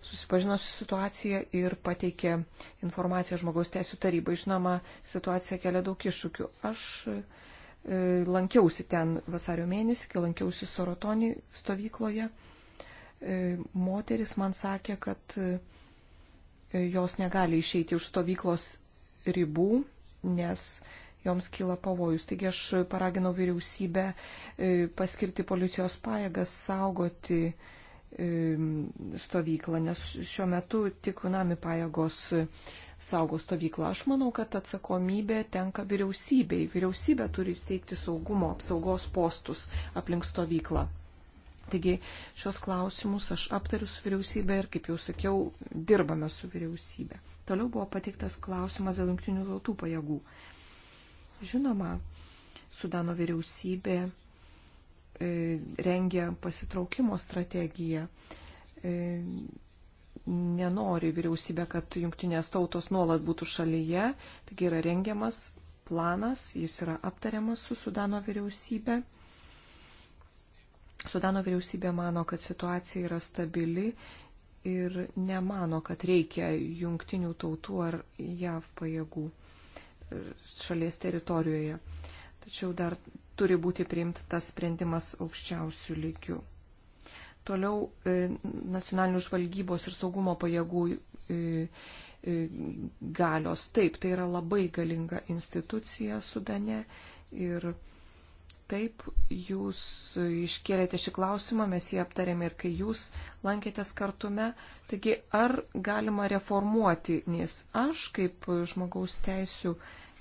susipažino su situacija ir pateikė informaciją žmogaus teisų tarybai. Žinoma, situacija kelia daug iššūkių. Aš e, lankiausi ten vasario mėnesį, kai lankiausi Sorotoni stovykloje. E, E, moteris man sakė, kad e, jos negali išeiti už stovyklos ribų, nes joms kyla pavojus. Taigi aš paraginau vyriausybę e, paskirti policijos pajėgas saugoti stovyklą, nes šiuo metu tik UNAMI pajėgos saugo stovyklą. Aš manau, kad atsakomybė tenka vyriausybei. Vyriausybė turi steigti saugumo apsaugos postus aplink stovyklą. Taigi šios klausimus aš aptariu su vyriausybė ir, kaip jau sakiau, dirbame su vyriausybė. Toliau buvo pateiktas klausimas dėl jungtinių tautų pajėgų. Žinoma, Sudano vyriausybė e, rengia pasitraukimo strategiją. E, nenori vyriausybė, kad jungtinės tautos nuolat būtų šalyje, taigi yra rengiamas planas, jis yra aptariamas su Sudano vyriausybė. Sudano vyriausybė mano, kad situacija yra stabili ir nemano, kad reikia jungtinių tautų ar JAV pajėgų e, šalies teritorijoje. Tačiau dar turi būti priimtas sprendimas aukščiausių lygių. Toliau e, nacionalinių žvalgybos ir saugumo pajėgų e, galios. Taip, tai yra labai galinga institucija Sudane ir Taip, jūs iškėlėte šį klausimą, mes jį aptarėme ir kai jūs lankėtės kartume. Taigi, ar galima reformuoti, nes aš kaip žmogaus teisų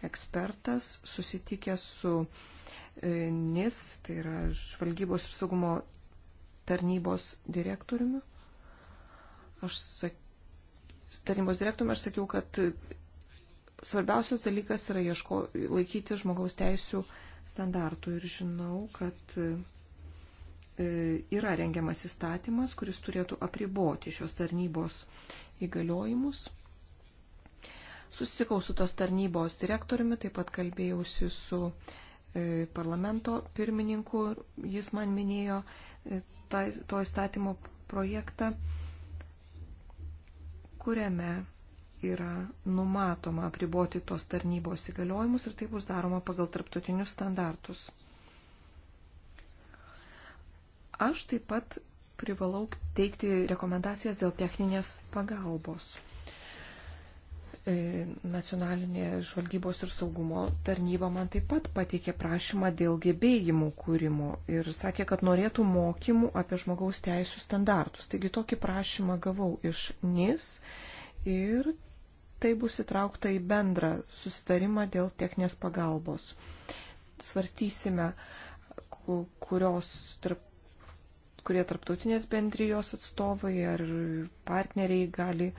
ekspertas susitikęs su e, NIS, tai yra žvalgybos ir saugumo tarnybos direktoriumi, aš sak... tarnybos direktoriumi aš sakiau, kad svarbiausias dalykas yra ieško, laikyti žmogaus teisų ekspertų standartų ir žinau, kad e, yra rengiamas įstatymas, kuris turėtų apriboti šios tarnybos įgaliojimus. Susitikau su tos tarnybos direktoriumi, taip pat kalbėjausi su e, parlamento pirmininku, jis man minėjo e, to įstatymo projektą, kuriame yra numatoma apriboti tos tarnybos įgaliojimus ir tai bus daroma pagal tarptautinius standartus. Aš taip pat privalau teikti rekomendacijas dėl techninės pagalbos. E, nacionalinė žvalgybos ir saugumo tarnyba man taip pat pateikė prašymą dėl gebėjimų kūrimo ir sakė, kad norėtų mokymų apie žmogaus teisų standartus. Taigi tokį prašymą gavau iš NIS ir tai bus įtraukta į bendrą susitarimą dėl techninės pagalbos. Svarstysime, kurios tarp kurie tarptautinės bendrijos atstovai ar partneriai gali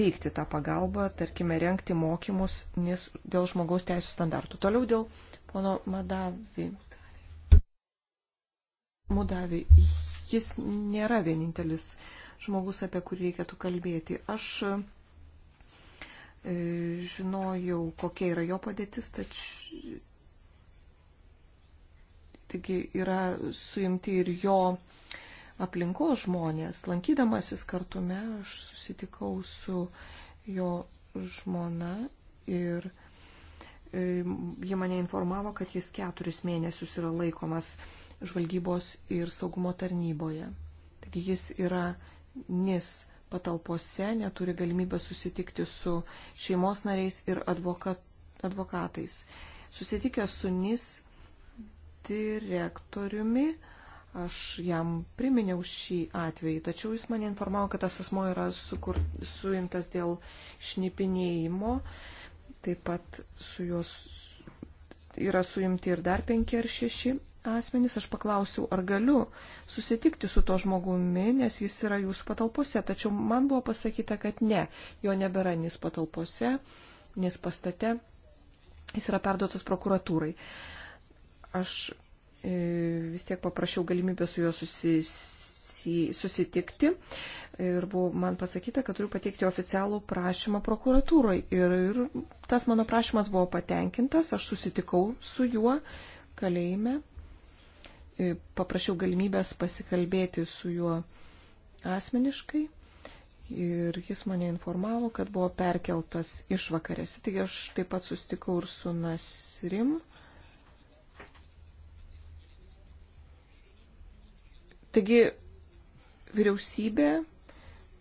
teikti tą pagalbą, tarkime, renkti mokymus nes dėl žmogaus teisų standartų. Toliau dėl pono Madavi. Mudavi, jis nėra vienintelis žmogus, apie kurį reikėtų kalbėti. Aš E, žinojau, kokia yra jo padėtis, tačiau taigi yra suimti ir jo aplinkos žmonės. Lankydamasis kartume aš susitikau su jo žmona ir e, ji mane informavo, kad jis keturis mėnesius yra laikomas žvalgybos ir saugumo tarnyboje. Taigi jis yra NIS patalpose, neturi galimybę susitikti su šeimos nariais ir advokat, advokatais. Susitikęs su NIS direktoriumi, aš jam priminiau šį atvejį, tačiau jis mane informavo, kad tas asmo yra sukur, suimtas dėl šnipinėjimo, taip pat su juos yra suimti ir dar penki ar šeši asmenys, aš paklausiau, ar galiu susitikti su to žmogumi, nes jis yra jūsų patalpose. Tačiau man buvo pasakyta, kad ne, jo nebėra nes patalpose, nes pastate. Jis yra perduotas prokuratūrai. Aš e, vis tiek paprašiau galimybę su juo susisi, susitikti ir buvo man pasakyta, kad turiu pateikti oficialų prašymą prokuratūrai. Ir, ir tas mano prašymas buvo patenkintas, aš susitikau su juo kalėjime E, paprašiau galimybės pasikalbėti su juo asmeniškai ir jis mane informavo, kad buvo perkeltas iš vakarėse. Taigi aš taip pat sustikau ir su Nasrim. Taigi vyriausybė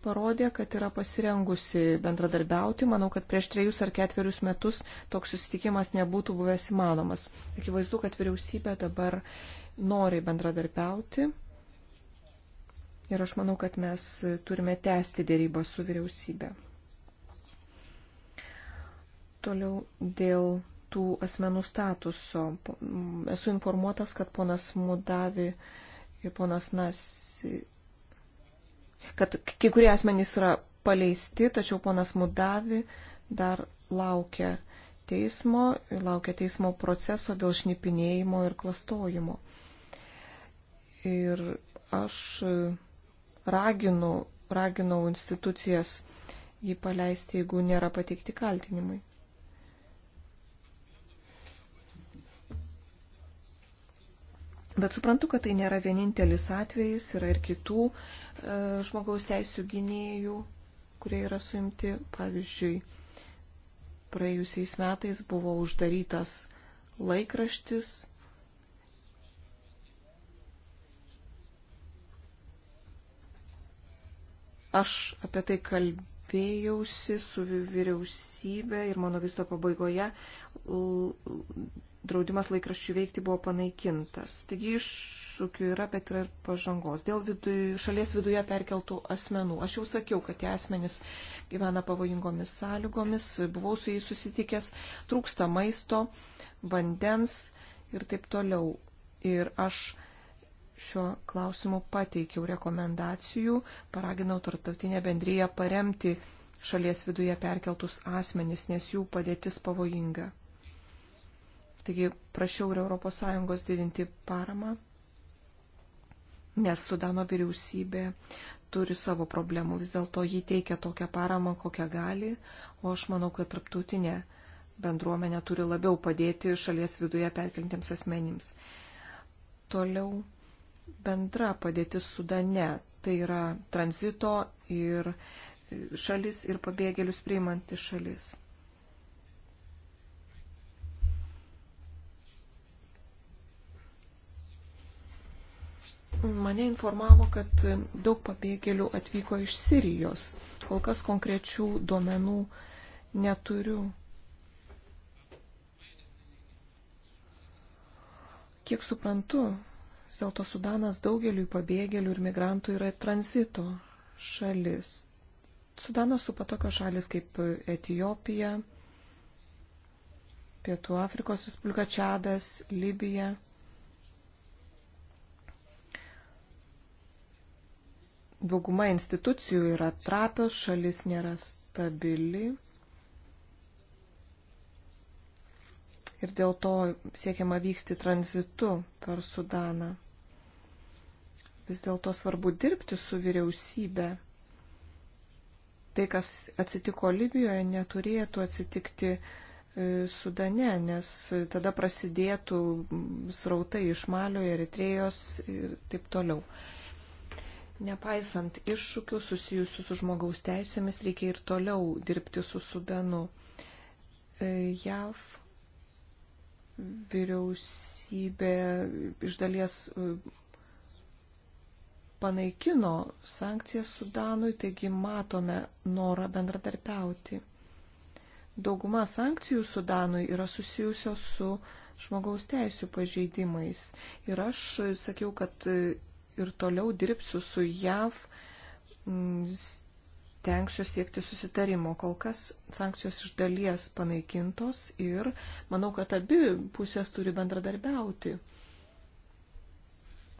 parodė, kad yra pasirengusi bendradarbiauti. Manau, kad prieš trejus ar ketverius metus toks susitikimas nebūtų buvęs įmanomas. Akivaizdu, kad vyriausybė dabar nori bendradarbiauti. Ir aš manau, kad mes turime tęsti dėrybą su vyriausybė. Toliau dėl tų asmenų statuso. Esu informuotas, kad ponas Mudavi ir ponas Nasi, kad kai kurie asmenys yra paleisti, tačiau ponas Mudavi dar laukia teismo, laukia teismo proceso dėl šnipinėjimo ir klastojimo. Ir aš raginu, raginau institucijas jį paleisti, jeigu nėra pateikti kaltinimai. Bet suprantu, kad tai nėra vienintelis atvejis, yra ir kitų e, žmogaus teisų gynėjų, kurie yra suimti. Pavyzdžiui, praėjusiais metais buvo uždarytas laikraštis Aš apie tai kalbėjausi su vyriausybė ir mano viso pabaigoje draudimas laikraščių veikti buvo panaikintas. Taigi iššūkių yra, bet yra ir pažangos. Dėl vidu, šalies viduje perkeltų asmenų. Aš jau sakiau, kad tie asmenys gyvena pavojingomis sąlygomis, buvau su jais susitikęs, trūksta maisto, vandens ir taip toliau. Ir aš šiuo klausimu pateikiau rekomendacijų, paraginau tarptautinę bendryją paremti šalies viduje perkeltus asmenys, nes jų padėtis pavojinga. Taigi prašiau ir ES didinti paramą, nes Sudano vyriausybė turi savo problemų, vis dėlto jį teikia tokią paramą, kokią gali, o aš manau, kad tarptautinė bendruomenė turi labiau padėti šalies viduje perkeltiems asmenims. Toliau bendra padėtis Sudane. Tai yra tranzito ir šalis ir pabėgėlius priimanti šalis. Mane informavo, kad daug pabėgėlių atvyko iš Sirijos. Kol kas konkrečių duomenų neturiu. Kiek suprantu, Vis dėlto Sudanas daugeliui pabėgėlių ir migrantų yra tranzito šalis. Sudanas supa tokios šalis kaip Etijopija, Pietų Afrikos Respublika, Čadas, Libija. Dauguma institucijų yra trapios, šalis nėra stabili. Ir dėl to siekiama vykti tranzitu per Sudaną vis dėlto svarbu dirbti su vyriausybė. Tai, kas atsitiko Libijoje, neturėtų atsitikti e, Sudane, nes tada prasidėtų srautai iš Malio, Eritrėjos ir taip toliau. Nepaisant iššūkių susijusių su žmogaus teisėmis, reikia ir toliau dirbti su Sudanu. E, JAV vyriausybė iš dalies e, panaikino sankcijas Sudanui, taigi matome norą bendradarbiauti. Dauguma sankcijų Sudanui yra susijusios su žmogaus teisų pažeidimais. Ir aš sakiau, kad ir toliau dirbsiu su JAV, tenksiu siekti susitarimo. Kol kas sankcijos iš dalies panaikintos ir manau, kad abi pusės turi bendradarbiauti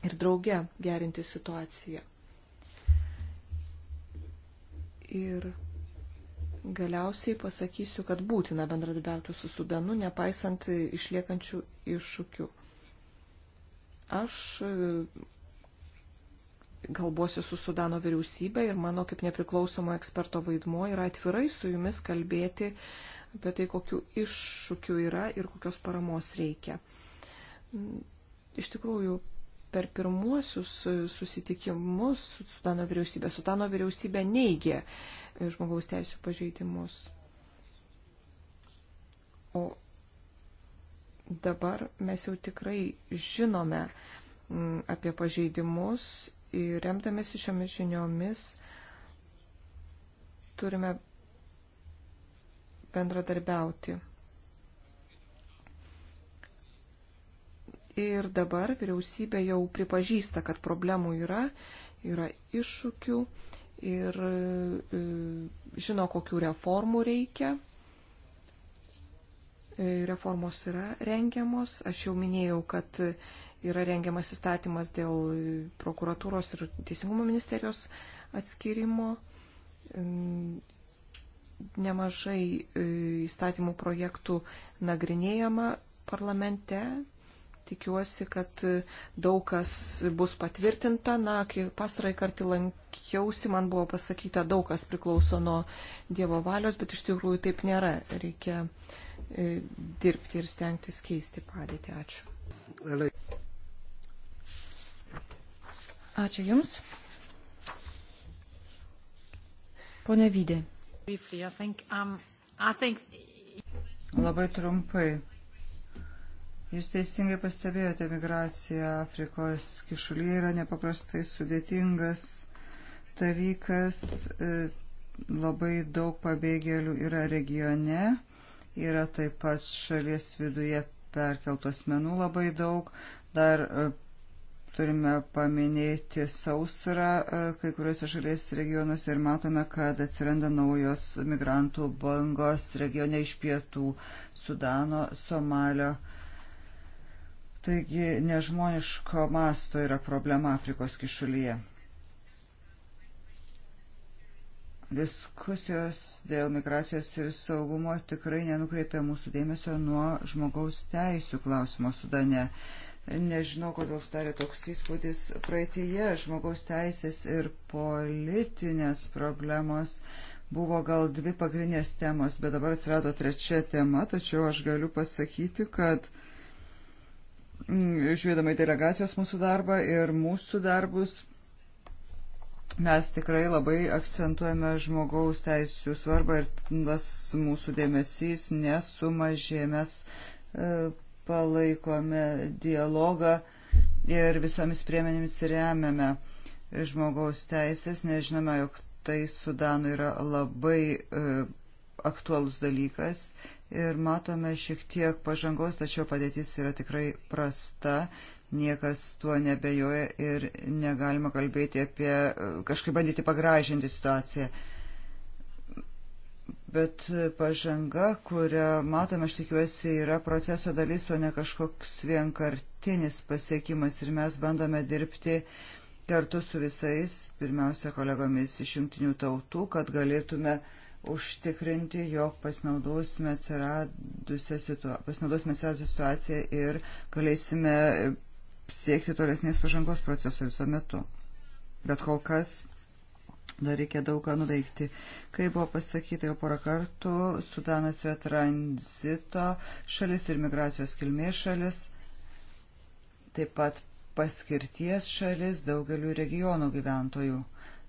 ir drauge gerinti situaciją. Ir galiausiai pasakysiu, kad būtina bendradarbiauti su Sudanu, nepaisant išliekančių iššūkių. Aš e, kalbuosiu su Sudano vyriausybė ir mano kaip nepriklausomo eksperto vaidmuo yra atvirai su jumis kalbėti apie tai, kokiu iššūkiu yra ir kokios paramos reikia. Iš tikrųjų, per pirmuosius e, susitikimus su Sudano vyriausybė. Sudano vyriausybė neigė e, žmogaus teisų pažeidimus. O dabar mes jau tikrai žinome apie pažeidimus ir remdamėsi šiomis žiniomis turime bendradarbiauti. Ir dabar vyriausybė jau pripažįsta, kad problemų yra, yra iššūkių ir e, žino, kokių reformų reikia. E, reformos yra rengiamos. Aš jau minėjau, kad yra rengiamas įstatymas dėl prokuratūros ir teisingumo ministerijos atskirimo. E, nemažai įstatymų projektų nagrinėjama parlamente, Tikiuosi, kad daug kas bus patvirtinta. Na, kai pastarai kartį lankiausi, man buvo pasakyta, daug kas priklauso nuo Dievo valios, bet iš tikrųjų taip nėra. Reikia e, dirbti ir stengtis keisti padėtį. Ačiū. Ačiū Jums. Pone Vydė. Um, Labai trumpai. Jūs teisingai pastebėjote, migracija Afrikos kišulyje yra nepaprastai sudėtingas dalykas. E, labai daug pabėgėlių yra regione, yra taip pat šalies viduje perkeltos menų labai daug. Dar e, turime paminėti sausrą e, kai kuriuose šalies regionuose ir matome, kad atsiranda naujos migrantų bangos regione iš pietų Sudano, Somalio Taigi nežmoniško masto yra problema Afrikos kišulyje. Diskusijos dėl migracijos ir saugumo tikrai nenukreipia mūsų dėmesio nuo žmogaus teisų klausimo Sudane. Nežinau, kodėl sudarė toks įspūdis. Praeitėje žmogaus teisės ir politinės problemos buvo gal dvi pagrindinės temos, bet dabar atsirado trečia tema, tačiau aš galiu pasakyti, kad žiūrėdama į delegacijos mūsų darbą ir mūsų darbus, mes tikrai labai akcentuojame žmogaus teisų svarbą ir tas mūsų dėmesys nesumažė, mes e, palaikome dialogą ir visomis priemenėmis remiame žmogaus teisės, nežinome, jog tai Sudanui yra labai e, aktualus dalykas ir matome šiek tiek pažangos, tačiau padėtis yra tikrai prasta. Niekas tuo nebejoja ir negalima kalbėti apie kažkaip bandyti pagražinti situaciją. Bet pažanga, kurią matome, aš tikiuosi, yra proceso dalis, o ne kažkoks vienkartinis pasiekimas ir mes bandome dirbti kartu su visais, pirmiausia, kolegomis iš jungtinių tautų, kad galėtume uh, užtikrinti, jog pasinaudosime atsiradusią, situa pasinaudosime atsiradusią situaciją ir galėsime siekti tolesnės pažangos proceso viso metu. Bet kol kas dar reikia daug ką nuveikti. Kaip buvo pasakyta jau porą kartų, Sudanas yra tranzito šalis ir migracijos kilmės šalis, taip pat paskirties šalis daugeliu regionų gyventojų.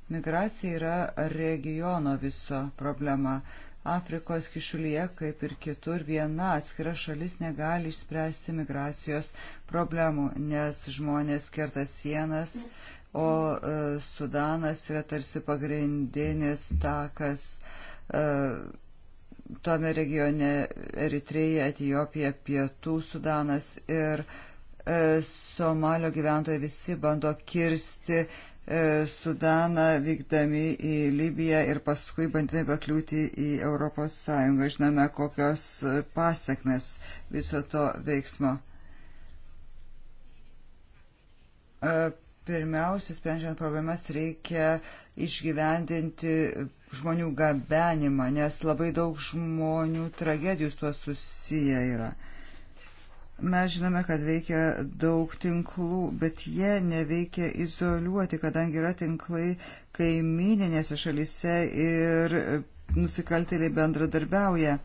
Migracija yra regiono viso problema. Afrikos kišulyje, kaip ir kitur, viena atskira šalis negali išspręsti migracijos problemų, nes žmonės kerta sienas, o e, Sudanas yra tarsi pagrindinis takas. E, tome regione Eritreja, Etijopija, Pietų Sudanas ir e, Somalio gyventojai visi bando kirsti E, Sudaną vykdami į Libiją ir paskui bandydami pakliūti į Europos Sąjungą. Žinome, kokios pasiekmes viso to veiksmo. E, pirmiausia, sprendžiant problemas, reikia išgyvendinti žmonių gabenimą, nes labai daug žmonių tragedijų su tuo susiję yra. Mes žinome, kad veikia daug tinklų, bet jie neveikia izoliuoti, kadangi yra tinklai kaimininėse šalyse ir nusikaltėliai bendradarbiauja.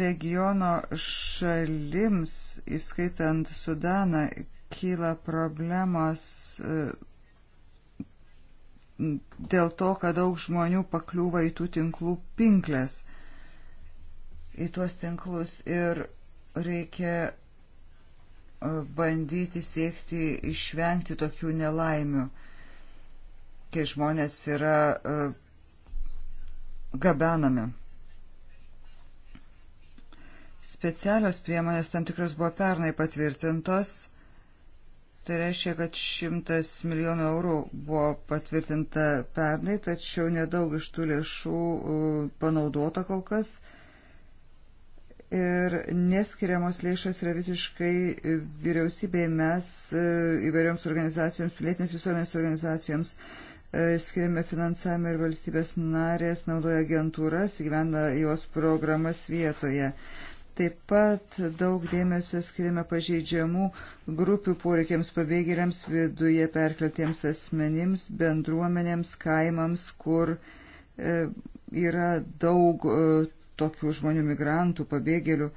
Regiono šalims, įskaitant Sudaną, kyla problemos e, dėl to, kad daug žmonių pakliūva į tų tinklų pinklės, į tuos tinklus. Ir Reikia bandyti siekti išvengti tokių nelaimių, kai žmonės yra gabenami. Specialios priemonės tam tikros buvo pernai patvirtintos. Tai reiškia, kad 100 milijonų eurų buvo patvirtinta pernai, tačiau nedaug iš tų lėšų panaudota kol kas ir neskiriamos lėšos yra visiškai vyriausybėje mes e, įvairioms organizacijoms, pilietinės visuomenės organizacijoms e, skiriame finansavimą ir valstybės narės naudoja agentūras, gyvena jos programas vietoje. Taip pat daug dėmesio skiriame pažeidžiamų grupių poreikiams pabėgėliams viduje perkeltiems asmenims, bendruomenėms, kaimams, kur e, yra daug tokių žmonių migrantų, pabėgėlių e,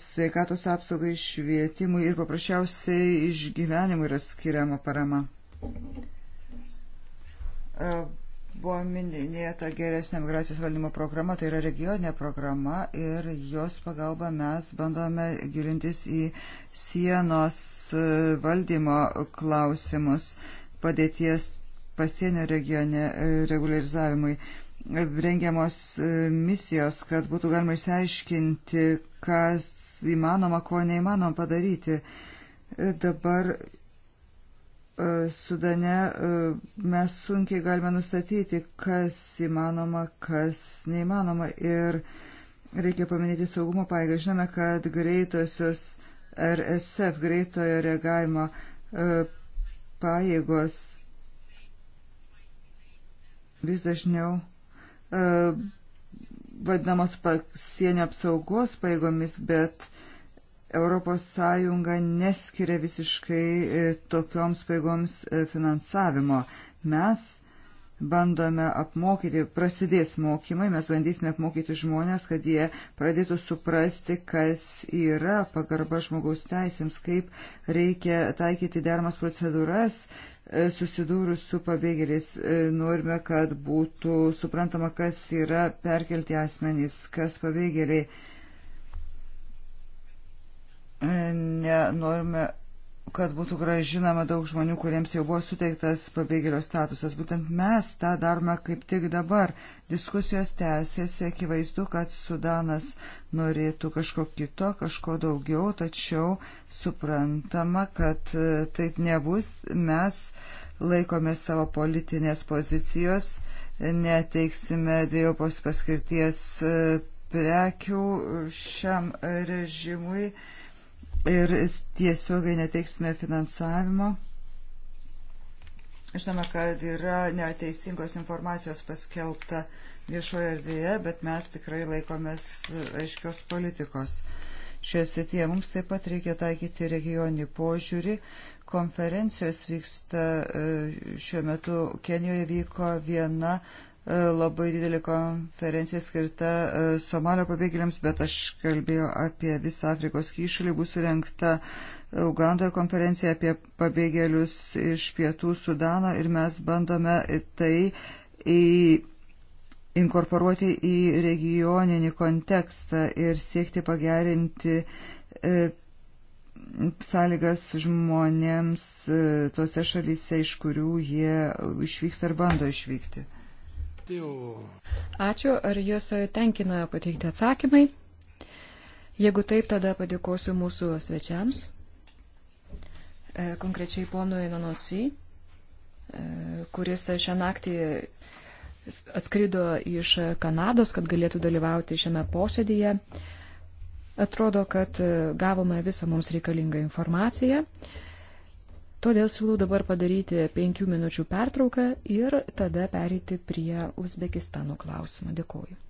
sveikatos apsaugai, švietimui ir paprasčiausiai išgyvenimui yra skiriama parama. E, buvo minėta geresnė migracijos valdymo programa, tai yra regioninė programa ir jos pagalba mes bandome gilintis į sienos e, valdymo klausimus padėties pasienio regione reguliarizavimui rengiamos e, misijos, kad būtų galima išsiaiškinti, kas įmanoma, ko neįmanoma padaryti. E, dabar e, Sudane mes sunkiai galime nustatyti, kas įmanoma, kas neįmanoma. Ir reikia paminėti saugumo paėgą. Žinome, kad greitosios RSF, greitojo reagavimo paėgos vis dažniau E, vadinamos pasienio apsaugos paėgomis, bet ES neskiria visiškai e, tokioms paėgoms e, finansavimo. Mes bandome apmokyti, prasidės mokymai, mes bandysime apmokyti žmonės, kad jie pradėtų suprasti, kas yra pagarba žmogaus teisėms, kaip reikia taikyti dermas procedūras E, susidūrus su pabėgėliais. E, norime, kad būtų suprantama, kas yra perkelti asmenys, kas pabėgėliai. E, Nenorime kad būtų gražinama daug žmonių, kuriems jau buvo suteiktas pabėgėlio statusas. Būtent mes tą darome kaip tik dabar. Diskusijos tęsiasi, akivaizdu, kad Sudanas norėtų kažko kito, kažko daugiau, tačiau suprantama, kad e, taip nebus. Mes laikomės savo politinės pozicijos, neteiksime dviejopos paskirties e, prekių šiam režimui ir tiesiogai neteiksime finansavimo. Žinome, kad yra neteisingos informacijos paskelbta viešoje erdvėje, bet mes tikrai laikomės e, aiškios politikos. Šioje srityje mums taip pat reikia taikyti regioninį požiūrį. Konferencijos vyksta e, šiuo metu Kenijoje vyko viena E, labai didelė konferencija skirta e, Somalio pabėgėliams, bet aš kalbėjau apie visą Afrikos kyšulį. Bus surenkta e, Ugandoje konferencija apie pabėgėlius iš pietų Sudano ir mes bandome tai į, inkorporuoti į regioninį kontekstą ir siekti pagerinti e, sąlygas žmonėms tose šalyse, iš kurių jie išvyks ar bando išvykti. Ačiū, ar jūs tenkina pateikti atsakymai? Jeigu taip, tada padėkosiu mūsų svečiams, e, konkrečiai ponui Nanosi, e, kuris šią naktį atskrido iš Kanados, kad galėtų dalyvauti šiame posėdėje. Atrodo, kad e, gavome visą mums reikalingą informaciją. Todėl siūlau dabar padaryti penkių minučių pertrauką ir tada pereiti prie Uzbekistano klausimo. Dėkuoju.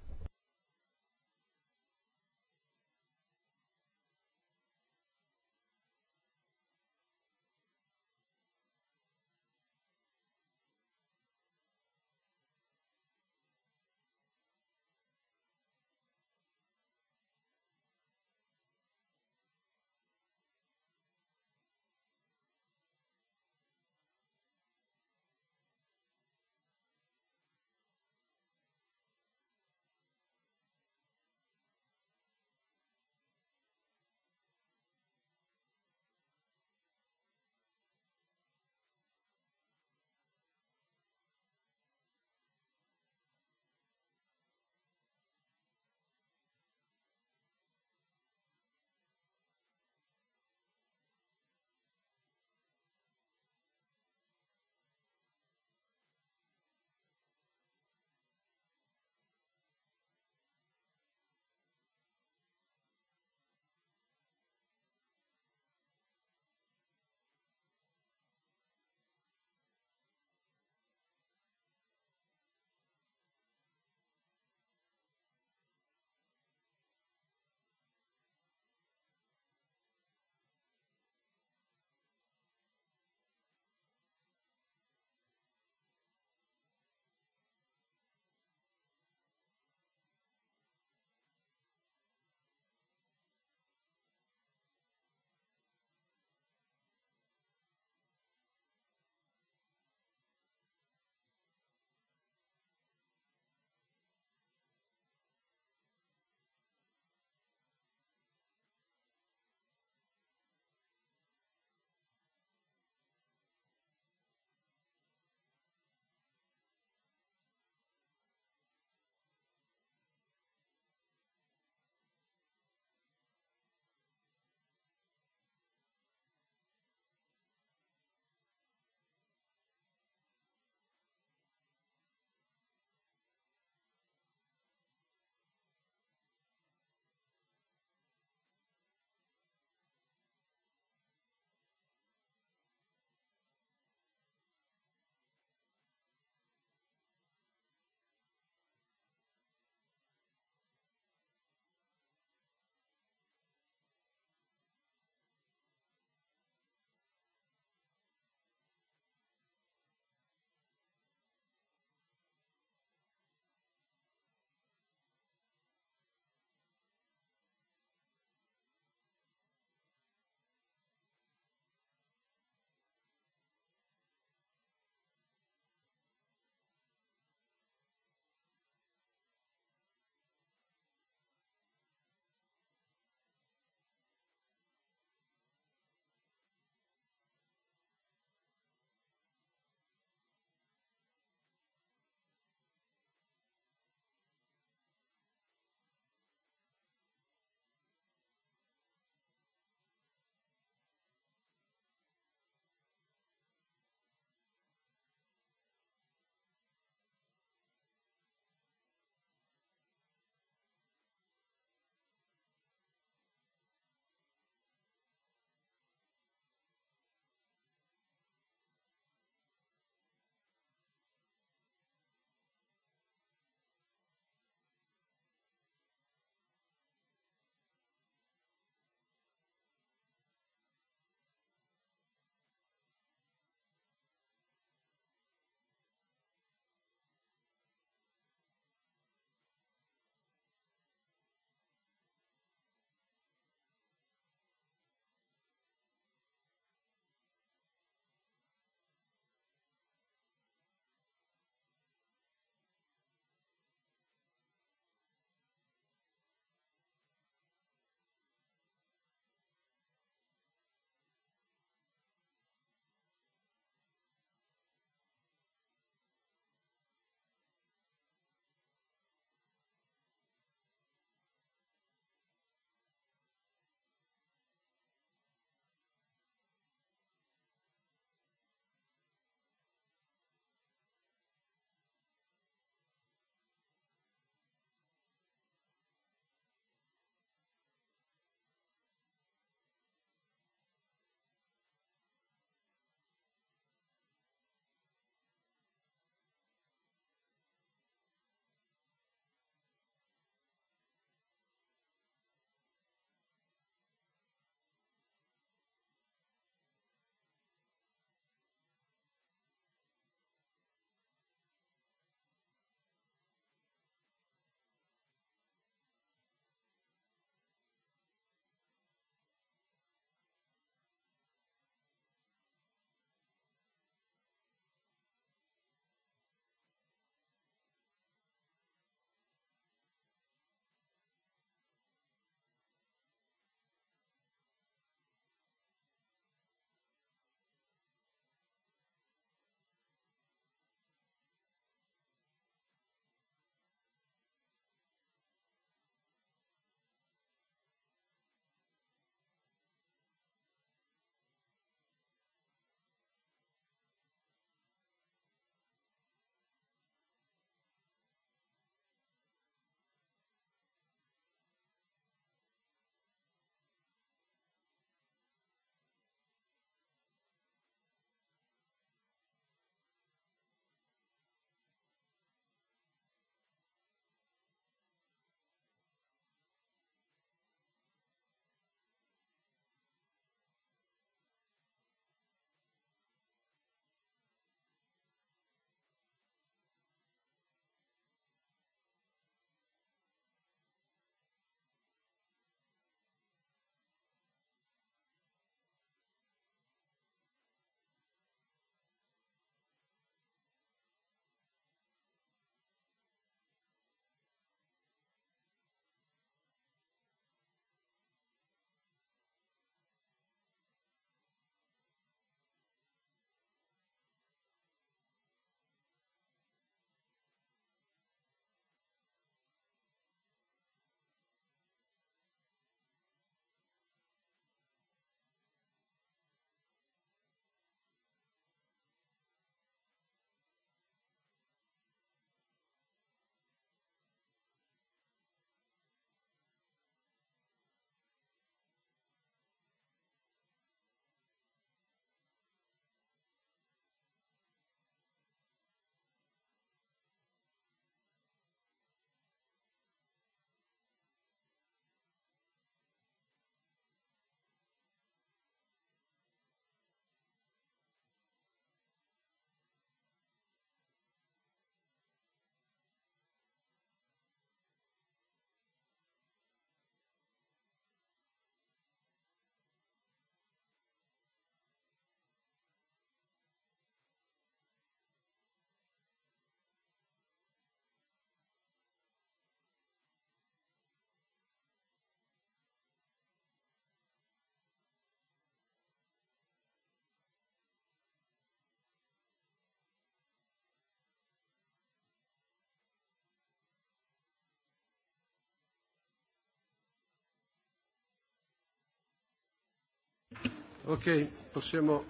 Ok, possiamo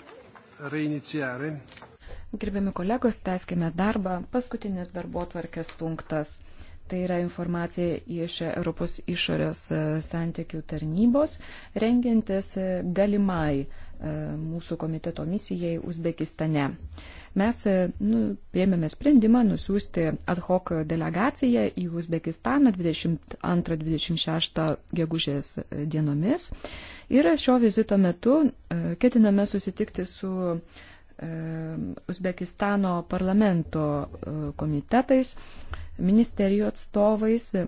reiniziare. Gerbiami kolegos, teskime darbą. Paskutinis darbo tvarkės punktas. Tai yra informacija iš Europos išorės e, santykių tarnybos, rengiantis e, galimai E, mūsų komiteto misijai Uzbekistane. Mes e, nu, priemėme sprendimą nusiųsti ad hoc delegaciją į Uzbekistaną 22-26 gegužės dienomis. Ir šio vizito metu e, ketiname susitikti su Uzbekistano parlamento komitetais ministerijų atstovais, e,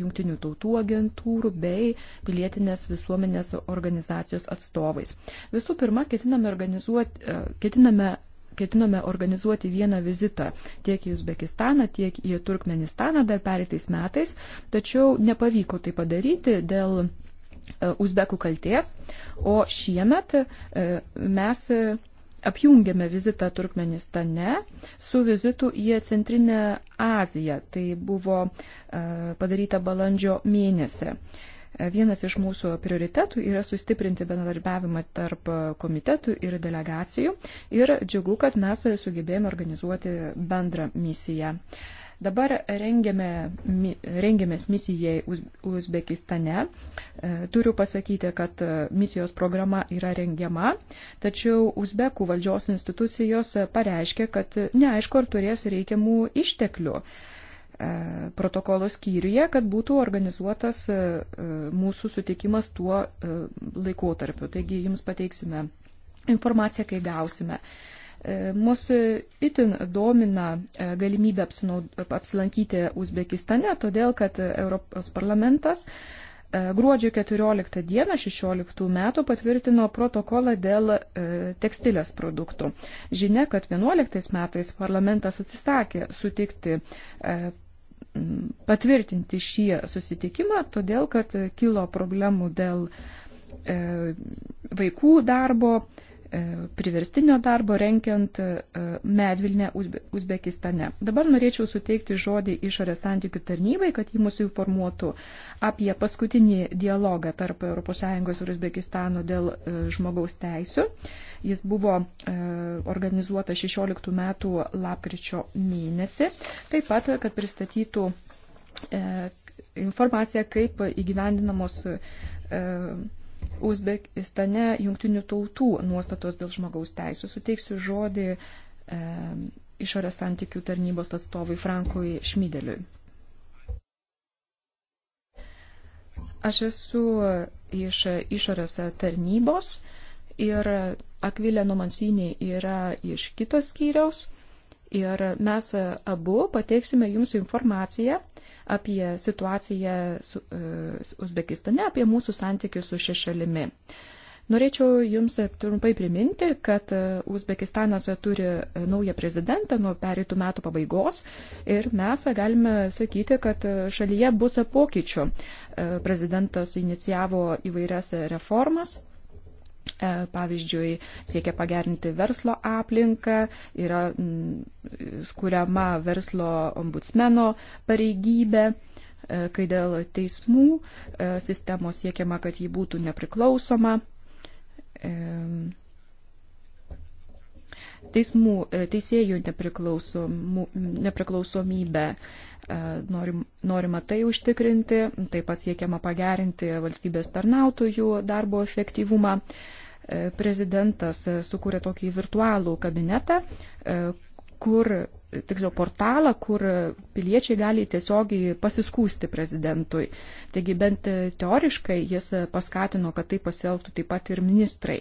jungtinių tautų agentūrų bei pilietinės visuomenės organizacijos atstovais. Visų pirma, ketiname organizuoti, e, ketiname ketinome organizuoti vieną vizitą tiek į Uzbekistaną, tiek į Turkmenistaną dar pereitais metais, tačiau nepavyko tai padaryti dėl e, uzbekų kalties, o šiemet mes apjungiame vizitą Turkmenistane su vizitu į Centrinę Aziją. Tai buvo e, padaryta balandžio mėnesį. E, vienas iš mūsų prioritetų yra sustiprinti bendradarbiavimą tarp komitetų ir delegacijų ir džiugu, kad mes sugebėjome organizuoti bendrą misiją. Uh, Dabar rengiame, rengiamės misijai Uzbekistane. E, turiu pasakyti, kad e, misijos programa yra rengiama, tačiau Uzbekų valdžios institucijos pareiškė, kad neaišku, ar turės reikiamų išteklių e, protokolo skyriuje, kad būtų organizuotas mūsų sutikimas tuo laikotarpiu. Taigi jums pateiksime informaciją, kai gausime. Uh, E, Mūsų itin domina e, galimybė apsilankyti Uzbekistane, todėl kad Europos parlamentas e, gruodžio 14 dieną 16 metų patvirtino protokolą dėl tekstilės produktų. Žinia, kad 11 metais parlamentas atsisakė sutikti patvirtinti šį susitikimą, todėl kad kilo problemų dėl vaikų darbo, E, priverstinio darbo renkiant e, medvilnę Uzbekistane. Dabar norėčiau suteikti žodį išorės santykių tarnybai, kad jį mūsų informuotų apie paskutinį dialogą tarp ES ir Uzbekistano dėl e, žmogaus teisų. Jis buvo organizuotas 16 metų lapkričio mėnesį. Taip pat, kad pristatytų informaciją, kaip įgyvendinamos Uzbekistane jungtinių tautų nuostatos dėl žmogaus teisų. Suteiksiu žodį e, išorės santykių tarnybos atstovui Frankui Šmideliui. Aš esu iš išorės tarnybos ir Akvilė Nomansinė yra iš kitos skyriaus ir mes abu pateiksime jums informaciją apie situaciją su, uh, Uzbekistane, apie mūsų santykius su šešalimi. Norėčiau Jums trumpai priminti, kad e, Uzbekistanas turi e, naują prezidentą nuo pereitų metų pabaigos ir mes galime sakyti, kad šalyje bus pokyčių. Prezidentas inicijavo įvairias reformas E, pavyzdžiui, siekia pagerinti verslo aplinką, yra skuriama mm, verslo ombudsmeno pareigybė, e, kai dėl teismų e, sistemos siekiama, kad ji būtų nepriklausoma. Teismų, teisėjų nepriklausomybė E, norim, norima tai užtikrinti, taip pat siekiama pagerinti valstybės tarnautojų darbo efektyvumą. E, prezidentas e, sukūrė tokį virtualų kabinetą, kur, tiksliau, portalą, kur piliečiai gali tiesiogiai pasiskūsti prezidentui. Taigi bent teoriškai jis paskatino, kad tai pasielgtų taip pat ir ministrai.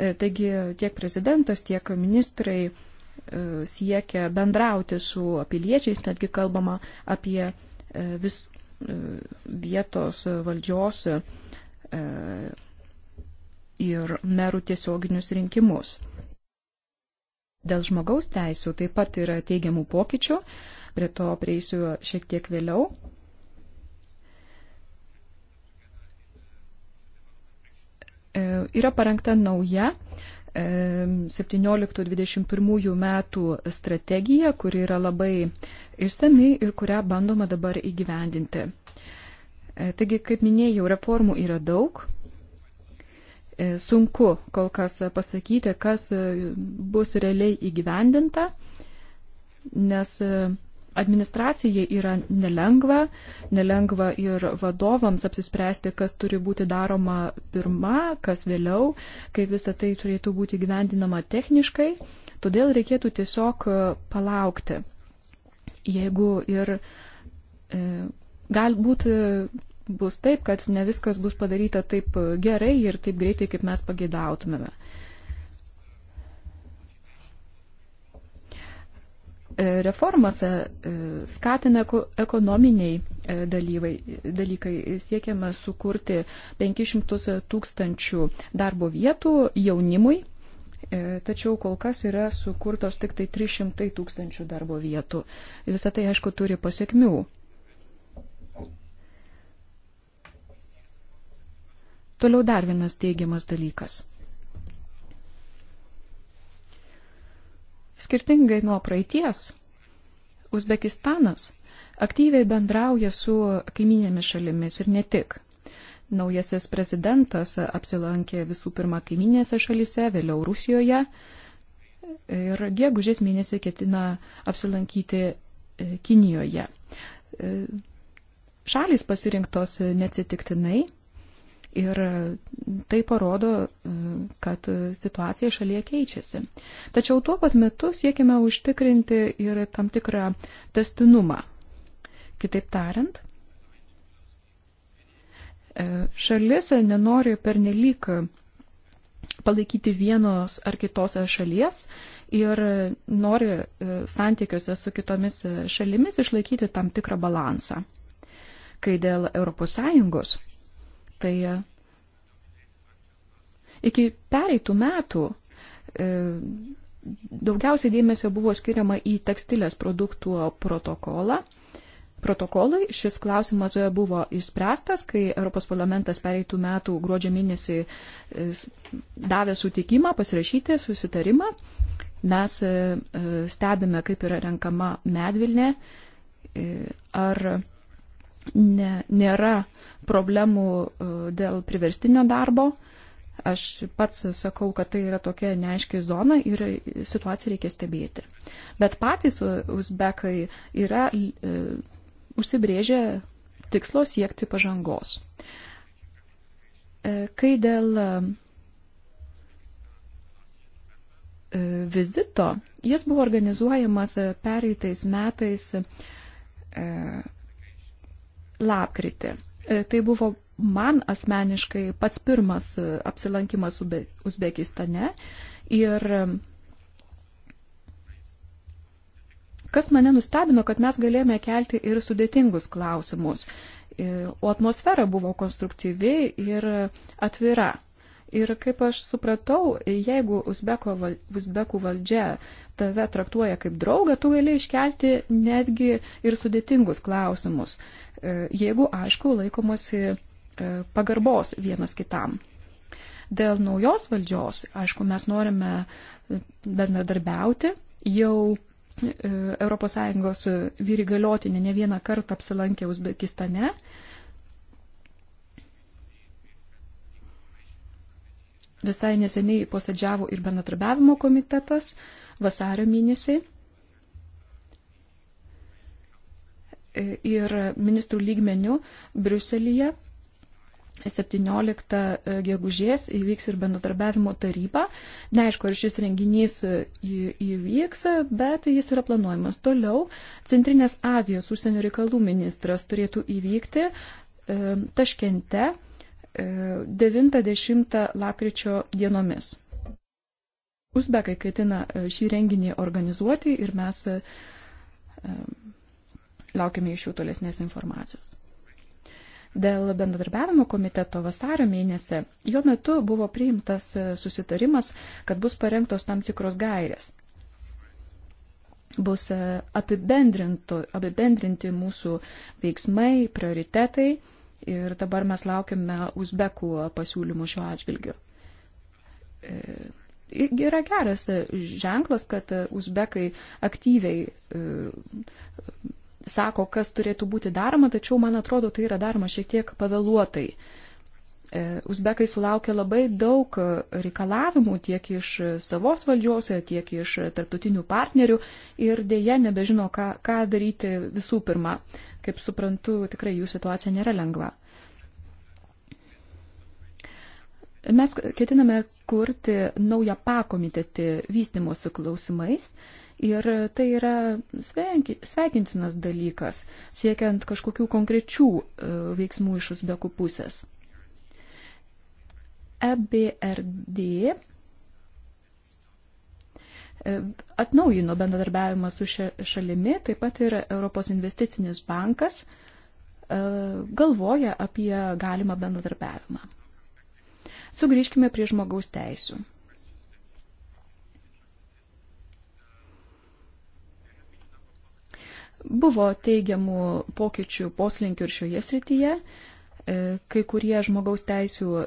E, taigi tiek prezidentas, tiek ministrai e, siekia bendrauti su piliečiais, netgi kalbama apie e, vis vietos valdžios ir merų tiesioginius rinkimus. Dėl žmogaus teisų taip pat yra teigiamų pokyčių, prie to prieisiu šiek tiek vėliau. E, yra parengta nauja 17-21 e, metų strategija, kuri yra labai išsami ir kurią bandoma dabar įgyvendinti. E, taigi, kaip minėjau, reformų yra daug. Sunku kol kas pasakyti, kas bus realiai įgyvendinta, nes administracijai yra nelengva, nelengva ir vadovams apsispręsti, kas turi būti daroma pirmą, kas vėliau, kai visa tai turėtų būti gyvendinama techniškai, todėl reikėtų tiesiog e, palaukti. Jeigu ir e, galbūt e, bus taip, kad ne viskas bus padaryta taip e, gerai ir taip greitai, kaip mes pageidautumėme. E, reformas e, skatina ekonominiai e, dalyvai, dalykai. Siekiama sukurti 500 tūkstančių darbo vietų jaunimui, tačiau kol kas yra sukurtos tik tai 300 tūkstančių darbo vietų. Visą tai, aišku, turi pasiekmių. Toliau dar vienas teigiamas dalykas. Skirtingai nuo praeities, Uzbekistanas aktyviai bendrauja su kaiminėmis šalimis ir ne tik. Naujasis prezidentas apsilankė visų pirma kaiminėse šalyse, vėliau Rusijoje ir gegužės mėnesį ketina apsilankyti e, Kinijoje. E, Šalis pasirinktos neatsitiktinai Ir tai parodo, kad situacija šalyje keičiasi. Tačiau tuo pat metu siekime užtikrinti ir tam tikrą testinumą. Kitaip tariant, e, šalis nenori pernelyg palaikyti vienos ar kitos šalies ir nori e, santykiuose su kitomis šalimis išlaikyti tam tikrą balansą. Kai dėl ES Tai iki pereitų metų e, daugiausiai dėmesio buvo skiriama į tekstilės produktų protokolą. Protokolai šis klausimas buvo išspręstas, kai Europos parlamentas pereitų metų gruodžio mėnesį e, davė sutikimą pasirašyti susitarimą. Mes e, stebime, kaip yra renkama medvilnė, ar ne, nėra problemų e, dėl priverstinio darbo. Aš pats sakau, kad tai yra tokia neaiški zona ir situaciją reikia stebėti. Bet patys uzbekai yra e, užsibrėžę tikslo siekti pažangos. E, kai dėl e, vizito, jis buvo organizuojamas e, pereitais metais e, lapkritį. E, tai buvo man asmeniškai pats pirmas e, apsilankimas Uzbekistane ir e, Kas mane nustebino, kad mes galėjome kelti ir sudėtingus klausimus. O atmosfera buvo konstruktyvi ir atvira. Ir kaip aš supratau, jeigu Uzbeko, Uzbekų valdžia tave traktuoja kaip draugą, tu gali iškelti netgi ir sudėtingus klausimus jeigu, aišku, laikomasi e, pagarbos vienas kitam. Dėl naujos valdžios, aišku, mes norime e, bendradarbiauti. Jau ES vyrigaliotinė ne vieną kartą apsilankė Uzbekistane. Visai neseniai posėdžiavo ir bendradarbiavimo komitetas vasario mėnesį. ir ministrų lygmenių Briuselyje 17 e, gegužės įvyks ir bendradarbiavimo taryba. Neaišku, ar šis renginys e, įvyks, bet jis yra planuojamas toliau. Centrinės Azijos užsienio reikalų ministras turėtų įvykti e, Taškente 90 lakryčio dienomis. Uzbekai ketina šį renginį organizuoti ir mes Laukiame iš jų tolesnės informacijos. Dėl bendradarbiavimo komiteto vasario mėnesį jo metu buvo priimtas e, susitarimas, kad bus parengtos tam tikros gairės. Bus e, apibendrinti mūsų veiksmai, prioritetai ir dabar mes laukiame uzbekų pasiūlymų šiuo atžvilgiu. E, yra geras ženklas, kad uzbekai aktyviai sako, kas turėtų būti daroma, tačiau man atrodo, tai yra daroma šiek tiek pavėluotai. E, uzbekai sulaukia labai daug reikalavimų tiek iš savos valdžios, tiek iš tarptautinių partnerių ir dėje nebežino, ką, ką daryti visų pirma. Kaip suprantu, tikrai jų situacija nėra lengva. Mes ketiname kurti naują pakomitetį vystimosi klausimais. Uh, Ir tai yra sveikintinas dalykas, siekiant kažkokių konkrečių e, veiksmų iš uzbekų pusės. EBRD e, atnaujino bendradarbiavimą su šia šalimi, taip pat ir Europos investicinis bankas e, galvoja apie galimą bendradarbiavimą. Sugrįžkime prie žmogaus teisų. Buvo teigiamų pokyčių poslinkių ir šioje srityje. E, kai kurie žmogaus teisų e,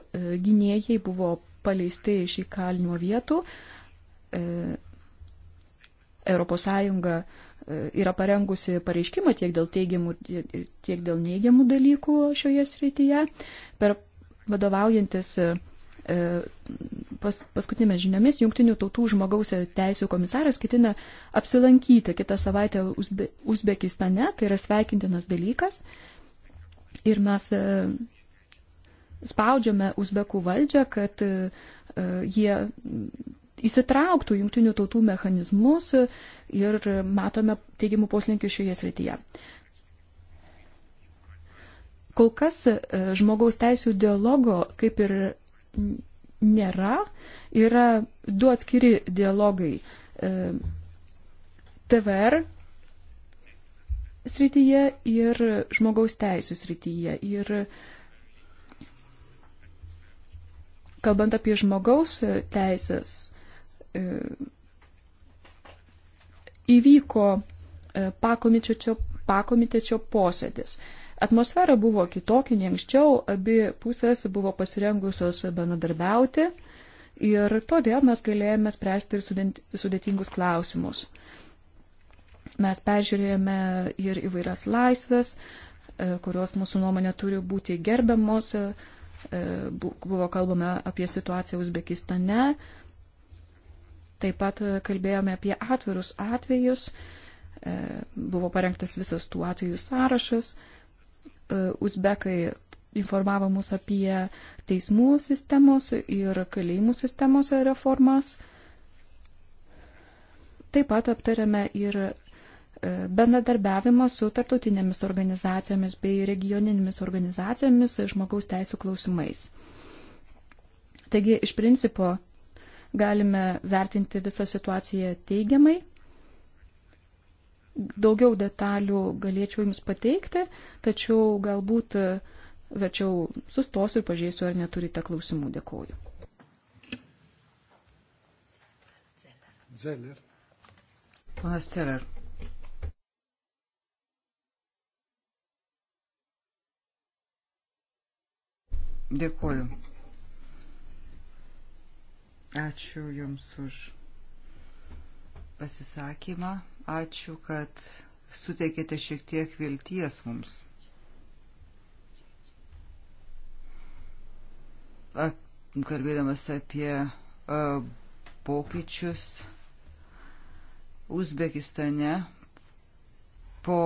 gynėjai buvo paleisti iš įkalinimo vietų. ES e, yra parengusi pareiškimą tiek dėl teigiamų, tiek dėl neigiamų dalykų šioje srityje. Per vadovaujantis E, pas, paskutinėmis žiniomis Junktinių tautų žmogaus teisų komisaras ketina apsilankyti kitą savaitę Uzbe, Uzbekistane, tai yra sveikintinas dalykas. Ir mes e, spaudžiame Uzbekų valdžią, kad e, jie įsitrauktų jungtinių tautų mechanizmus ir matome teigiamų poslinkių šioje srityje. Kol kas žmogaus teisų dialogo kaip ir nėra. Yra du atskiri dialogai e, TVR srityje ir žmogaus teisų srityje. Ir kalbant apie žmogaus teisės, e, įvyko e, pakomitečio, pakomitečio posėdis. E, Atmosfera buvo kitokia nei anksčiau, abi pusės buvo pasirengusios bendradarbiauti ir todėl mes galėjome spręsti ir sudėtingus klausimus. Mes peržiūrėjome ir įvairias laisvės, e, kurios mūsų nuomonė turi būti gerbiamos. E, buvo kalbame apie situaciją Uzbekistane. Taip pat e, kalbėjome apie atvirus atvejus. Buvo parengtas visas tų atvejų sąrašas. E, uzbekai informavo mus apie teismų sistemos ir kalėjimų sistemos reformas. Taip pat aptarėme ir e, bendradarbiavimą su tarptautinėmis organizacijomis bei regioninėmis organizacijomis žmogaus teisų klausimais. Taigi, iš principo, galime vertinti visą situaciją teigiamai Daugiau detalių galėčiau Jums pateikti, tačiau galbūt e, verčiau sustosiu ir pažiūrėsiu, ar neturite klausimų. Dėkuoju. Zeller. Ponas Zeller. Dėkuoju. Ačiū Jums už pasisakymą. Ačiū, kad suteikėte šiek tiek vilties mums. Kalbėdamas apie pokyčius Uzbekistane po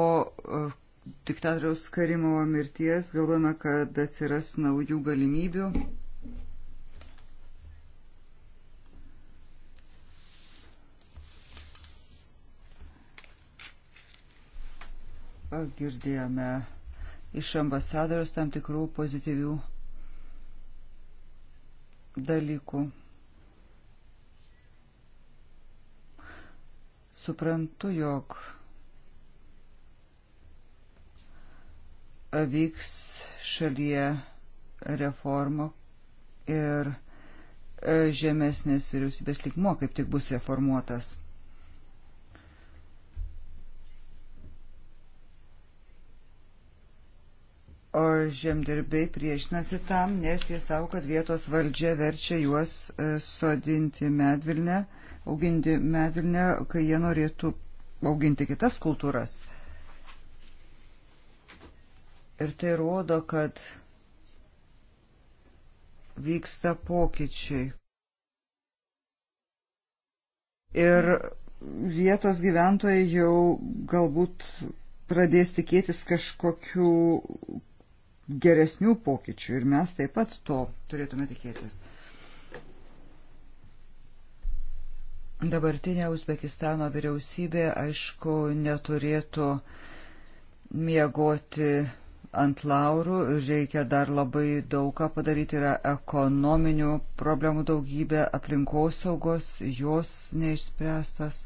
diktatoriaus Karimovo mirties galvojame, kad atsiras naujų galimybių girdėjome iš ambasadorius tam tikrų pozityvių dalykų. Suprantu, jog vyks šalyje reforma ir žemesnis vyriausybės likmo kaip tik bus reformuotas. žemdirbiai priešinasi tam, nes jie savo, kad vietos valdžia verčia juos e, sodinti medvilnę, auginti medvilnę, kai jie norėtų auginti kitas kultūras. Ir tai rodo, kad vyksta pokyčiai. Ir vietos gyventojai jau galbūt pradės tikėtis kažkokių geresnių pokyčių ir mes taip pat to turėtume tikėtis. Dabartinė Uzbekistano vyriausybė, aišku, neturėtų miegoti ant laurų, reikia dar labai daug ką padaryti, yra ekonominių problemų daugybė, aplinkosaugos, jos neišspręstos.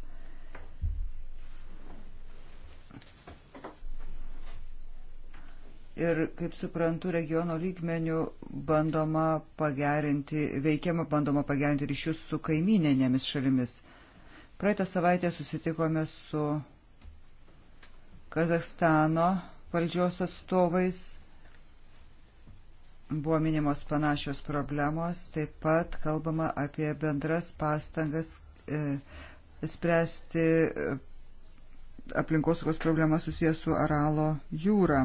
ir, kaip suprantu, regiono lygmenių bandoma pagerinti, veikiama bandoma pagerinti ryšius su kaimininėmis šalimis. Praeitą savaitę susitikome su Kazakstano valdžios atstovais. Buvo minimos panašios problemos, taip pat kalbama apie bendras pastangas e, spręsti e, aplinkosaugos problemas susijęs su Aralo jūra.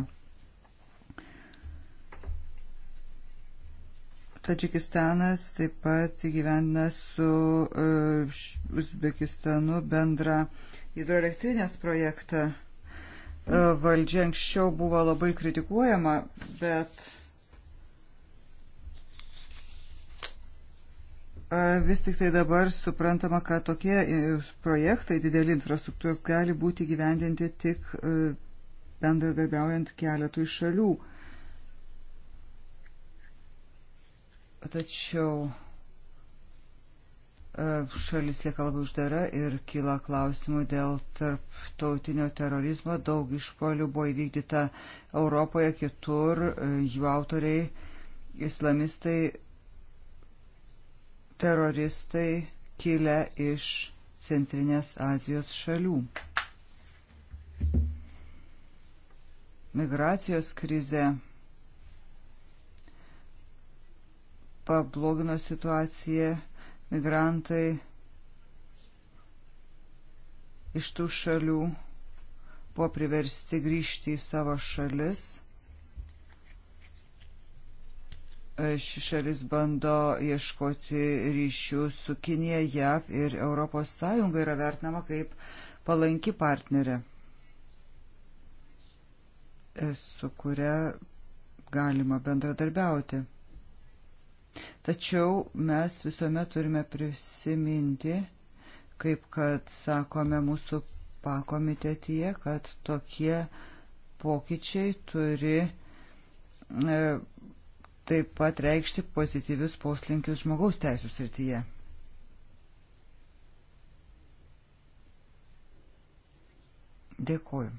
Tadžikistanas taip pat gyvena su uh, Uzbekistanu bendrą hidroelektrinės projektą. Uh, valdžia anksčiau buvo labai kritikuojama, bet uh, vis tik tai dabar suprantama, kad tokie projektai dideli infrastruktūros gali būti gyvendinti tik bendradarbiaujant keletui šalių. Uh, Tačiau e, šalis lieka labai uždara ir kyla klausimų dėl tarptautinio terorizmo. Daug išpolių buvo įvykdyta Europoje, kitur e, jų autoriai, islamistai, teroristai kilę iš Centrinės Azijos šalių. Migracijos krize pablogino situaciją, migrantai iš tų šalių buvo priversti grįžti į savo šalis. Ši šalis bando ieškoti ryšių su Kinija, JAV ir Europos Sąjunga yra vertinama kaip palanki partnerė, su kuria galima bendradarbiauti. Tačiau mes visuomet turime prisiminti, kaip kad sakome mūsų pakomitetyje, kad tokie pokyčiai turi e, taip pat reikšti pozityvius poslinkius žmogaus teisų srityje. Dėkuoju.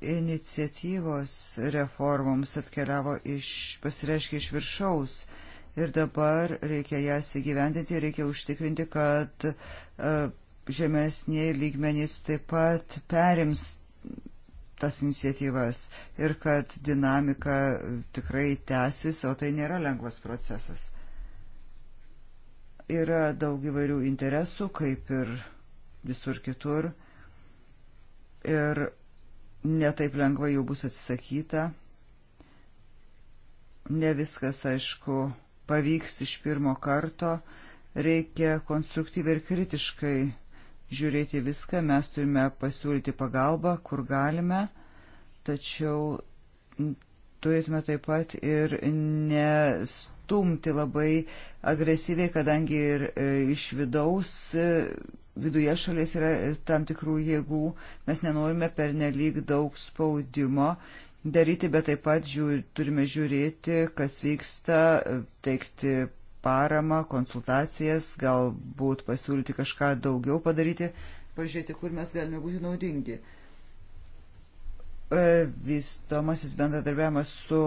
iniciatyvos reformoms atkeliavo iš, pasireiškia iš viršaus ir dabar reikia jas įgyvendinti, reikia užtikrinti, kad e, žemesniai lygmenys taip pat perims tas iniciatyvas ir kad dinamika tikrai tęsis, o tai nėra lengvas procesas. Yra daug įvairių interesų, kaip ir visur kitur. Ir netaip lengva jų bus atsisakyta. Ne viskas, aišku, pavyks iš pirmo karto. Reikia konstruktyviai ir kritiškai žiūrėti viską. Mes turime pasiūlyti pagalbą, kur galime, tačiau turėtume taip pat ir nestumti labai agresyviai, kadangi ir e, iš vidaus e, viduje šalies yra tam tikrų jėgų, mes nenorime per nelik daug spaudimo daryti, bet taip pat žiūr, turime žiūrėti, kas vyksta, teikti paramą, konsultacijas, galbūt pasiūlyti kažką daugiau padaryti, pažiūrėti, kur mes galime būti naudingi. E, vystomasis bendradarbiavimas su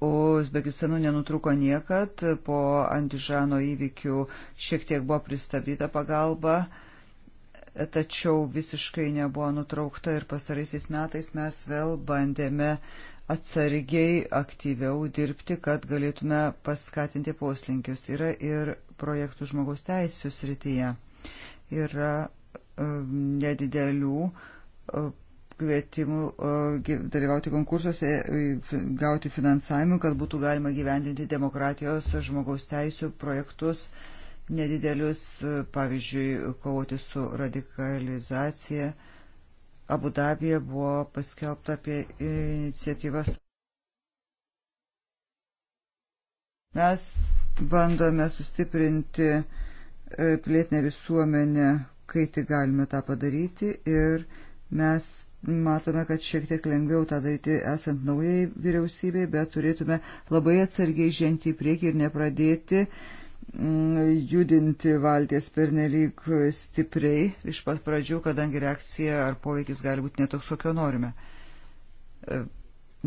Uzbekistanu nenutruko niekad, po Andižano įvykių šiek tiek buvo pristabdyta pagalba, tačiau visiškai nebuvo nutraukta ir pastaraisiais metais mes vėl bandėme atsargiai aktyviau dirbti, kad galėtume paskatinti poslinkius. Yra ir projektų žmogaus teisų srityje. Yra um, nedidelių um, kvietimų dalyvauti konkursuose, gauti finansavimą, kad būtų galima gyvendinti demokratijos žmogaus teisų projektus nedidelius, pavyzdžiui, kovoti su radikalizacija. Abu Dabija buvo paskelbta apie iniciatyvas. Mes bandome sustiprinti e, pilietinę visuomenę, kai tik galime tą padaryti ir mes Matome, kad šiek tiek lengviau tą daryti esant naujai vyriausybei, bet turėtume labai atsargiai žengti į priekį ir nepradėti mm, judinti valties pernelyg stipriai iš pat pradžių, kadangi reakcija ar poveikis gali būti netoks, kokio norime. E,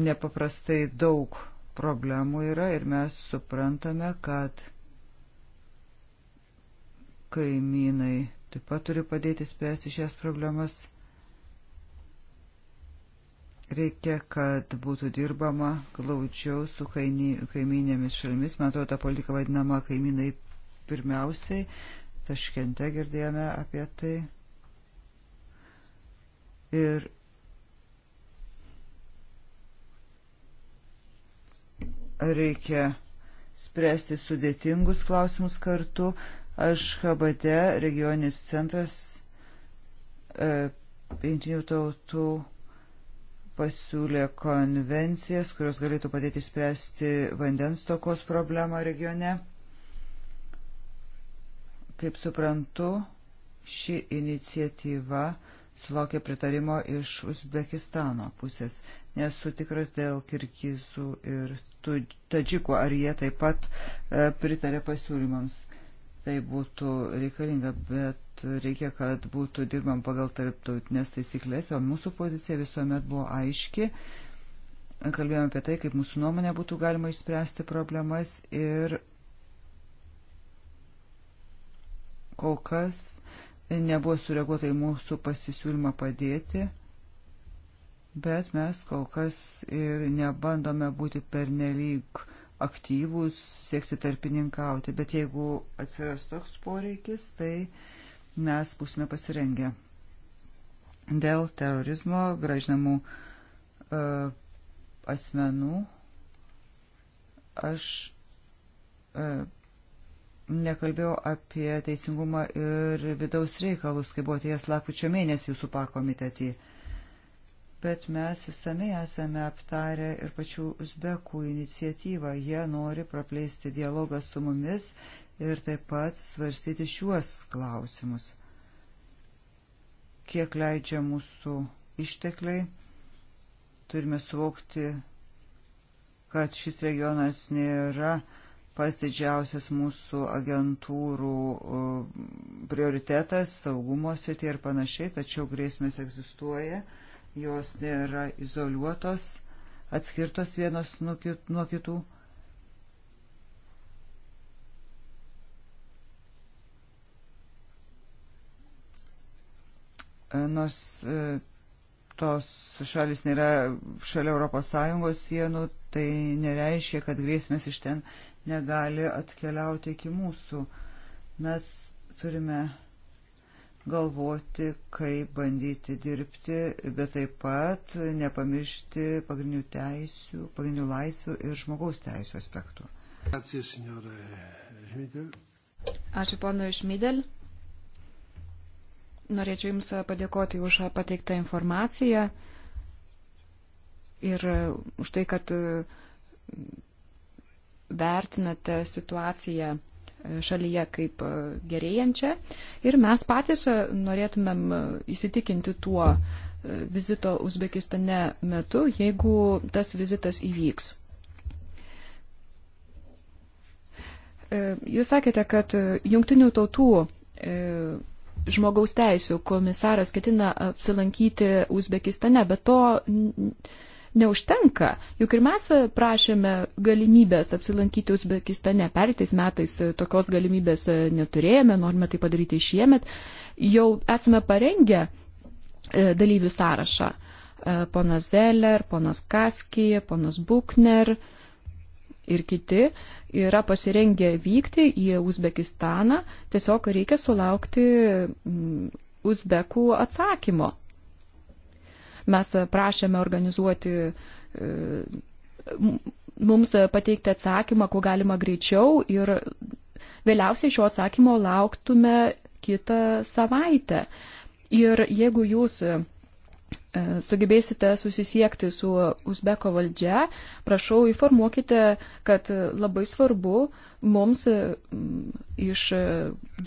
nepaprastai daug problemų yra ir mes suprantame, kad kaimynai taip pat turi padėti spręsti šias problemas. Reikia, kad būtų dirbama glaudžiau su kaiminėmis šalimis. Man atrodo, ta politika vadinama kaiminai pirmiausiai. Taškente girdėjome apie tai. Ir reikia spręsti sudėtingus klausimus kartu. Aš Habate regioninis centras e, jungtinių tautų pasiūlė konvencijas, kurios galėtų padėti spręsti vandens tokos problemą regione. Kaip suprantu, ši iniciatyva sulaukė pritarimo iš Uzbekistano pusės. Nesu tikras dėl kirgizų ir tadžikų, ar jie taip pat e, pritarė pasiūlymams tai būtų reikalinga, bet reikia, kad būtų dirbam pagal tarptautinės taisyklės, o mūsų pozicija visuomet buvo aiški. Kalbėjome apie tai, kaip mūsų nuomonė būtų galima išspręsti problemas ir kol kas nebuvo sureaguota į mūsų pasisiūlymą padėti, bet mes kol kas ir nebandome būti pernelyg uh, aktyvūs, siekti tarpininkauti, bet jeigu atsiras toks poreikis, tai mes būsime pasirengę. Dėl terorizmo gražinamų uh, asmenų aš uh, nekalbėjau apie teisingumą ir vidaus reikalus, kai buvo atėjęs lapkričio mėnesį jūsų pakomitetį. Uh, bet mes įsamei esame aptarę ir pačių uzbekų iniciatyvą. Jie nori praplėsti dialogą su mumis ir taip pat svarstyti šiuos klausimus. Kiek leidžia mūsų ištekliai, turime suvokti, kad šis regionas nėra pats didžiausias mūsų agentūrų prioritetas saugumo srityje ir panašiai, tačiau grėsmės egzistuoja. Uh, jos nėra izoliuotos, atskirtos vienos nuo kitų. Nors e, tos šalis nėra šalia ES sienų, tai nereiškia, kad grėsmės iš ten negali atkeliauti iki mūsų. Mes turime galvoti, kaip bandyti dirbti, bet taip pat nepamiršti pagrindinių teisių, pagrindinių laisvių ir žmogaus teisų aspektų. Ačiū ponui Šmidel. Norėčiau Jums padėkoti už pateiktą informaciją ir už tai, kad vertinate situaciją šalyje kaip e, gerėjančią. Ir mes patys e, norėtumėm e, įsitikinti tuo vizito Uzbekistane metu, jeigu tas vizitas įvyks. Jūs sakėte, kad jungtinių tautų žmogaus teisų komisaras ketina apsilankyti Uzbekistane, bet to neužtenka. Juk ir mes prašėme galimybės apsilankyti Uzbekistane. Pertais metais tokios galimybės neturėjome, norime tai padaryti šiemet. Jau esame parengę e, dalyvių sąrašą. E, ponas Zeller, ponas Kaski, ponas Bukner ir kiti yra pasirengę vykti į Uzbekistaną, tiesiog reikia sulaukti uzbekų atsakymo. Mes prašėme organizuoti e, mums pateikti atsakymą, kuo galima greičiau ir vėliausiai šio atsakymo lauktume kitą savaitę. Ir jeigu jūs e, sugebėsite susisiekti su Uzbeko valdžia, prašau informuokite, kad labai svarbu mums e, iš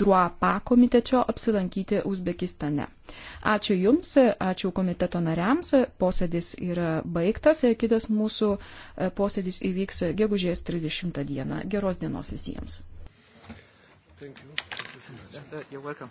Druapa komitečio apsilankyti Uzbekistane. Ačiū Jums, ačiū komiteto nariams. Posėdis yra baigtas. Kitas mūsų e, posėdis įvyks gegužės 30 dieną. Geros dienos visiems. Thank you. Thank you so much. You're welcome.